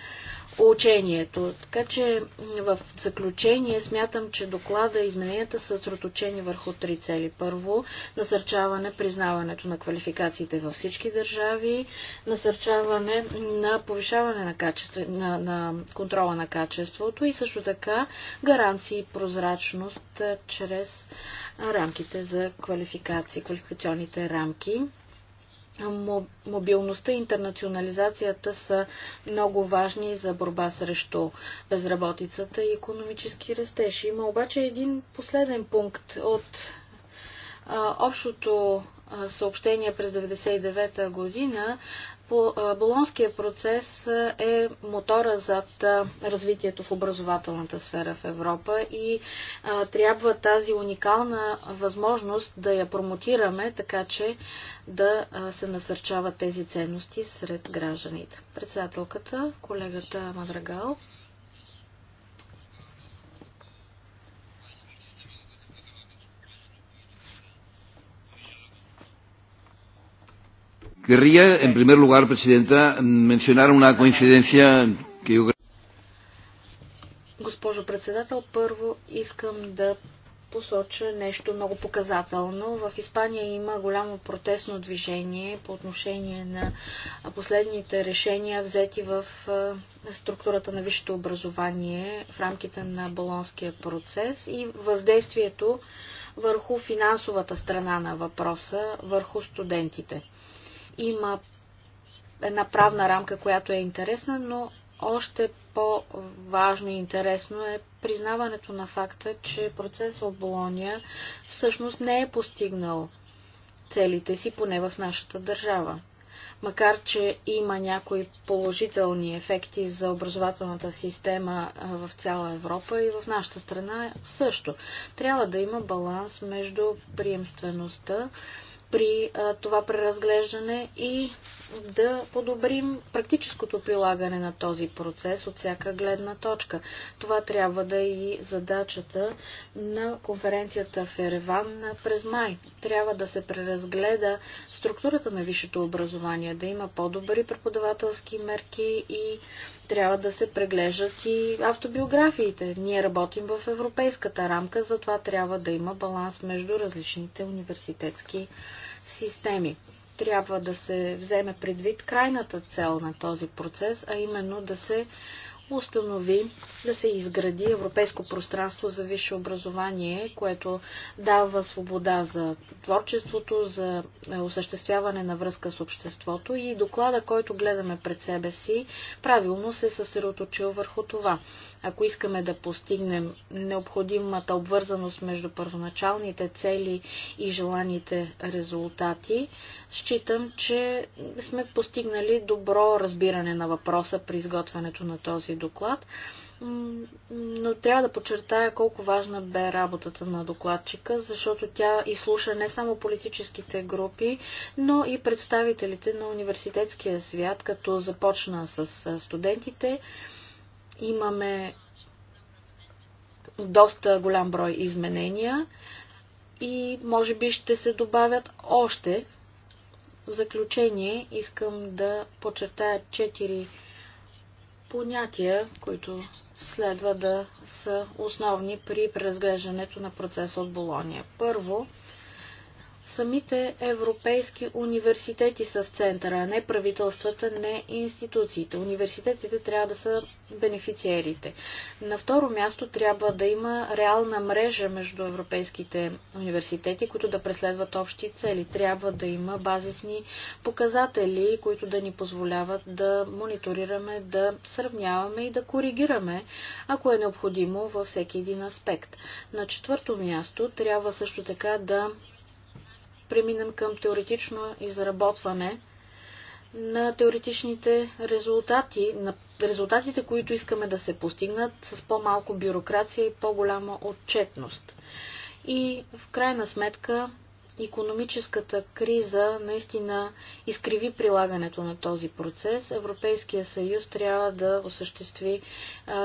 учението. Така че в заключение смятам, че доклада и измененията са сроточени върху три цели. Първо, насърчаване признаването на квалификациите във всички държави, насърчаване на повишаване на, качество, на, на контрола на качеството и също така гаранции и прозрачност чрез рамките за квалификации, квалификационните рамки мобилността и интернационализацията са много важни за борба срещу безработицата и економически растеж. Има обаче един последен пункт от а, общото съобщение през 1999 година Болонския процес е мотора зад развитието в образователната сфера в Европа и трябва тази уникална възможност да я промотираме, така че да се насърчават тези ценности сред гражданите. Председателката, колегата Мадрагал. Querría, en primer lugar, Presidenta, mencionar una coincidencia que yo creo. Госпожо председател, първо искам да посоча нещо много показателно. В Испания има голямо протестно движение по отношение на последните решения, взети в структурата на висшето образование в рамките на Болонския процес и въздействието върху финансовата страна на въпроса, върху студентите. Има една правна рамка, която е интересна, но още по-важно и интересно е признаването на факта, че процесът от Болония всъщност не е постигнал целите си, поне в нашата държава. Макар, че има някои положителни ефекти за образователната система в цяла Европа и в нашата страна също. Трябва да има баланс между приемствеността при а, това преразглеждане и да подобрим практическото прилагане на този процес от всяка гледна точка. Това трябва да е и задачата на конференцията в Ереван през май. Трябва да се преразгледа структурата на висшето образование, да има по-добри преподавателски мерки и а, трябва да се преглеждат и автобиографиите. Ние работим в европейската рамка, затова трябва да има баланс между различните университетски системи. Трябва да се вземе предвид крайната цел на този процес, а именно да се установи да се изгради европейско пространство за висше образование, което дава свобода за творчеството, за е, осъществяване на връзка с обществото и доклада, който гледаме пред себе си, правилно се съсредоточил върху това. Ако искаме да постигнем необходимата обвързаност между първоначалните цели и желаните резултати, считам, че сме постигнали добро разбиране на въпроса при изготвянето на този доклад но трябва да подчертая колко важна бе работата на докладчика, защото тя изслуша не само политическите групи, но и представителите на университетския свят, като започна с студентите, Имаме доста голям брой изменения и може би ще се добавят още. В заключение искам да подчертая четири понятия, които следва да са основни при преразглеждането на процеса от Болония. Първо, Самите европейски университети са в центъра, не правителствата, не институциите. Университетите трябва да са бенефициерите. На второ място трябва да има реална мрежа между европейските университети, които да преследват общи цели. Трябва да има базисни показатели, които да ни позволяват да мониторираме, да сравняваме и да коригираме, ако е необходимо във всеки един аспект. На четвърто място трябва също така да преминем към теоретично изработване на теоретичните резултати, на резултатите, които искаме да се постигнат с по-малко бюрокрация и по-голяма отчетност. И в крайна сметка Економическата криза наистина изкриви прилагането на този процес. Европейския съюз трябва да осъществи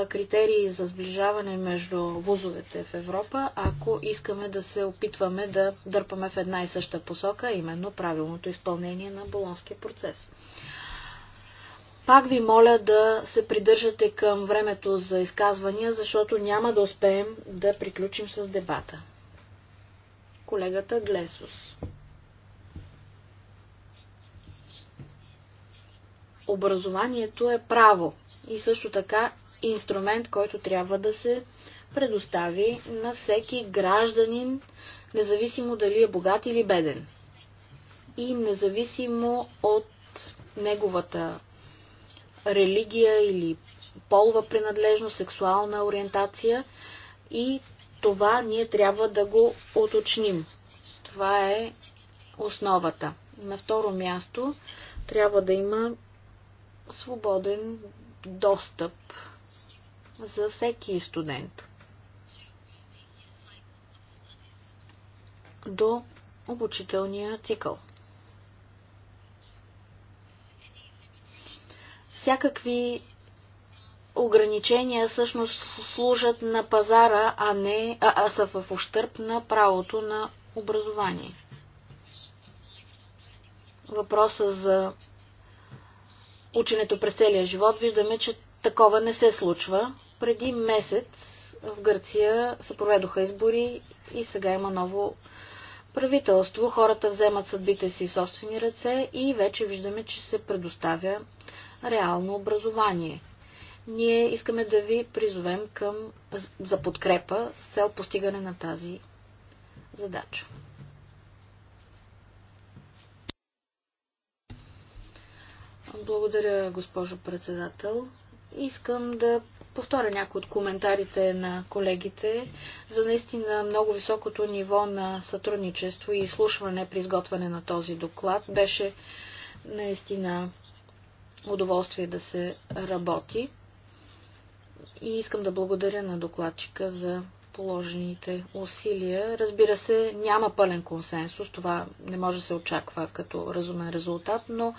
критерии за сближаване между вузовете в Европа, ако искаме да се опитваме да дърпаме в една и съща посока, именно правилното изпълнение на болонския процес. Пак ви моля да се придържате към времето за изказвания, защото няма да успеем да приключим с дебата колегата Глесус. Образованието е право и също така инструмент, който трябва да се предостави на всеки гражданин, независимо дали е богат или беден. И независимо от неговата религия или полва принадлежност, сексуална ориентация. И това ние трябва да го уточним. Това е основата. На второ място трябва да има свободен достъп за всеки студент до обучителния цикъл. Всякакви ограничения всъщност служат на пазара, а не а, а са в ущърп на правото на образование. Въпроса за ученето през целия живот виждаме, че такова не се случва. Преди месец в Гърция се проведоха избори и сега има ново правителство. Хората вземат съдбите си в собствени ръце и вече виждаме, че се предоставя реално образование – ние искаме да ви призовем към, за подкрепа с цел постигане на тази задача. Благодаря, госпожо председател. Искам да повторя някои от коментарите на колегите за наистина много високото ниво на сътрудничество и слушване при изготвяне на този доклад. Беше наистина удоволствие да се работи и искам да благодаря на докладчика за положените усилия. Разбира се, няма пълен консенсус, това не може да се очаква като разумен резултат, но,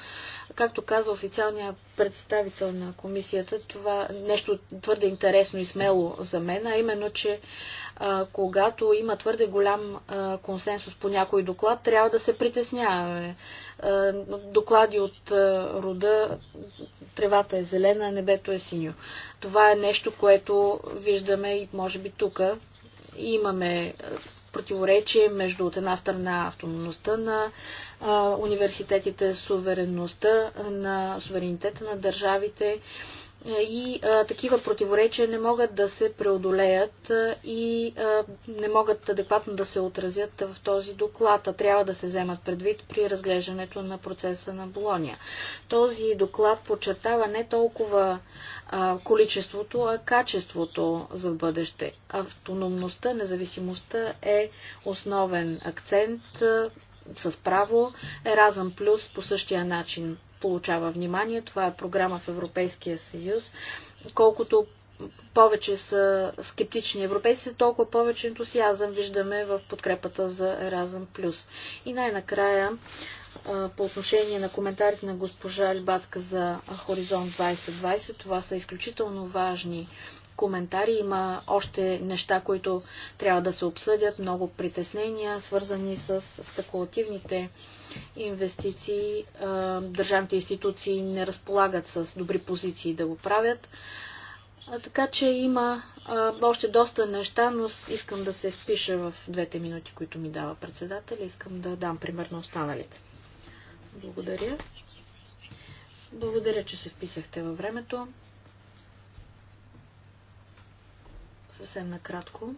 както каза официалния представител на комисията, това нещо твърде интересно и смело за мен, а именно, че а, когато има твърде голям а, консенсус по някой доклад, трябва да се притесняваме. доклади от а, рода тревата е зелена, небето е синьо. Това е нещо, което виждаме и може би тук имаме е, противоречие между от една страна автономността на университетите, суверенността на суверенитета на държавите и а, такива противоречия не могат да се преодолеят а, и а, не могат адекватно да се отразят в този доклад, а трябва да се вземат предвид при разглеждането на процеса на Болония. Този доклад подчертава не толкова а, количеството, а качеството за бъдеще. Автономността, независимостта е основен акцент а, с право. Еразъм Плюс по същия начин получава внимание. Това е програма в Европейския съюз. Колкото повече са скептични европейци, толкова повече ентусиазъм виждаме в подкрепата за Еразъм Плюс. И най-накрая, по отношение на коментарите на госпожа Либацка за Хоризонт 2020, това са изключително важни коментари. Има още неща, които трябва да се обсъдят, много притеснения, свързани с спекулативните инвестиции. Държавните институции не разполагат с добри позиции да го правят. Така че има още доста неща, но искам да се впиша в двете минути, които ми дава председател. Искам да дам пример на останалите. Благодаря. Благодаря, че се вписахте във времето. съвсем накратко.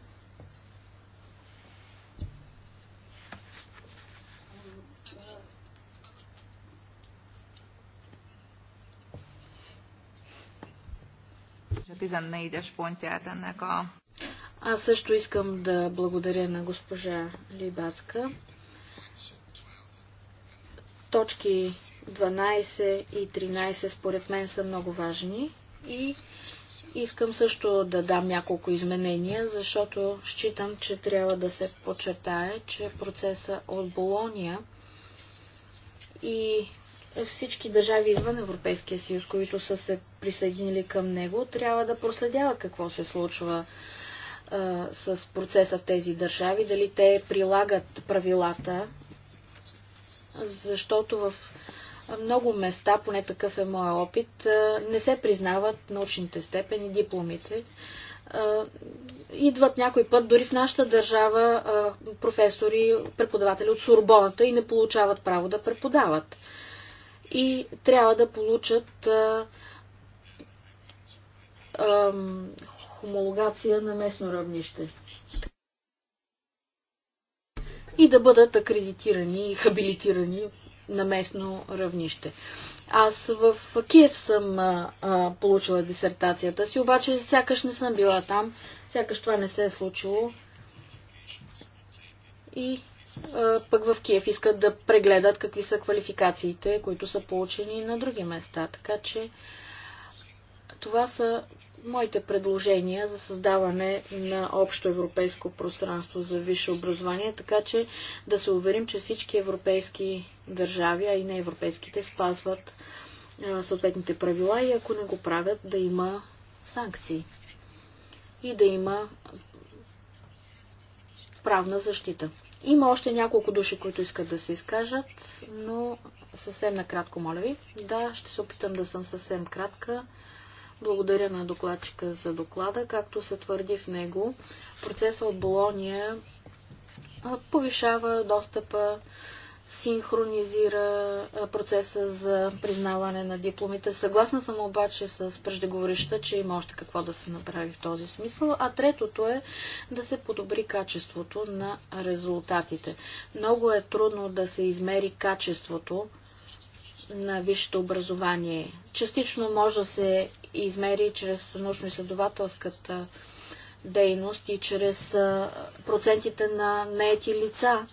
Аз също искам да благодаря на госпожа Либацка. Точки 12 и 13 според мен са много важни и Искам също да дам няколко изменения, защото считам, че трябва да се подчертае, че процеса от Болония и всички държави извън Европейския съюз, които са се присъединили към него, трябва да проследяват какво се случва а, с процеса в тези държави, дали те прилагат правилата, защото в много места, поне такъв е моят опит, не се признават научните степени, дипломите. Идват някой път, дори в нашата държава, професори, преподаватели от Сурбоната и не получават право да преподават. И трябва да получат хомологация на местно равнище. И да бъдат акредитирани и хабилитирани на местно равнище. Аз в Киев съм а, а, получила дисертацията си, обаче сякаш не съм била там, сякаш това не се е случило. И а, пък в Киев искат да прегледат какви са квалификациите, които са получени на други места. Така че това са моите предложения за създаване на общо европейско пространство за висше образование, така че да се уверим, че всички европейски държави, а и не европейските, спазват съответните правила и ако не го правят, да има санкции и да има правна защита. Има още няколко души, които искат да се изкажат, но съвсем накратко, моля ви. Да, ще се опитам да съм съвсем кратка. Благодаря на докладчика за доклада. Както се твърди в него, процесът от Болония повишава достъпа, синхронизира процеса за признаване на дипломите. Съгласна съм обаче с преждеговорища, че има още какво да се направи в този смисъл. А третото е да се подобри качеството на резултатите. Много е трудно да се измери качеството на висшето образование. Частично може да се измери чрез научно-изследователската дейност и чрез процентите на неети лица.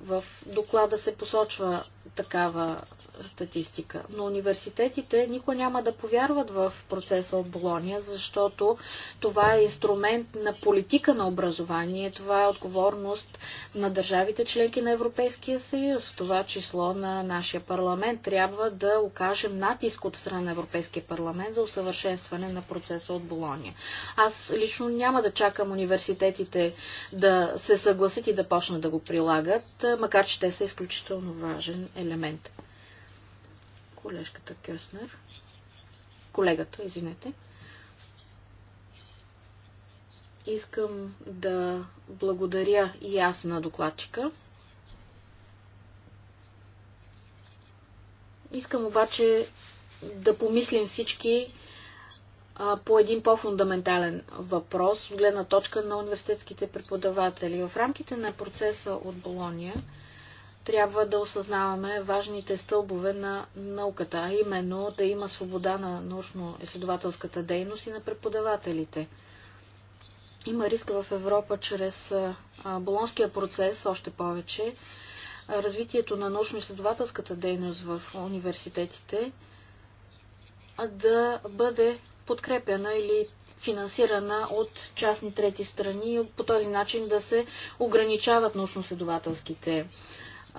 В доклада се посочва такава статистика. Но университетите никой няма да повярват в процеса от Болония, защото това е инструмент на политика на образование, това е отговорност на държавите членки на Европейския съюз, в това число на нашия парламент. Трябва да окажем натиск от страна на Европейския парламент за усъвършенстване на процеса от Болония. Аз лично няма да чакам университетите да се съгласят и да почнат да го прилагат, макар че те са изключително важен елемент колежката Кюснер. Колегата, извинете. Искам да благодаря и аз на докладчика. Искам обаче да помислим всички по един по-фундаментален въпрос гледна точка на университетските преподаватели. В рамките на процеса от Болония трябва да осъзнаваме важните стълбове на науката, а именно да има свобода на научно-изследователската дейност и на преподавателите. Има риск в Европа чрез болонския процес още повече, развитието на научно-изследователската дейност в университетите да бъде подкрепена или финансирана от частни трети страни и по този начин да се ограничават научно-следователските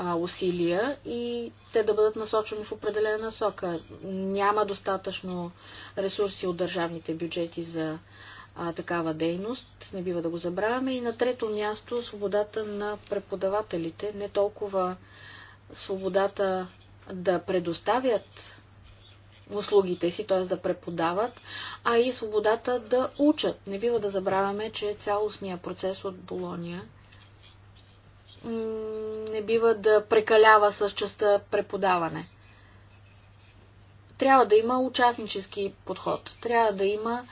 а, усилия и те да бъдат насочени в определена насока. Няма достатъчно ресурси от държавните бюджети за а, такава дейност, не бива да го забравяме. И на трето място свободата на преподавателите, не толкова свободата да предоставят услугите си, т.е. да преподават, а и свободата да учат. Не бива да забравяме, че цялостния процес от Болония не бива да прекалява с частта преподаване. Трябва да има участнически подход. Трябва да има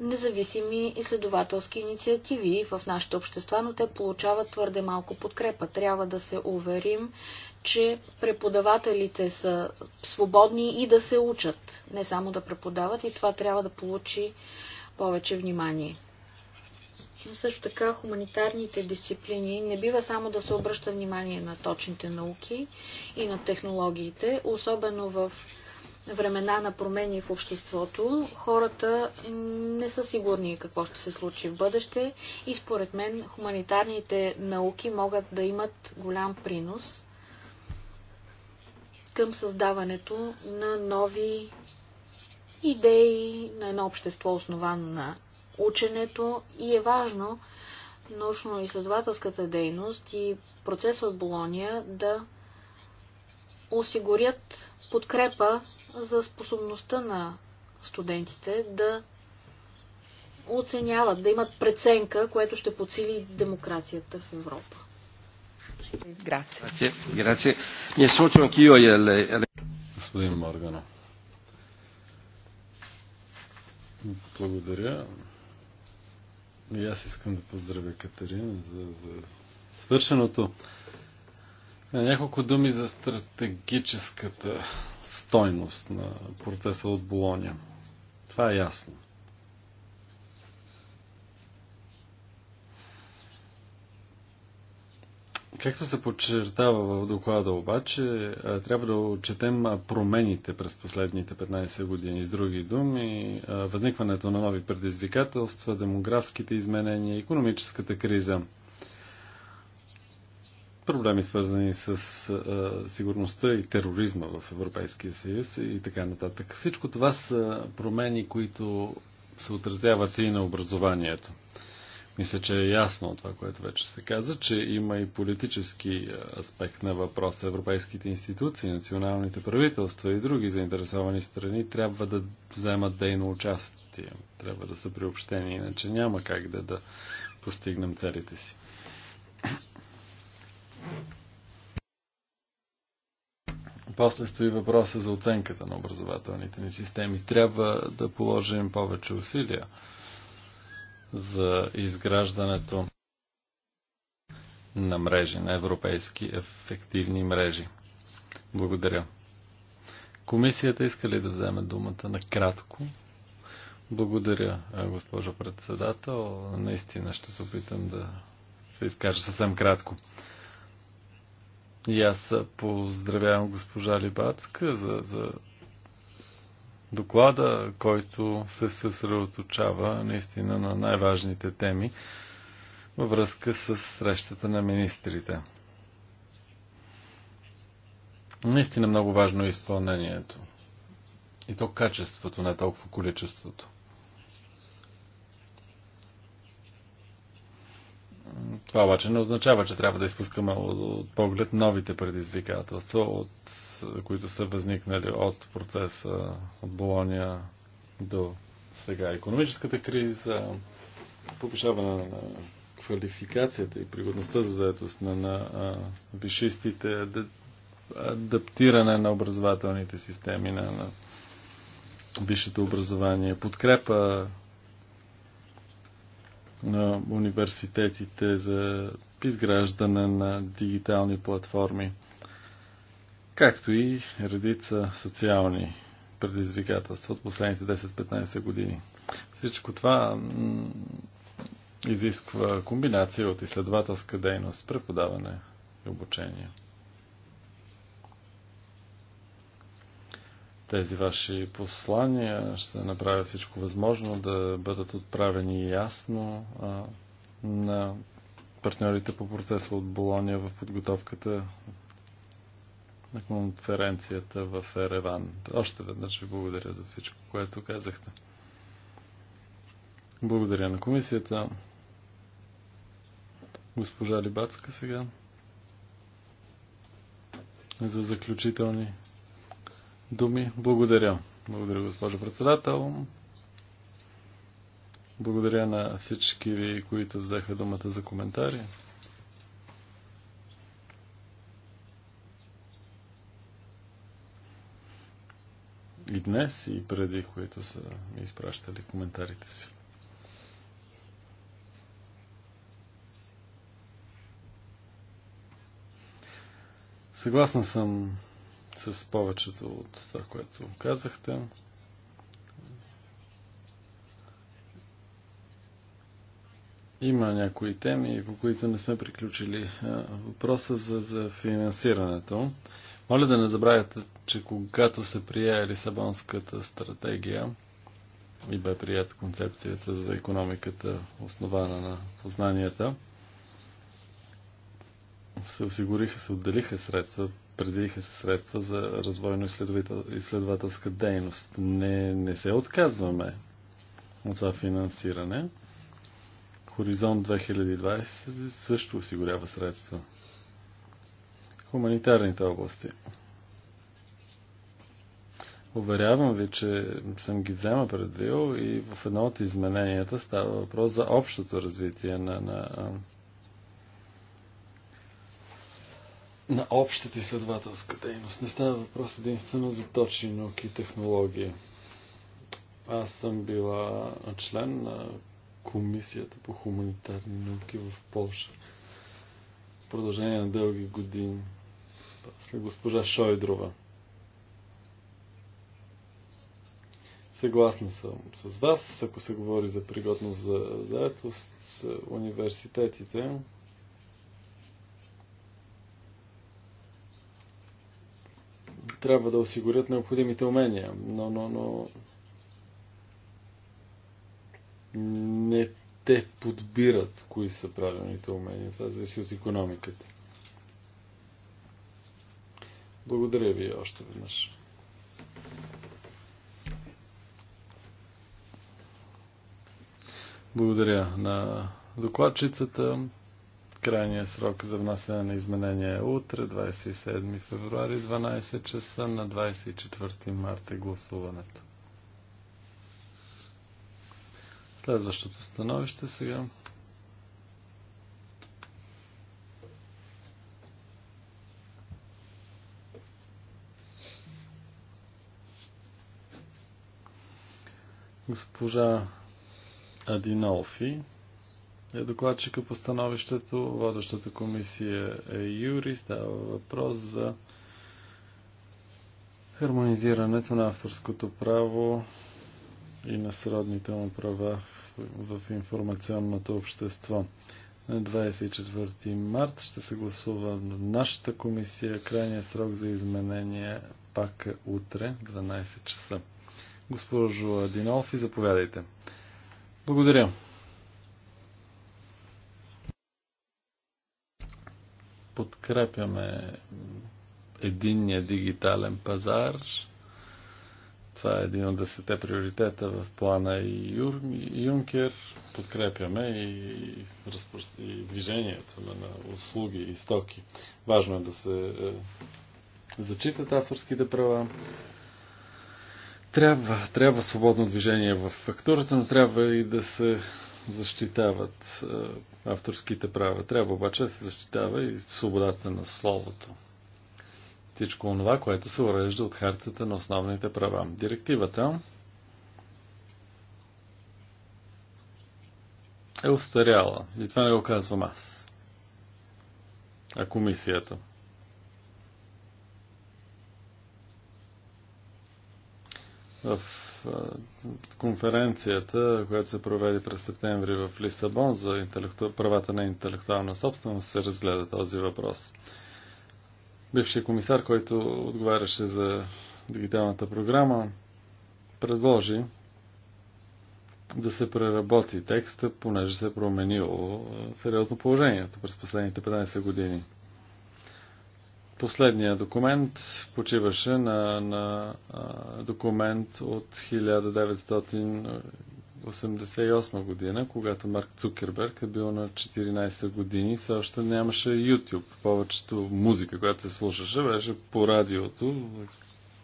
независими изследователски инициативи в нашите общества, но те получават твърде малко подкрепа. Трябва да се уверим, че преподавателите са свободни и да се учат, не само да преподават и това трябва да получи повече внимание. Също така хуманитарните дисциплини не бива само да се обръща внимание на точните науки и на технологиите, особено в времена на промени в обществото, хората не са сигурни какво ще се случи в бъдеще и според мен хуманитарните науки могат да имат голям принос към създаването на нови идеи на едно общество, основано на ученето и е важно научно-изследователската дейност и процеса от Болония да осигурят подкрепа за способността на студентите да оценяват, да имат преценка, което ще подсили демокрацията в Европа. Господин Моргано. Благодаря. И аз искам да поздравя Катерина за, за свършеното. На няколко думи за стратегическата стойност на процеса от Болония. Това е ясно. Както се подчертава в доклада обаче, трябва да отчетем промените през последните 15 години. С други думи, възникването на нови предизвикателства, демографските изменения, економическата криза, проблеми свързани с сигурността и тероризма в Европейския съюз и така нататък. Всичко това са промени, които се отразяват и на образованието. Мисля, че е ясно от това, което вече се каза, че има и политически е, аспект на въпроса. Европейските институции, националните правителства и други заинтересовани страни трябва да вземат дейно участие. Трябва да са приобщени, иначе няма как да, да постигнем целите си. После стои въпроса за оценката на образователните ни системи. Трябва да положим повече усилия за изграждането на мрежи, на европейски ефективни мрежи. Благодаря. Комисията иска ли да вземе думата накратко? Благодаря, госпожо председател. Наистина ще се опитам да се изкажа съвсем кратко. И аз поздравявам госпожа Либацка за, за доклада, който се съсредоточава наистина на най-важните теми във връзка с срещата на министрите. Наистина много важно е изпълнението. И то качеството, не толкова количеството. Това обаче не означава, че трябва да изпускаме от поглед новите предизвикателства, от, които са възникнали от процеса от Болония до сега. Економическата криза, повишаване на квалификацията и пригодността за заедост на, на вишистите, адаптиране на образователните системи, на, на висшето образование, подкрепа на университетите за изграждане на дигитални платформи, както и редица социални предизвикателства от последните 10-15 години. Всичко това изисква комбинация от изследователска дейност, преподаване и обучение. тези ваши послания. Ще направя всичко възможно да бъдат отправени ясно а, на партньорите по процеса от Болония в подготовката на конференцията в Ереван. Още веднъж ви благодаря за всичко, което казахте. Благодаря на комисията. Госпожа Либацка сега за заключителни думи. Благодаря. Благодаря, госпожо председател. Благодаря на всички ви, които взеха думата за коментари. И днес, и преди, които са ми изпращали коментарите си. Съгласна съм с повечето от това, което казахте. Има някои теми, по които не сме приключили въпроса за, за финансирането. Моля да не забравяте, че когато се прие Лисабонската стратегия и бе прият концепцията за економиката, основана на познанията, се осигуриха, се отделиха средства предвидиха се средства за развойно-изследователска дейност. Не, не се отказваме от това финансиране. Хоризонт 2020 също осигурява средства. Хуманитарните области. Уверявам ви, че съм ги взема предвил и в едно от измененията става въпрос за общото развитие на, на на общата изследователска дейност. Не става въпрос единствено за точни науки и технологии. Аз съм била член на Комисията по хуманитарни науки в Польша. В продължение на дълги години. После госпожа Шойдрова. Съгласна съм с вас, ако се говори за пригодност за заедост университетите трябва да осигурят необходимите умения, но, но, но не те подбират кои са правилните умения. Това зависи от економиката. Благодаря ви още веднъж. Благодаря на докладчицата. Крайния срок за внасяне на изменения е утре, 27 февруари, 12 часа, на 24 марта е гласуването. Следващото становище сега. Госпожа Адинолфи е докладчика по становището. Водещата комисия е Юри. Става въпрос за хармонизирането на авторското право и на сродните му права в, в информационното общество. На 24 март ще се гласува на нашата комисия. Крайният срок за изменение пак е утре, 12 часа. Госпожо Адинолфи, заповядайте. Благодаря. подкрепяме единния дигитален пазар. Това е един от десете приоритета в плана и Юнкер. Подкрепяме и, разпро... и движението на услуги и стоки. Важно е да се е, зачитат авторските права. Трябва, трябва свободно движение в фактурата, но трябва и да се защитават е, авторските права. Трябва обаче да се защитава и свободата на словото. Всичко това, което се урежда от хартата на основните права. Директивата е устаряла. И това не го казвам аз. А комисията. В конференцията, която се проведе през септември в Лисабон за интелекту... правата на интелектуална собственост, се разгледа този въпрос. Бившият комисар, който отговаряше за дигиталната програма, предложи да се преработи текста, понеже се е променило сериозно положението през последните 15 години. Последния документ почиваше на, на а, документ от 1988 година, когато Марк Цукерберг е бил на 14 години. Все още нямаше YouTube. Повечето музика, която се слушаше, беше по радиото,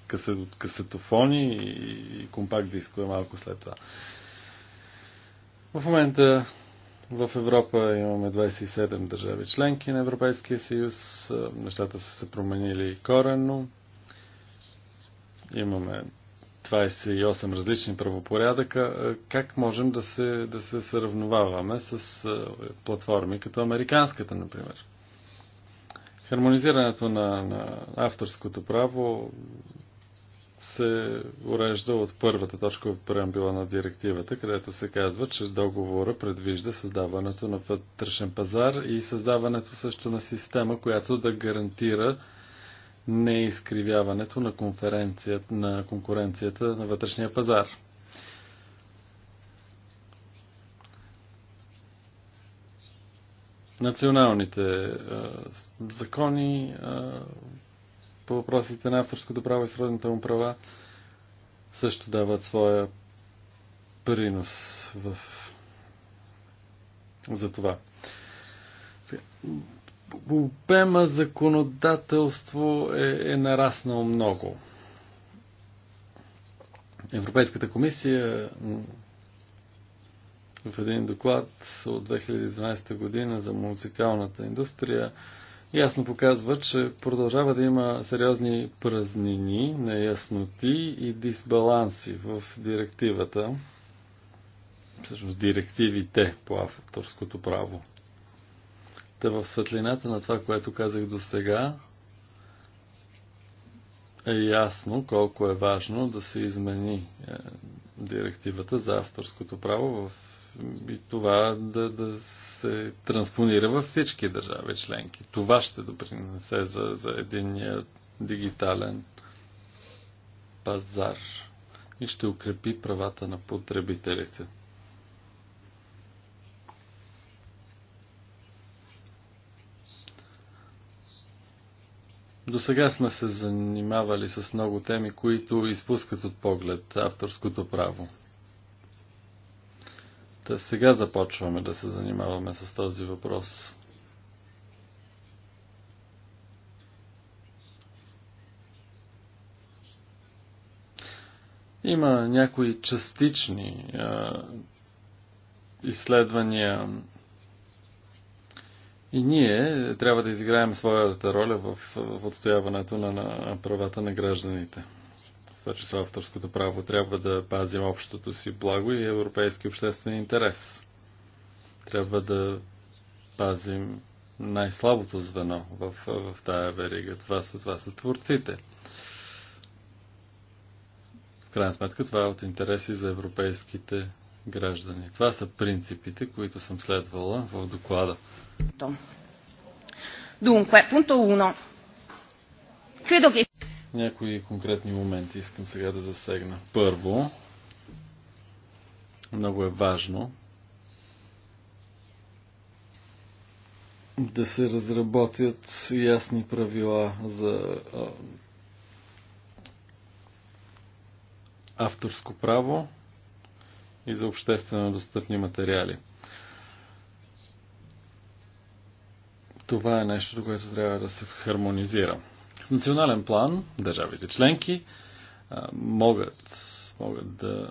касет, касетофони и, и компакт дискове малко след това. В момента в Европа имаме 27 държави членки на Европейския съюз. Е, нещата са се променили коренно. Имаме 28 различни правопорядъка. Е, как можем да се, да се сравноваваме с е, платформи като американската, например? Хармонизирането на, на авторското право се урежда от първата точка в преамбила на директивата, където се казва, че договора предвижда създаването на вътрешен пазар и създаването също на система, която да гарантира неизкривяването на, конференцията, на конкуренцията на вътрешния пазар. Националните а, закони а, по въпросите на авторското право и сродните му права също дават своя принос в... за това. Обема законодателство е, е нараснал много. Европейската комисия в един доклад от 2012 година за музикалната индустрия ясно показва, че продължава да има сериозни празнини, неясноти и дисбаланси в директивата, всъщност директивите по авторското право. Та в светлината на това, което казах до сега, е ясно колко е важно да се измени е, директивата за авторското право в и това да, да се транспонира във всички държави членки. Това ще допринесе за, за единния дигитален пазар и ще укрепи правата на потребителите. До сега сме се занимавали с много теми, които изпускат от поглед авторското право. Та сега започваме да се занимаваме с този въпрос. Има някои частични е, изследвания и ние трябва да изиграем своята роля в, в отстояването на, на правата на гражданите това че с авторското право, трябва да пазим общото си благо и европейски обществен интерес. Трябва да пазим най-слабото звено в, в тая верига. Това са, това са творците. В крайна сметка това е от интереси за европейските граждани. Това са принципите, които съм следвала в доклада. Dunque, punto 1. Credo che... Някои конкретни моменти искам сега да засегна. Първо, много е важно да се разработят ясни правила за авторско право и за обществено достъпни материали. Това е нещо, което трябва да се хармонизира. В национален план държавите членки а, могат, могат да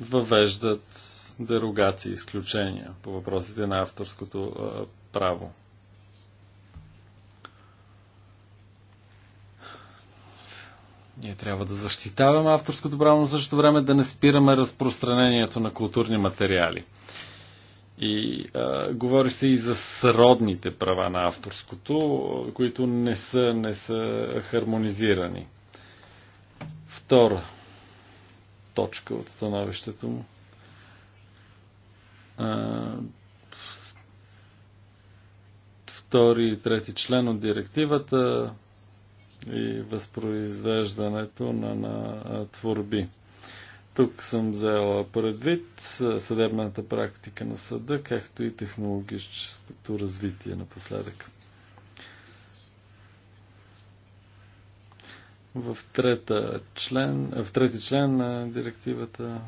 въвеждат дерогации, изключения по въпросите на авторското а, право. Ние трябва да защитаваме авторското право, но същото време да не спираме разпространението на културни материали. И а, говори се и за сродните права на авторското, които не са, не са хармонизирани. Втора точка от становището му. А, втори и трети член от директивата и възпроизвеждането на, на творби. Тук съм взела предвид съдебната практика на съда, както и технологическото развитие напоследък. В, трета член, в трети член на директивата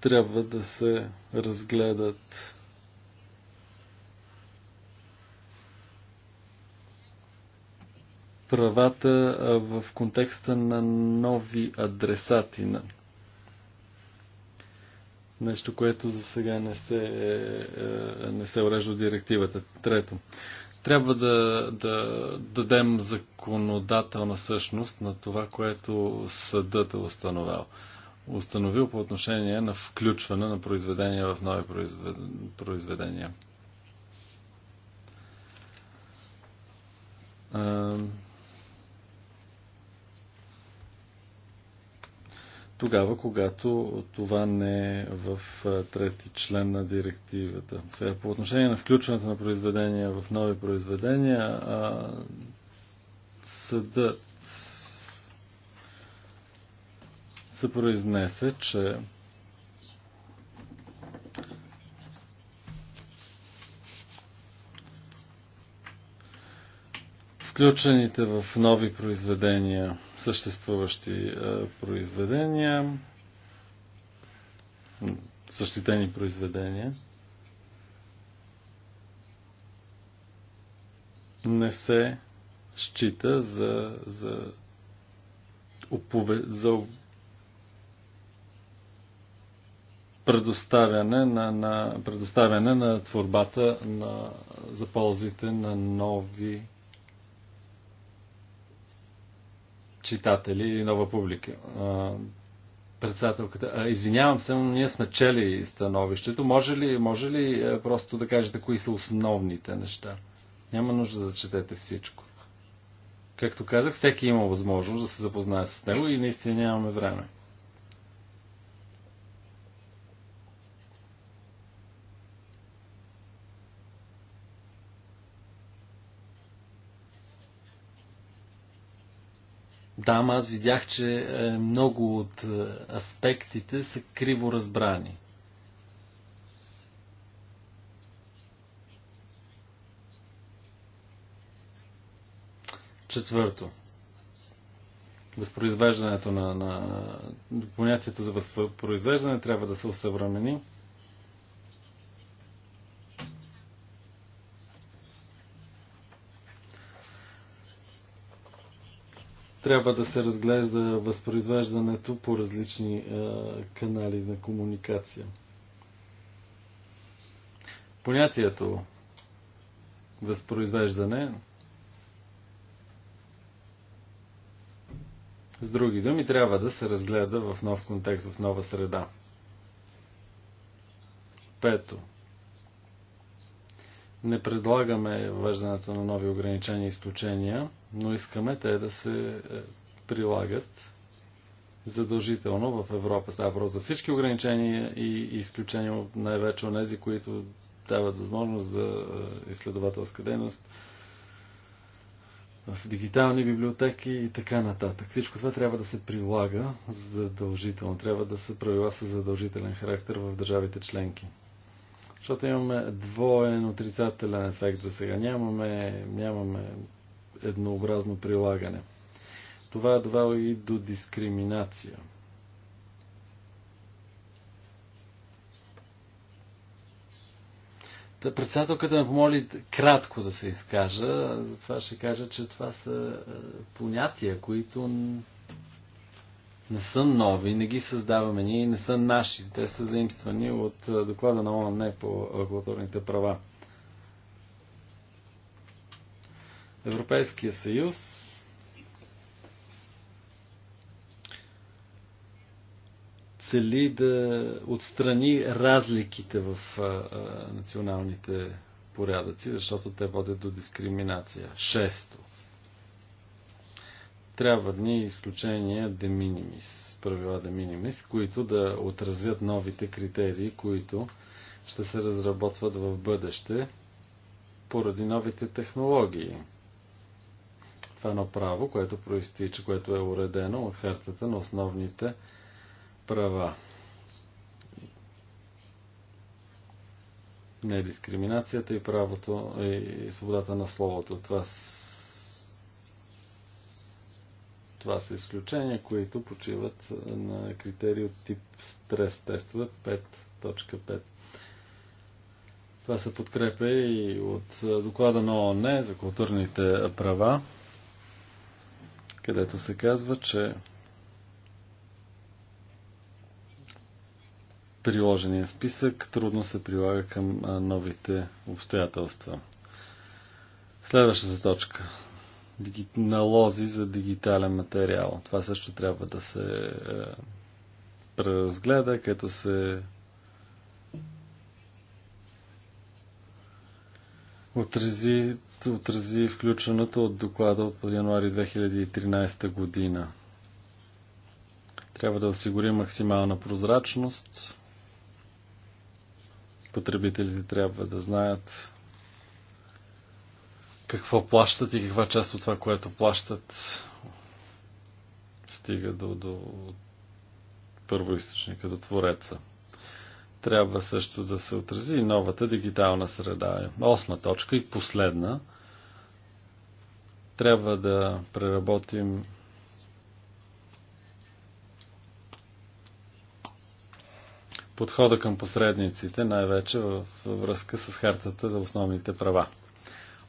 трябва да се разгледат правата в контекста на нови адресати. На... Нещо, което за сега не се, е, е, не се урежда директивата. Трето. Трябва да, да дадем законодателна същност на това, което съдът е установил. установил по отношение на включване на произведения в нови произведения. тогава, когато това не е в трети член на директивата. Сега, по отношение на включването на произведения в нови произведения, а, съдът се произнесе, че включените в нови произведения, съществуващи е, произведения, защитени произведения, не се счита за, за, за предоставяне на, на, предоставяне на творбата на, за ползите на нови читатели и нова публика. Председателката, извинявам се, но ние сме чели становището. Може ли, може ли е, просто да кажете кои са основните неща? Няма нужда да четете всичко. Както казах, всеки има възможност да се запознае с него и наистина нямаме време. Да, ама аз видях, че е, много от е, аспектите са криво разбрани. Четвърто. Възпроизвеждането на, на понятието за възпроизвеждане трябва да се усъвремени. трябва да се разглежда възпроизвеждането по различни е, канали на комуникация. Понятието възпроизвеждане с други думи трябва да се разгледа в нов контекст, в нова среда. Пето. Не предлагаме въждането на нови ограничения и изключения, но искаме те да се е, прилагат задължително в Европа. Става въпрос за всички ограничения и изключения, най-вече от тези, които дават възможност за е, изследователска дейност в дигитални библиотеки и така нататък. Всичко това трябва да се прилага задължително. Трябва да се правила с задължителен характер в държавите членки. Защото имаме двоен отрицателен ефект за сега. Нямаме, нямаме еднообразно прилагане. Това е довело и до дискриминация. Председателката ме помоли кратко да се изкажа, затова ще кажа, че това са е, понятия, които не са нови, не ги създаваме ние, не са наши. Те са заимствани от доклада на ООН по регулаторните права. Европейския съюз цели да отстрани разликите в националните порядъци, защото те водят до дискриминация. Шесто – трябва ни изключения de minimis, правила de minimis, които да отразят новите критерии, които ще се разработват в бъдеще поради новите технологии. Това е едно право, което проистича, което е уредено от хартата на основните права. Недискриминацията е и правото и свободата на словото. Това това са изключения, които почиват на критерии от тип стрес тестове 5.5. Това се подкрепя и от доклада на ООН за културните права, където се казва, че приложения списък трудно се прилага към новите обстоятелства. Следващата точка налози за дигитален материал. Това също трябва да се е, преразгледа, като се отрази, отрази включеното от доклада от януари 2013 година. Трябва да осигури максимална прозрачност. Потребителите трябва да знаят какво плащат и каква част от това, което плащат, стига до, до първоисточника, до Твореца. Трябва също да се отрази и новата дигитална среда. Осма точка и последна. Трябва да преработим подхода към посредниците, най-вече във връзка с хартата за основните права.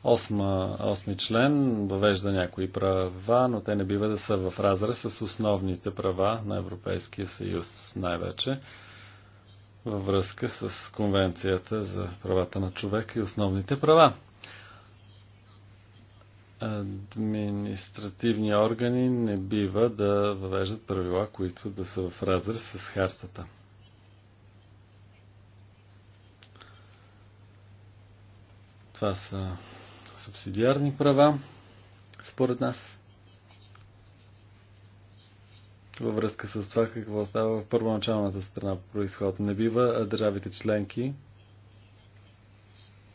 Осма, осми член въвежда някои права, но те не бива да са в разрез с основните права на Европейския съюз, най-вече във връзка с Конвенцията за правата на човека и основните права. Административни органи не бива да въвеждат правила, които да са в разрез с хартата. Това са субсидиарни права, според нас, във връзка с това какво става в първоначалната страна по происход. Не бива държавите членки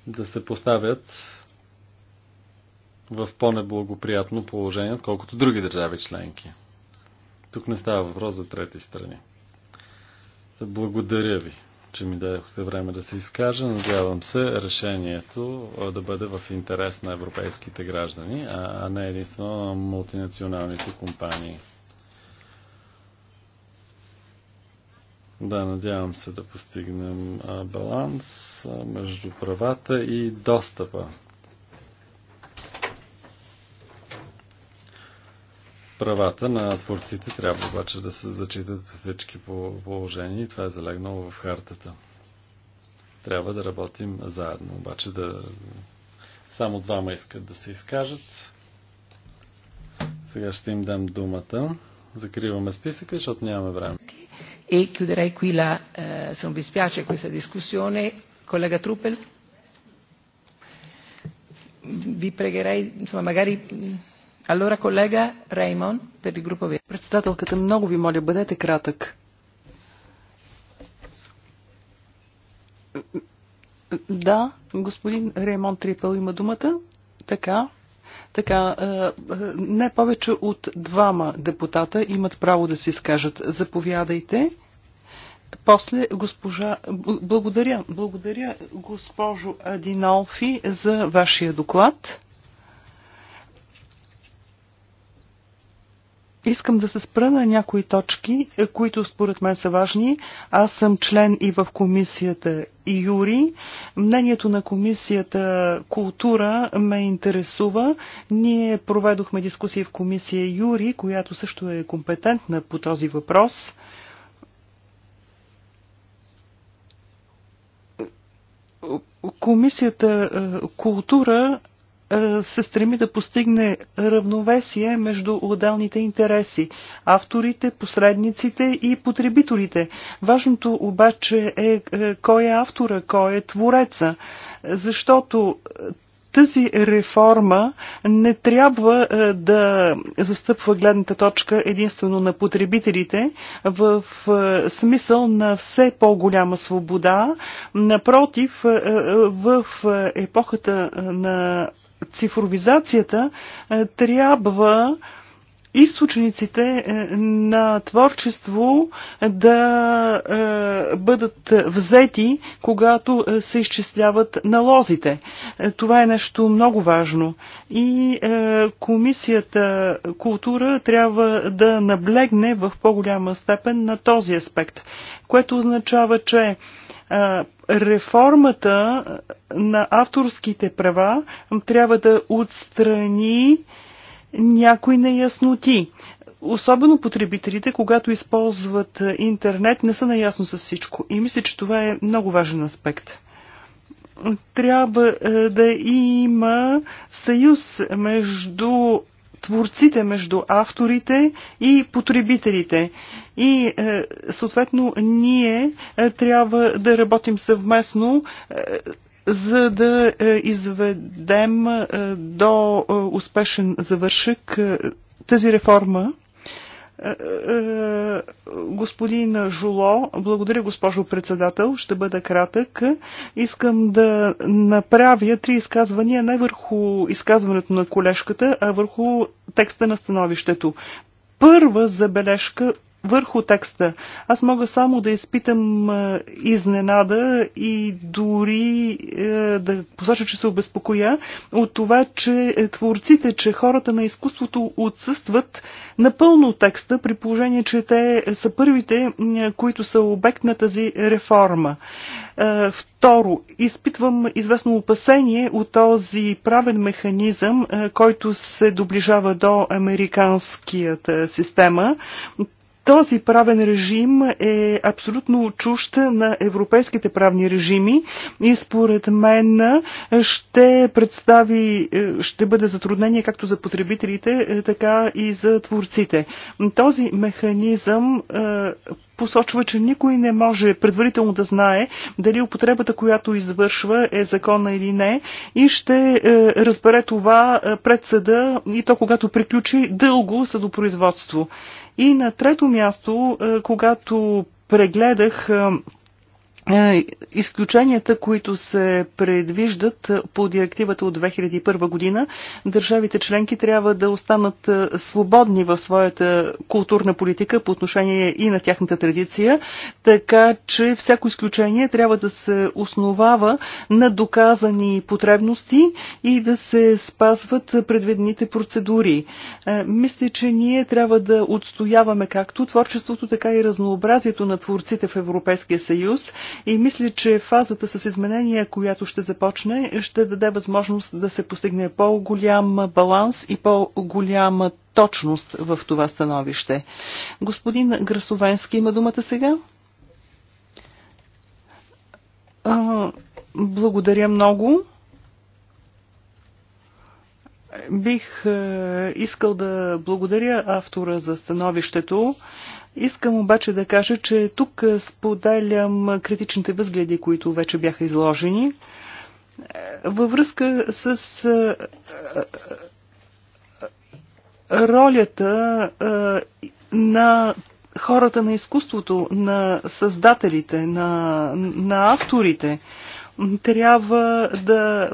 да се поставят в по-неблагоприятно положение, отколкото други държави членки. Тук не става въпрос за трети страни. Благодаря ви че ми дадохте време да се изкажа. Надявам се решението да бъде в интерес на европейските граждани, а не единствено на мултинационалните компании. Да, надявам се да постигнем баланс между правата и достъпа Правата на творците трябва обаче да се зачитат всички положения и това е залегнало в хартата. Трябва да работим заедно, обаче да... Само двама искат да се изкажат. Сега ще им дам думата. Закриваме списъка, защото нямаме време. И chiuderei qui la, eh, se non vi spiace questa discussione, collega Truppel, vi pregherei, insomma, magari Allora, колега Реймон, ви. Председателката, много ви моля, бъдете кратък. Да, господин Реймон Трипъл има думата. Така. Така, е, е, не повече от двама депутата имат право да се изкажат. Заповядайте. После госпожа... Благодаря, благодаря госпожо Адинолфи за вашия доклад. Искам да се спра на някои точки, е, които според мен са важни. Аз съм член и в комисията Юри. Мнението на комисията Култура ме интересува. Ние проведохме дискусия в комисия Юри, която също е компетентна по този въпрос. Комисията е, Култура е, се стреми да постигне равновесие между отделните интереси – авторите, посредниците и потребителите. Важното обаче е, е кой е автора, кой е твореца, защото тази реформа не трябва е, да застъпва гледната точка единствено на потребителите в смисъл на все по-голяма свобода. Напротив, в епохата на цифровизацията е, трябва източниците е, на творчество да е, бъдат взети, когато се изчисляват налозите. Това е нещо много важно. И комисията култура трябва да наблегне в по-голяма степен на този аспект, което означава, че реформата на авторските права трябва да отстрани някои неясноти. Особено потребителите, когато използват интернет, не са наясно с всичко. И мисля, че това е много важен аспект трябва е, да има съюз между творците, между авторите и потребителите. И е, съответно ние е, трябва да работим съвместно. Е, за да е, изведем е, до е, успешен завършък тази реформа Господин Жуло, благодаря госпожо председател, ще бъда кратък. Искам да направя три изказвания не върху изказването на колежката, а върху текста на становището. Първа забележка върху текста. Аз мога само да изпитам изненада и дори е, да посоча, че се обезпокоя от това, че е, творците, че хората на изкуството отсъстват напълно текста, при положение, че те са първите, които са обект на тази реформа. Е, второ, изпитвам известно опасение от този правен механизъм, който се доближава до американската система. Този правен режим е абсолютно чужд на европейските правни режими и според мен ще представи, е, ще бъде затруднение както за потребителите, е, така и за творците. Този механизъм е, посочва, че никой не може предварително да знае дали употребата, която извършва е закона или не и ще разбере това пред съда и то когато приключи дълго съдопроизводство. И на трето място, е, когато прегледах е, е, изключенията, които се предвиждат по директивата от 2001 година, държавите членки трябва да останат е, свободни в своята културна политика по отношение и на тяхната традиция, така че всяко изключение трябва да се основава на доказани потребности и да се спазват предвидените процедури. Е, мисля, че ние трябва да отстояваме както творчеството, така и разнообразието на творците в Европейския съюз и мисля, че фазата с изменения, която ще започне, ще даде възможност да се постигне по-голям баланс и по-голяма точност в това становище. Господин Грасовенски има думата сега. А, благодаря много. Бих е, искал да благодаря автора за становището. Е, Искам обаче да кажа, че тук споделям критичните възгледи, които вече бяха изложени. Е, във връзка с е, е, ролята на хората на изкуството, на създателите, на, на авторите, трябва да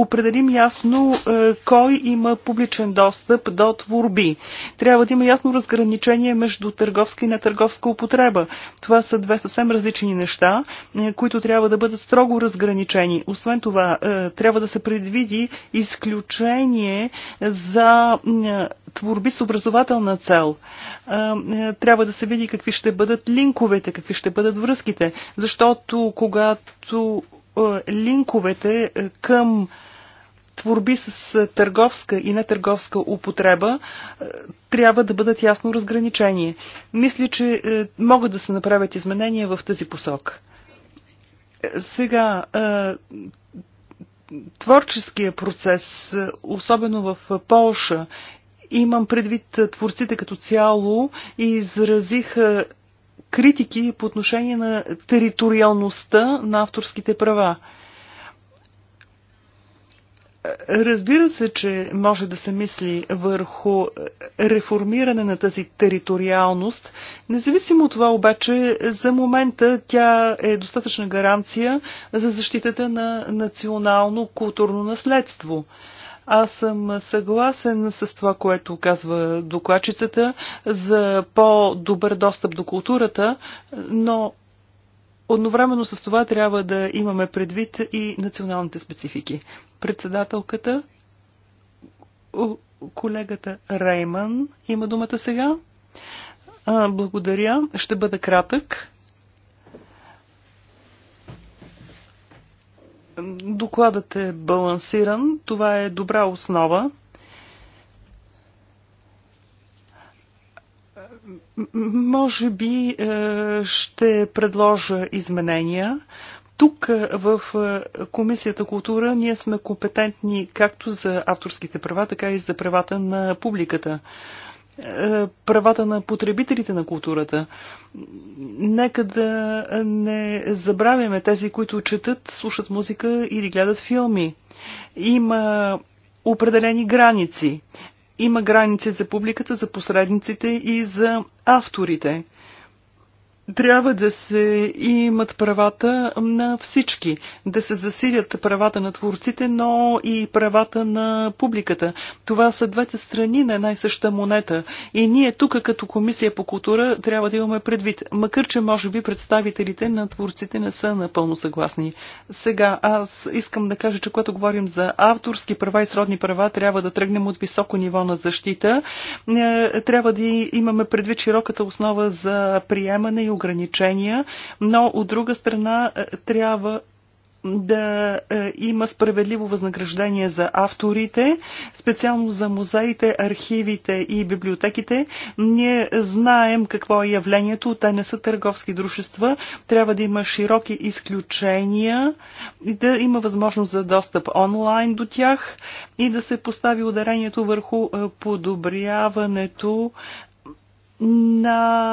определим ясно е, кой има публичен достъп до творби. Трябва да има ясно разграничение между търговска и нетърговска употреба. Това са две съвсем различни неща, е, които трябва да бъдат строго разграничени. Освен това, е, трябва да се предвиди изключение за творби с образователна цел. Трябва да се види какви ще бъдат линковете, какви ще бъдат връзките, защото когато линковете към творби с е, търговска и нетърговска употреба е, трябва да бъдат ясно разграничени. Мисля, че е, могат да се направят изменения в тази посок. Сега, творческия процес, особено в Полша, имам предвид творците като цяло и изразиха критики по отношение на териториалността на авторските права. Разбира се, че може да се мисли върху реформиране на тази териториалност. Независимо от това обаче, за момента тя е достатъчна гаранция за защитата на национално културно наследство. Аз съм съгласен с това, което казва докладчицата за по-добър достъп до културата, но Одновременно с това трябва да имаме предвид и националните специфики. Председателката, колегата Рейман има думата сега. А, благодаря. Ще бъда кратък. Докладът е балансиран. Това е добра основа. Може би е, ще предложа изменения. Тук е, в е, Комисията култура ние сме компетентни както за авторските права, така и за правата на публиката е, правата на потребителите на културата. Нека да не забравяме тези, които четат, слушат музика или гледат филми. Има определени граници. Има граници за публиката, за посредниците и за авторите трябва да се имат правата на всички, да се засилят правата на творците, но и правата на публиката. Това са двете страни на една и съща монета. И ние тук като Комисия по култура трябва да имаме предвид, макар че може би представителите на творците не са напълно съгласни. Сега аз искам да кажа, че когато говорим за авторски права и сродни права, трябва да тръгнем от високо ниво на защита. Е, трябва да имаме предвид широката основа за приемане и ограничения, но от друга страна е, трябва да е, има справедливо възнаграждение за авторите, специално за музеите, архивите и библиотеките. Ние знаем какво е явлението. Те не са търговски дружества. Трябва да има широки изключения да има възможност за достъп онлайн до тях и да се постави ударението върху е, подобряването на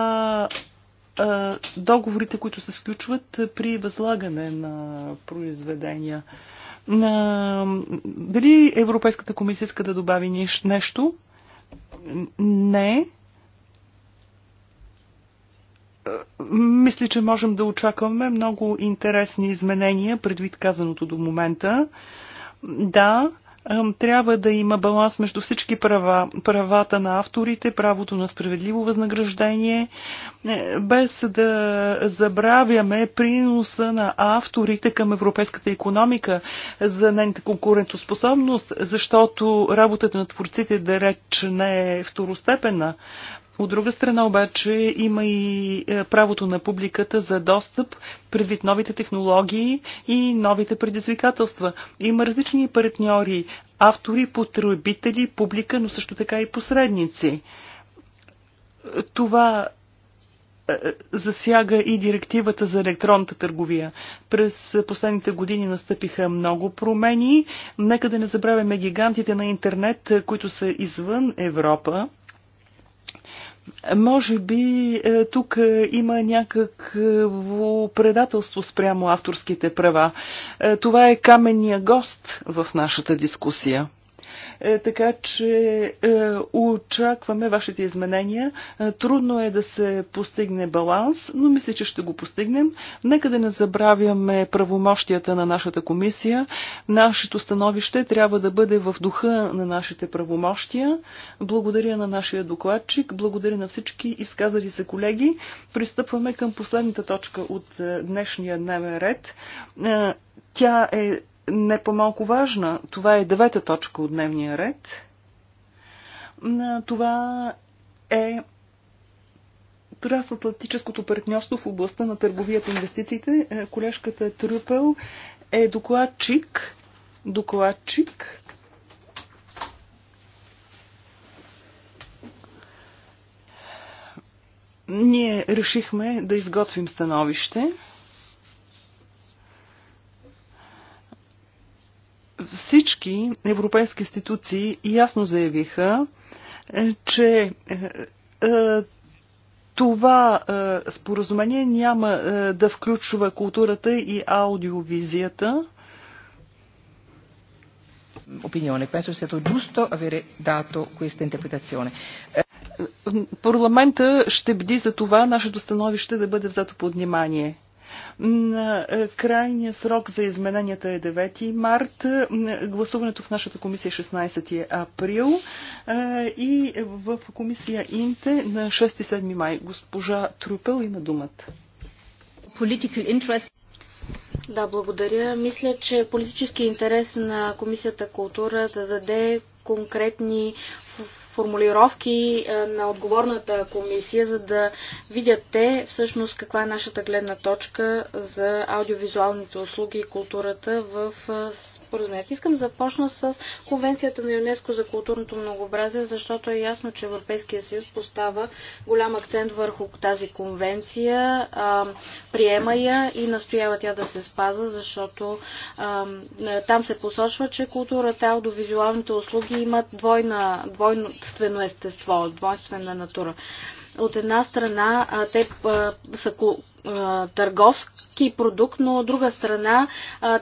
договорите, които се сключват при възлагане на произведения. Дали Европейската комисия иска да добави нещо? Не. Мисля, че можем да очакваме много интересни изменения, предвид казаното до момента. Да, трябва да има баланс между всички права, правата на авторите, правото на справедливо възнаграждение, е, без да забравяме приноса на авторите към европейската економика за нейната конкурентоспособност, защото работата на творците, да реч, не е второстепенна. От друга страна обаче има и е, правото на публиката за достъп предвид новите технологии и новите предизвикателства. Има различни партньори, автори, потребители, публика, но също така и посредници. Това е, е, засяга и директивата за електронната търговия. През последните години настъпиха много промени. Нека да не забравяме гигантите на интернет, които са извън Европа. Може би е, тук е, има някакво предателство спрямо авторските права. Е, това е каменния гост в нашата дискусия. Е, така че е, очакваме вашите изменения. Е, трудно е да се постигне баланс, но мисля, че ще го постигнем. Нека да не забравяме правомощията на нашата комисия. Нашето становище трябва да бъде в духа на нашите правомощия. Благодаря на нашия докладчик, благодаря на всички изказали се колеги. Пристъпваме към последната точка от днешния дневен ред. Тя е не по-малко важна. Това е девета точка от дневния ред. Това е трансатлантическото партньорство в областта на търговията и инвестициите. Е, колежката Трюпел е докладчик. Докладчик. Ние решихме да изготвим становище. Всички европейски институции ясно заявиха, е, че е, е, това споразумение няма да включва културата и аудиовизията. Opinione. Penso sia stato giusto avere dato questa interpretazione. Парламента ще бди за това нашето становище да бъде взето под внимание. Е, Крайният срок за измененията е 9 март. Гласуването в нашата комисия е 16 април е, и в комисия Инте на 6-7 май. Госпожа Трупел има думата. Да, благодаря. Мисля, че политически интерес на Комисията култура да даде конкретни формулировки е, на отговорната комисия, за да видят те всъщност каква е нашата гледна точка за аудиовизуалните услуги и културата в е, споразумението. Искам да започна с Конвенцията на ЮНЕСКО за културното многообразие, защото е ясно, че Европейския съюз поставя голям акцент върху тази конвенция, а, приема я и настоява тя да се спазва, защото а, там се посочва, че културата, аудиовизуалните услуги имат двойна, двойствено естество, двойствена натура от една страна те са търговски продукт, но от друга страна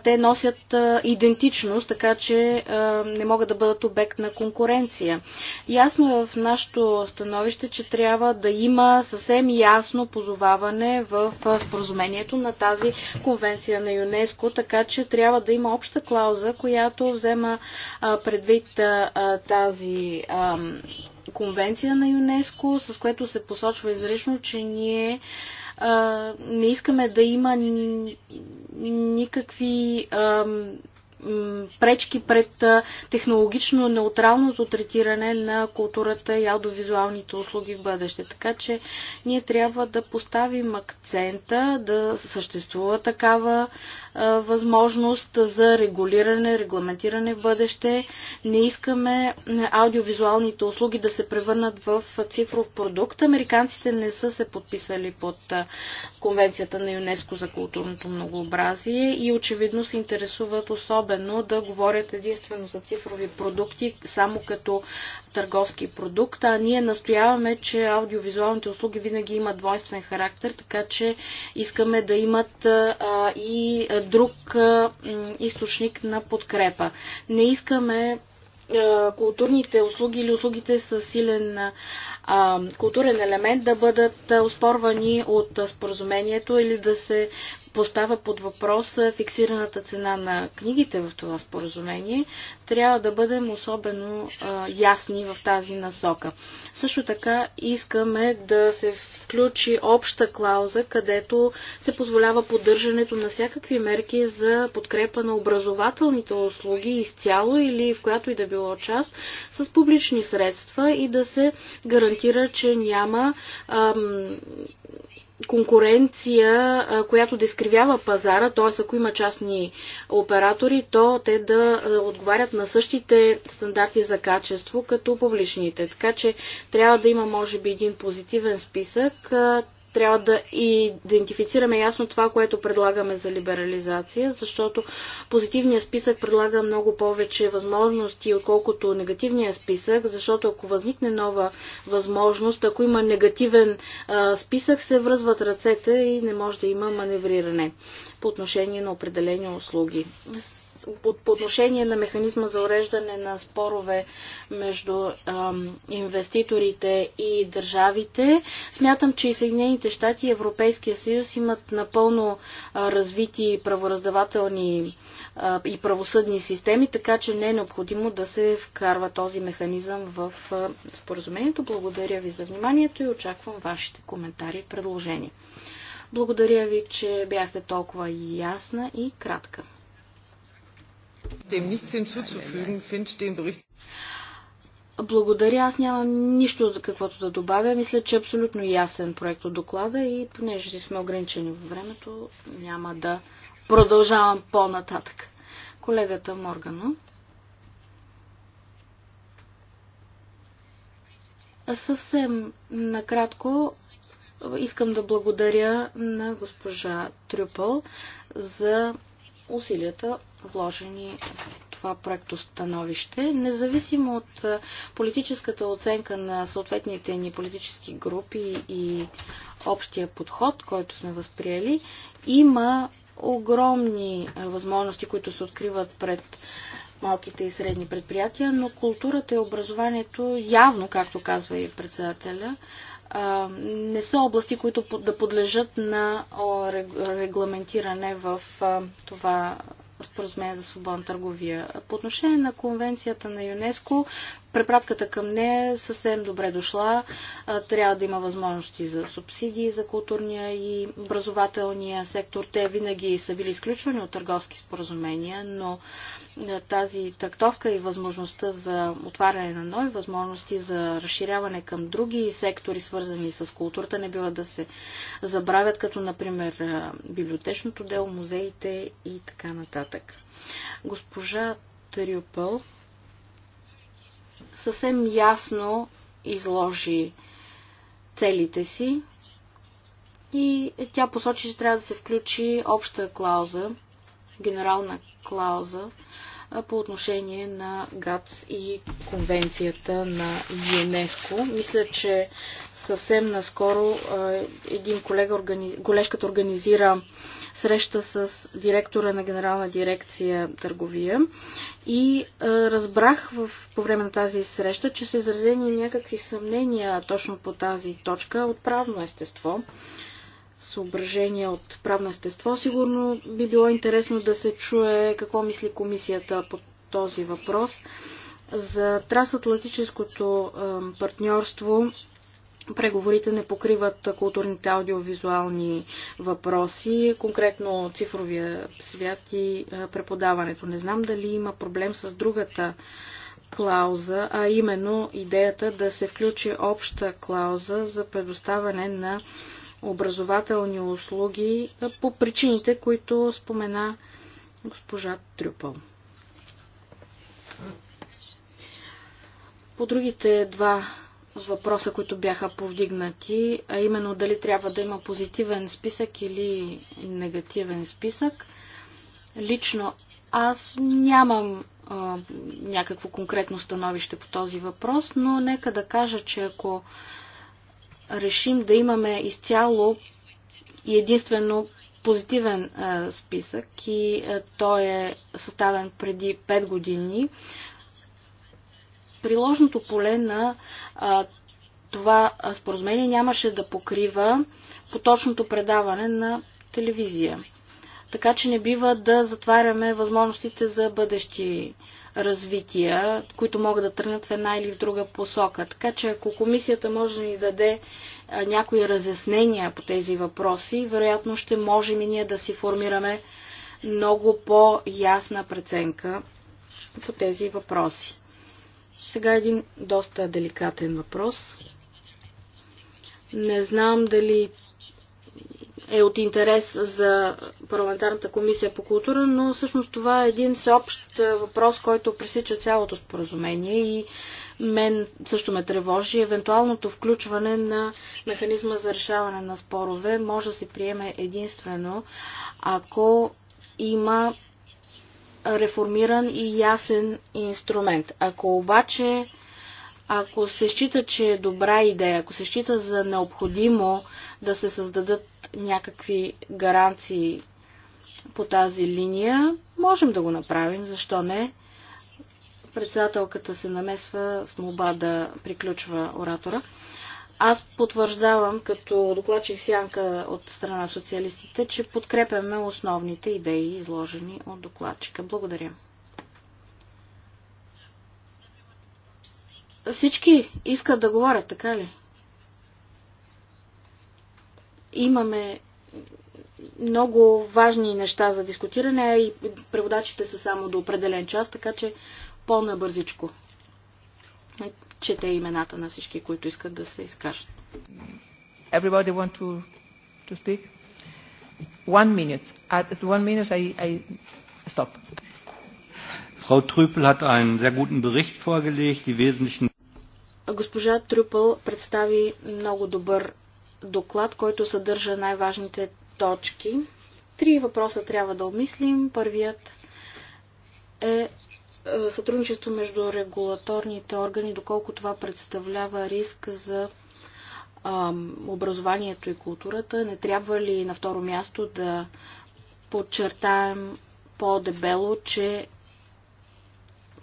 те носят идентичност, така че не могат да бъдат обект на конкуренция. Ясно е в нашото становище, че трябва да има съвсем ясно позоваване в споразумението на тази конвенция на ЮНЕСКО, така че трябва да има обща клауза, която взема предвид тази конвенция на ЮНЕСКО, с което се посочва изрично, че ние не искаме да има никакви пречки пред технологично неутралното третиране на културата и аудиовизуалните услуги в бъдеще. Така че ние трябва да поставим акцента да съществува такава възможност за регулиране, регламентиране в бъдеще. Не искаме аудиовизуалните услуги да се превърнат в цифров продукт. Американците не са се подписали под Конвенцията на ЮНЕСКО за културното многообразие и очевидно се интересуват особено да говорят единствено за цифрови продукти само като търговски продукт, а ние настояваме, че аудиовизуалните услуги винаги имат двойствен характер, така че искаме да имат а, и друг източник на подкрепа. Не искаме културните услуги или услугите с силен а, културен елемент да бъдат оспорвани от споразумението или да се поставя под въпрос фиксираната цена на книгите в това споразумение, трябва да бъдем особено а, ясни в тази насока. Също така искаме да се включи обща клауза, където се позволява поддържането на всякакви мерки за подкрепа на образователните услуги изцяло или в която и да било част с публични средства и да се гарантира, че няма ам, конкуренция, която да изкривява пазара, т.е. ако има частни оператори, то те да отговарят на същите стандарти за качество като публичните. Така че трябва да има, може би, един позитивен списък, трябва да идентифицираме ясно това, което предлагаме за либерализация, защото позитивният списък предлага много повече възможности, отколкото негативният списък, защото ако възникне нова възможност, ако има негативен а, списък, се връзват ръцете и не може да има маневриране по отношение на определени услуги по отношение на механизма за уреждане на спорове между инвеститорите и държавите, смятам, че и Съединените щати и Европейския съюз имат напълно развити правораздавателни и правосъдни системи, така че не е необходимо да се вкарва този механизъм в споразумението. Благодаря ви за вниманието и очаквам вашите коментари и предложения. Благодаря ви, че бяхте толкова ясна и кратка. Благодаря, аз нямам нищо каквото да добавя. Мисля, че е абсолютно ясен проект от доклада и понеже сме ограничени във времето, няма да продължавам по-нататък. Колегата Моргано. Съвсем накратко искам да благодаря на госпожа Трюпъл за усилията вложени в това проекто становище. Независимо от политическата оценка на съответните ни политически групи и общия подход, който сме възприели, има огромни възможности, които се откриват пред малките и средни предприятия, но културата и образованието явно, както казва и председателя, не са области, които да подлежат на регламентиране в това споразумение за свободна търговия. По отношение на конвенцията на ЮНЕСКО, препратката към нея е съвсем добре дошла. Трябва да има възможности за субсидии за културния и образователния сектор. Те винаги са били изключвани от търговски споразумения, но тази трактовка и възможността за отваряне на нови възможности за разширяване към други сектори, свързани с културата, не бива да се забравят, като например библиотечното дело, музеите и така нататък нататък. Госпожа Трюпъл съвсем ясно изложи целите си и тя посочи, че трябва да се включи обща клауза, генерална клауза, по отношение на ГАЦ и конвенцията на ЮНЕСКО. Мисля, че съвсем наскоро един колега, колежката организира среща с директора на Генерална дирекция търговия и разбрах в, по време на тази среща, че са изразени някакви съмнения точно по тази точка от правно естество съображения от правно естество. Сигурно би било интересно да се чуе какво мисли комисията по този въпрос. За трансатлантическото партньорство преговорите не покриват културните аудиовизуални въпроси, конкретно цифровия свят и преподаването. Не знам дали има проблем с другата клауза, а именно идеята да се включи обща клауза за предоставане на образователни услуги по причините, които спомена госпожа Трюпъл. По другите два въпроса, които бяха повдигнати, а именно дали трябва да има позитивен списък или негативен списък, лично аз нямам а, някакво конкретно становище по този въпрос, но нека да кажа, че ако решим да имаме изцяло и единствено позитивен а, е, списък и а, е, той е съставен преди 5 години. Приложното поле на а, е, това споразумение нямаше да покрива поточното предаване на телевизия. Така че не бива да затваряме възможностите за бъдещи развития, които могат да тръгнат в една или в друга посока. Така че ако комисията може да ни даде някои разяснения по тези въпроси, вероятно ще можем и ние да си формираме много по-ясна преценка по тези въпроси. Сега един доста деликатен въпрос. Не знам дали е от интерес за парламентарната комисия по култура, но всъщност това е един всеобщ е, въпрос, който пресича цялото споразумение и мен също ме тревожи. Евентуалното включване на механизма за решаване на спорове може да се приеме единствено, ако има реформиран и ясен инструмент. Ако обаче ако се счита, че е добра идея, ако се счита за необходимо да се създадат някакви гаранции по тази линия, можем да го направим, защо не? Председателката се намесва с молба да приключва оратора. Аз потвърждавам като докладчик сянка от страна социалистите, че подкрепяме основните идеи, изложени от докладчика. Благодаря. Всички искат да говорят, така ли? Имаме много важни неща за дискутиране и преводачите са само до определен час, така че по-набързичко. Чете имената на всички, които искат да се изкажат. Everybody want to, to speak? One minute. At one minute I, I stop. Frau Trüppel hat einen sehr guten Bericht vorgelegt, die wesentlichen Госпожа Трюпъл представи много добър доклад, който съдържа най-важните точки. Три въпроса трябва да обмислим. Първият е, е сътрудничество между регулаторните органи, доколко това представлява риск за образованието и културата. Не трябва ли на второ място да подчертаем по-дебело, че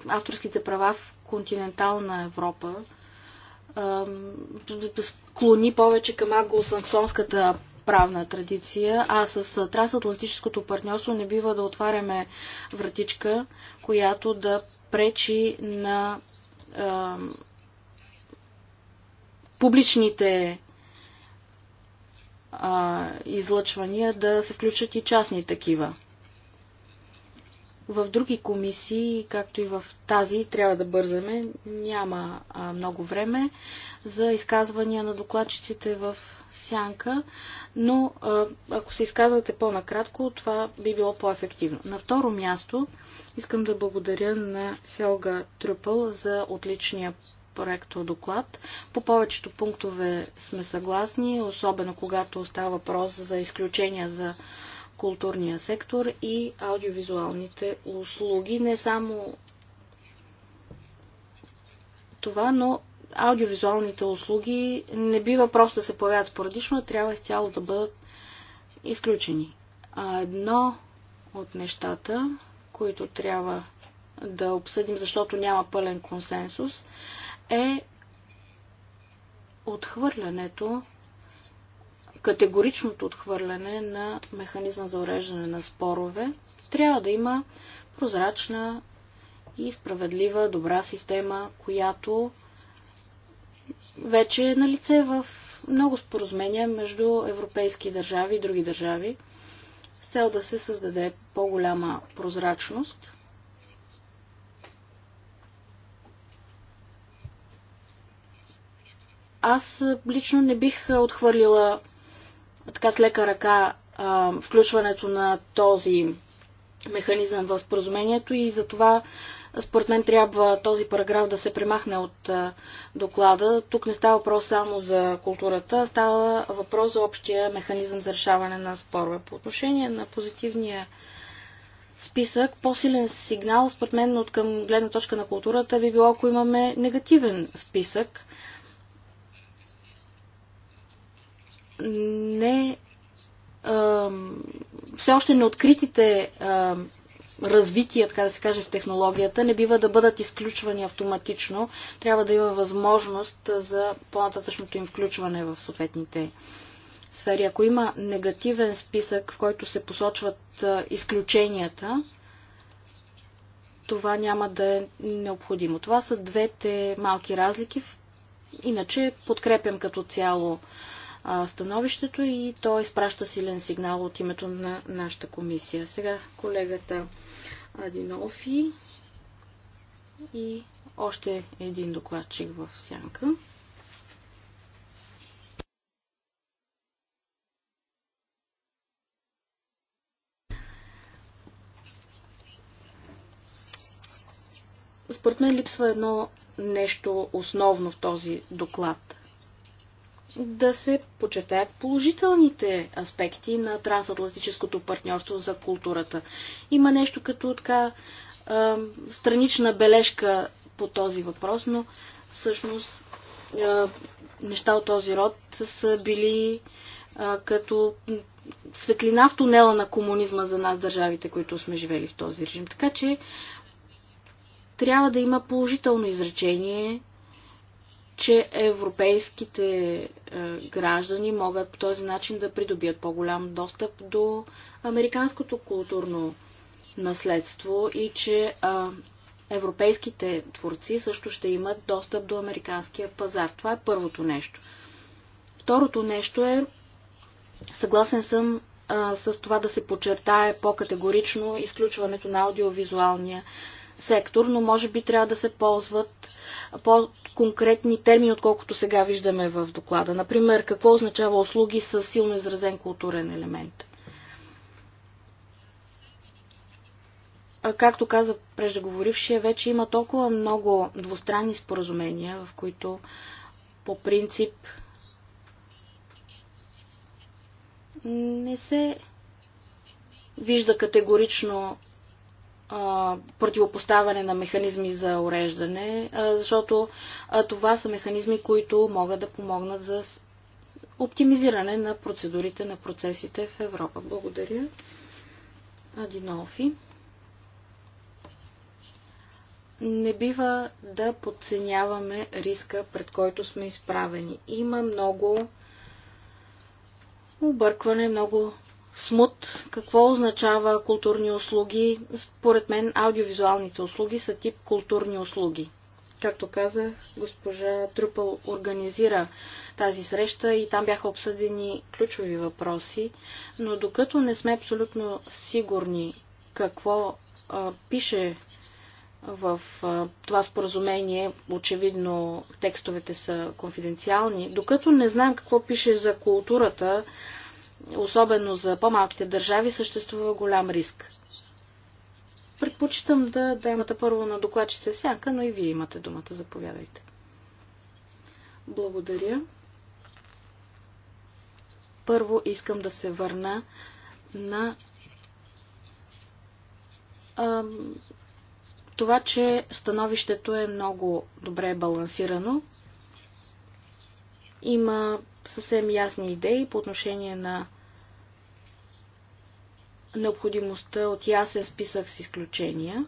авторските права в континентална Европа склони повече към англосаксонската правна традиция, а с трансатлантическото партньорство не бива да отваряме вратичка, която да пречи на а, публичните а, излъчвания да се включат и частни такива. В други комисии, както и в тази, трябва да бързаме, няма а, много време за изказвания на докладчиците в сянка, но а, ако се изказвате по-накратко, това би било по-ефективно. На второ място искам да благодаря на Хелга Трюпъл за отличния проекто доклад. По повечето пунктове сме съгласни, особено когато става въпрос за изключения за културния сектор и аудиовизуалните услуги. Не само това, но аудиовизуалните услуги не бива просто да се появяват спорадично, трябва изцяло да бъдат изключени. А едно от нещата, които трябва да обсъдим, защото няма пълен консенсус, е отхвърлянето категоричното отхвърляне на механизма за уреждане на спорове, трябва да има прозрачна и справедлива, добра система, която вече е на лице в много споразумения между европейски държави и други държави, с цел да се създаде по-голяма прозрачност. Аз лично не бих отхвърлила така с лека ръка а, включването на този механизъм в споразумението и за това според мен трябва този параграф да се премахне от а, доклада. Тук не става въпрос само за културата, става въпрос за общия механизъм за решаване на спорове. По отношение на позитивния списък, по-силен сигнал, според мен, от към гледна точка на културата би било, ако имаме негативен списък, не а, все още неоткритите а, развитие, така да се каже, в технологията, не бива да бъдат изключвани автоматично. Трябва да има възможност за по-нататъчното им включване в съответните сфери. Ако има негативен списък, в който се посочват изключенията, това няма да е необходимо. Това са двете малки разлики. Иначе подкрепям като цяло а, становището и то изпраща силен сигнал от името на нашата комисия. Сега колегата Адинофи и още един докладчик в сянка. Според мен липсва едно нещо основно в този доклад да се почетаят положителните аспекти на трансатлантическото партньорство за културата. Има нещо като така э, странична бележка по този въпрос, но всъщност э, неща от този род са били э, като светлина в тунела на комунизма за нас, държавите, които сме живели в този режим. Така че трябва да има положително изречение че европейските е, граждани могат по този начин да придобият по-голям достъп до американското културно наследство и че европейските творци също ще имат достъп до американския пазар. Това е първото нещо. Второто нещо е, съгласен съм с това да се подчертае по-категорично изключването на аудиовизуалния сектор, но може би трябва да се ползват по-конкретни термини, отколкото сега виждаме в доклада. Например, какво означава услуги с силно изразен културен елемент? Както каза преждеговорившия, вече има толкова много двустранни споразумения, в които по принцип не се вижда категорично противопоставяне на механизми за уреждане, защото това са механизми, които могат да помогнат за оптимизиране на процедурите, на процесите в Европа. Благодаря. Адинофи. Не бива да подценяваме риска, пред който сме изправени. Има много объркване, много смут, какво означава културни услуги. Според мен аудиовизуалните услуги са тип културни услуги. Както казах, госпожа Трупъл организира тази среща и там бяха обсъдени ключови въпроси, но докато не сме абсолютно сигурни какво а, пише в а, това споразумение, очевидно текстовете са конфиденциални, докато не знам какво пише за културата, особено за по-малките държави, съществува голям риск. Предпочитам да даймате първо на докладчите сянка, но и вие имате думата. Заповядайте. Благодаря. Първо искам да се върна на а, това, че становището е много добре балансирано. Има съвсем ясни идеи по отношение на необходимостта от ясен списък с изключения.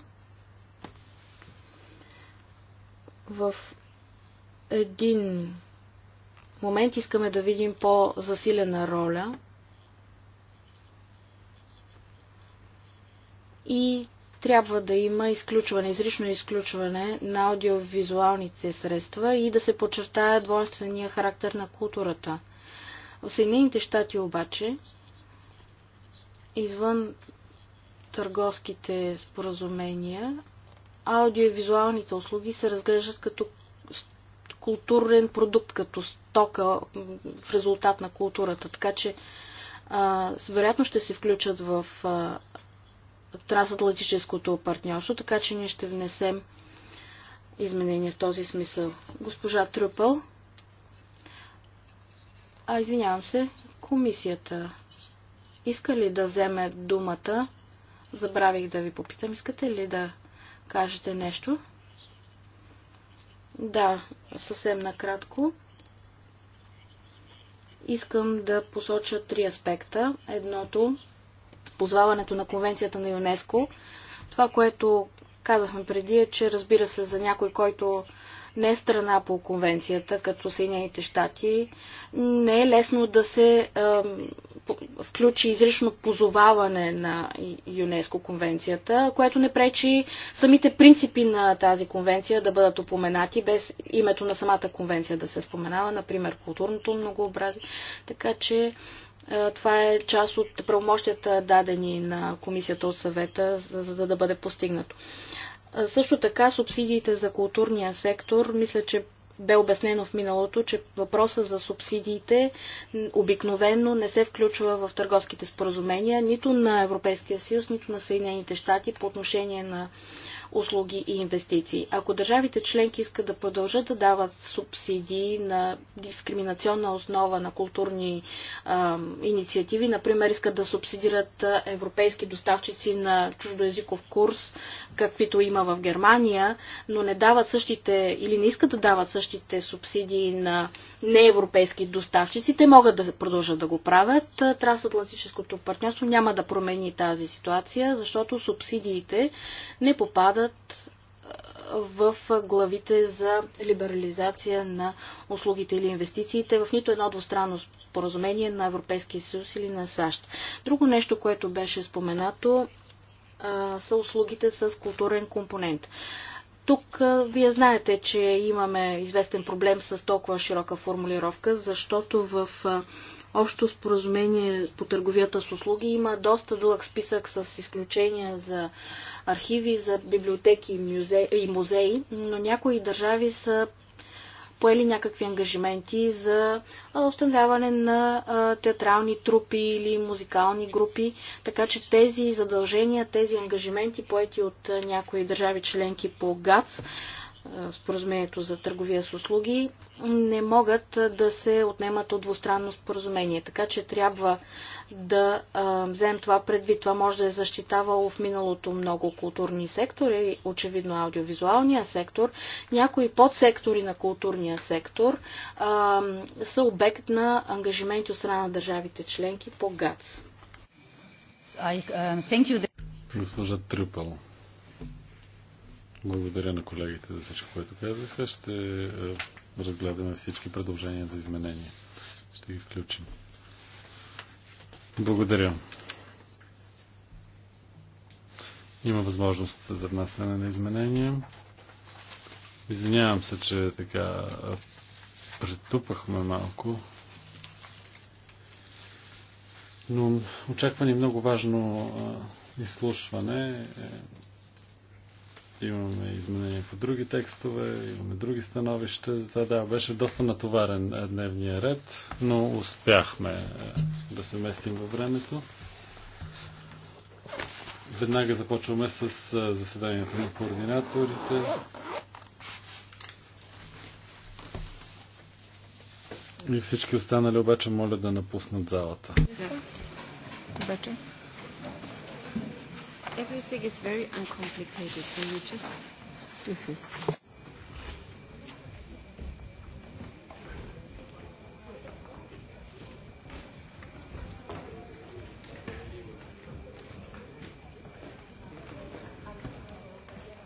В един момент искаме да видим по-засилена роля и трябва да има изключване, изрично изключване на аудиовизуалните средства и да се подчертая двойствения характер на културата. В Съединените щати обаче извън търговските споразумения, аудиовизуалните услуги се разглеждат като културен продукт, като стока в резултат на културата. Така че а, вероятно ще се включат в а, трансатлантическото партньорство, така че ние ще внесем изменения в този смисъл. Госпожа Трюпъл. А, извинявам се, комисията иска ли да вземе думата? Забравих да ви попитам. Искате ли да кажете нещо? Да, съвсем накратко. Искам да посоча три аспекта. Едното позваването на конвенцията на ЮНЕСКО. Това, което казахме преди е, че разбира се за някой, който не страна по конвенцията, като Съединените щати, не е лесно да се е, включи изрично позоваване на ЮНЕСКО конвенцията, което не пречи самите принципи на тази конвенция да бъдат упоменати без името на самата конвенция да се споменава, например културното многообразие. Така че това е част от правомощията дадени на комисията от съвета, за, за да бъде постигнато. Също така субсидиите за културния сектор, мисля, че бе обяснено в миналото, че въпроса за субсидиите обикновенно не се включва в търговските споразумения нито на Европейския съюз, нито на Съединените щати по отношение на услуги и инвестиции. Ако държавите членки искат да продължат да дават субсидии на дискриминационна основа на културни а, инициативи, например искат да субсидират европейски доставчици на чуждоязиков курс, каквито има в Германия, но не дават същите или не искат да дават същите субсидии на неевропейски доставчици, те могат да продължат да го правят. Трансатлантическото партньорство няма да промени тази ситуация, защото субсидиите не попадат влизат в главите за либерализация на услугите или инвестициите в нито едно двустранно споразумение на Европейския съюз или на САЩ. Друго нещо, което беше споменато, са услугите с културен компонент. Тук вие знаете, че имаме известен проблем с толкова широка формулировка, защото в общо споразумение по търговията с услуги. Има доста дълъг списък с изключения за архиви, за библиотеки и, музе... и музеи, но някои държави са поели някакви ангажименти за установяване на театрални трупи или музикални групи, така че тези задължения, тези ангажименти, поети от някои държави членки по ГАЦ, споразумението за търговия с услуги, не могат да се отнемат от двустранно споразумение. Така че трябва да вземем това предвид. Това може да е защитавало в миналото много културни сектори, очевидно аудиовизуалния сектор. Някои подсектори на културния сектор а, са обект на ангажименти от страна на държавите членки по ГАЦ. Uh, Госпожа Трюпел. Благодаря на колегите за всичко, което казаха. Ще е, разгледаме всички предложения за изменения. Ще ги включим. Благодаря. Има възможност за внасяне на изменения. Извинявам се, че така претупахме малко. Но очаква ни много важно изслушване е имаме изменения по други текстове, имаме други становища. Затова да, беше доста натоварен е, дневния ред, но успяхме е, да се местим във времето. Веднага започваме с е, заседанието на координаторите. И всички останали обаче моля да напуснат залата. Обаче everything is very uncomplicated, so you just.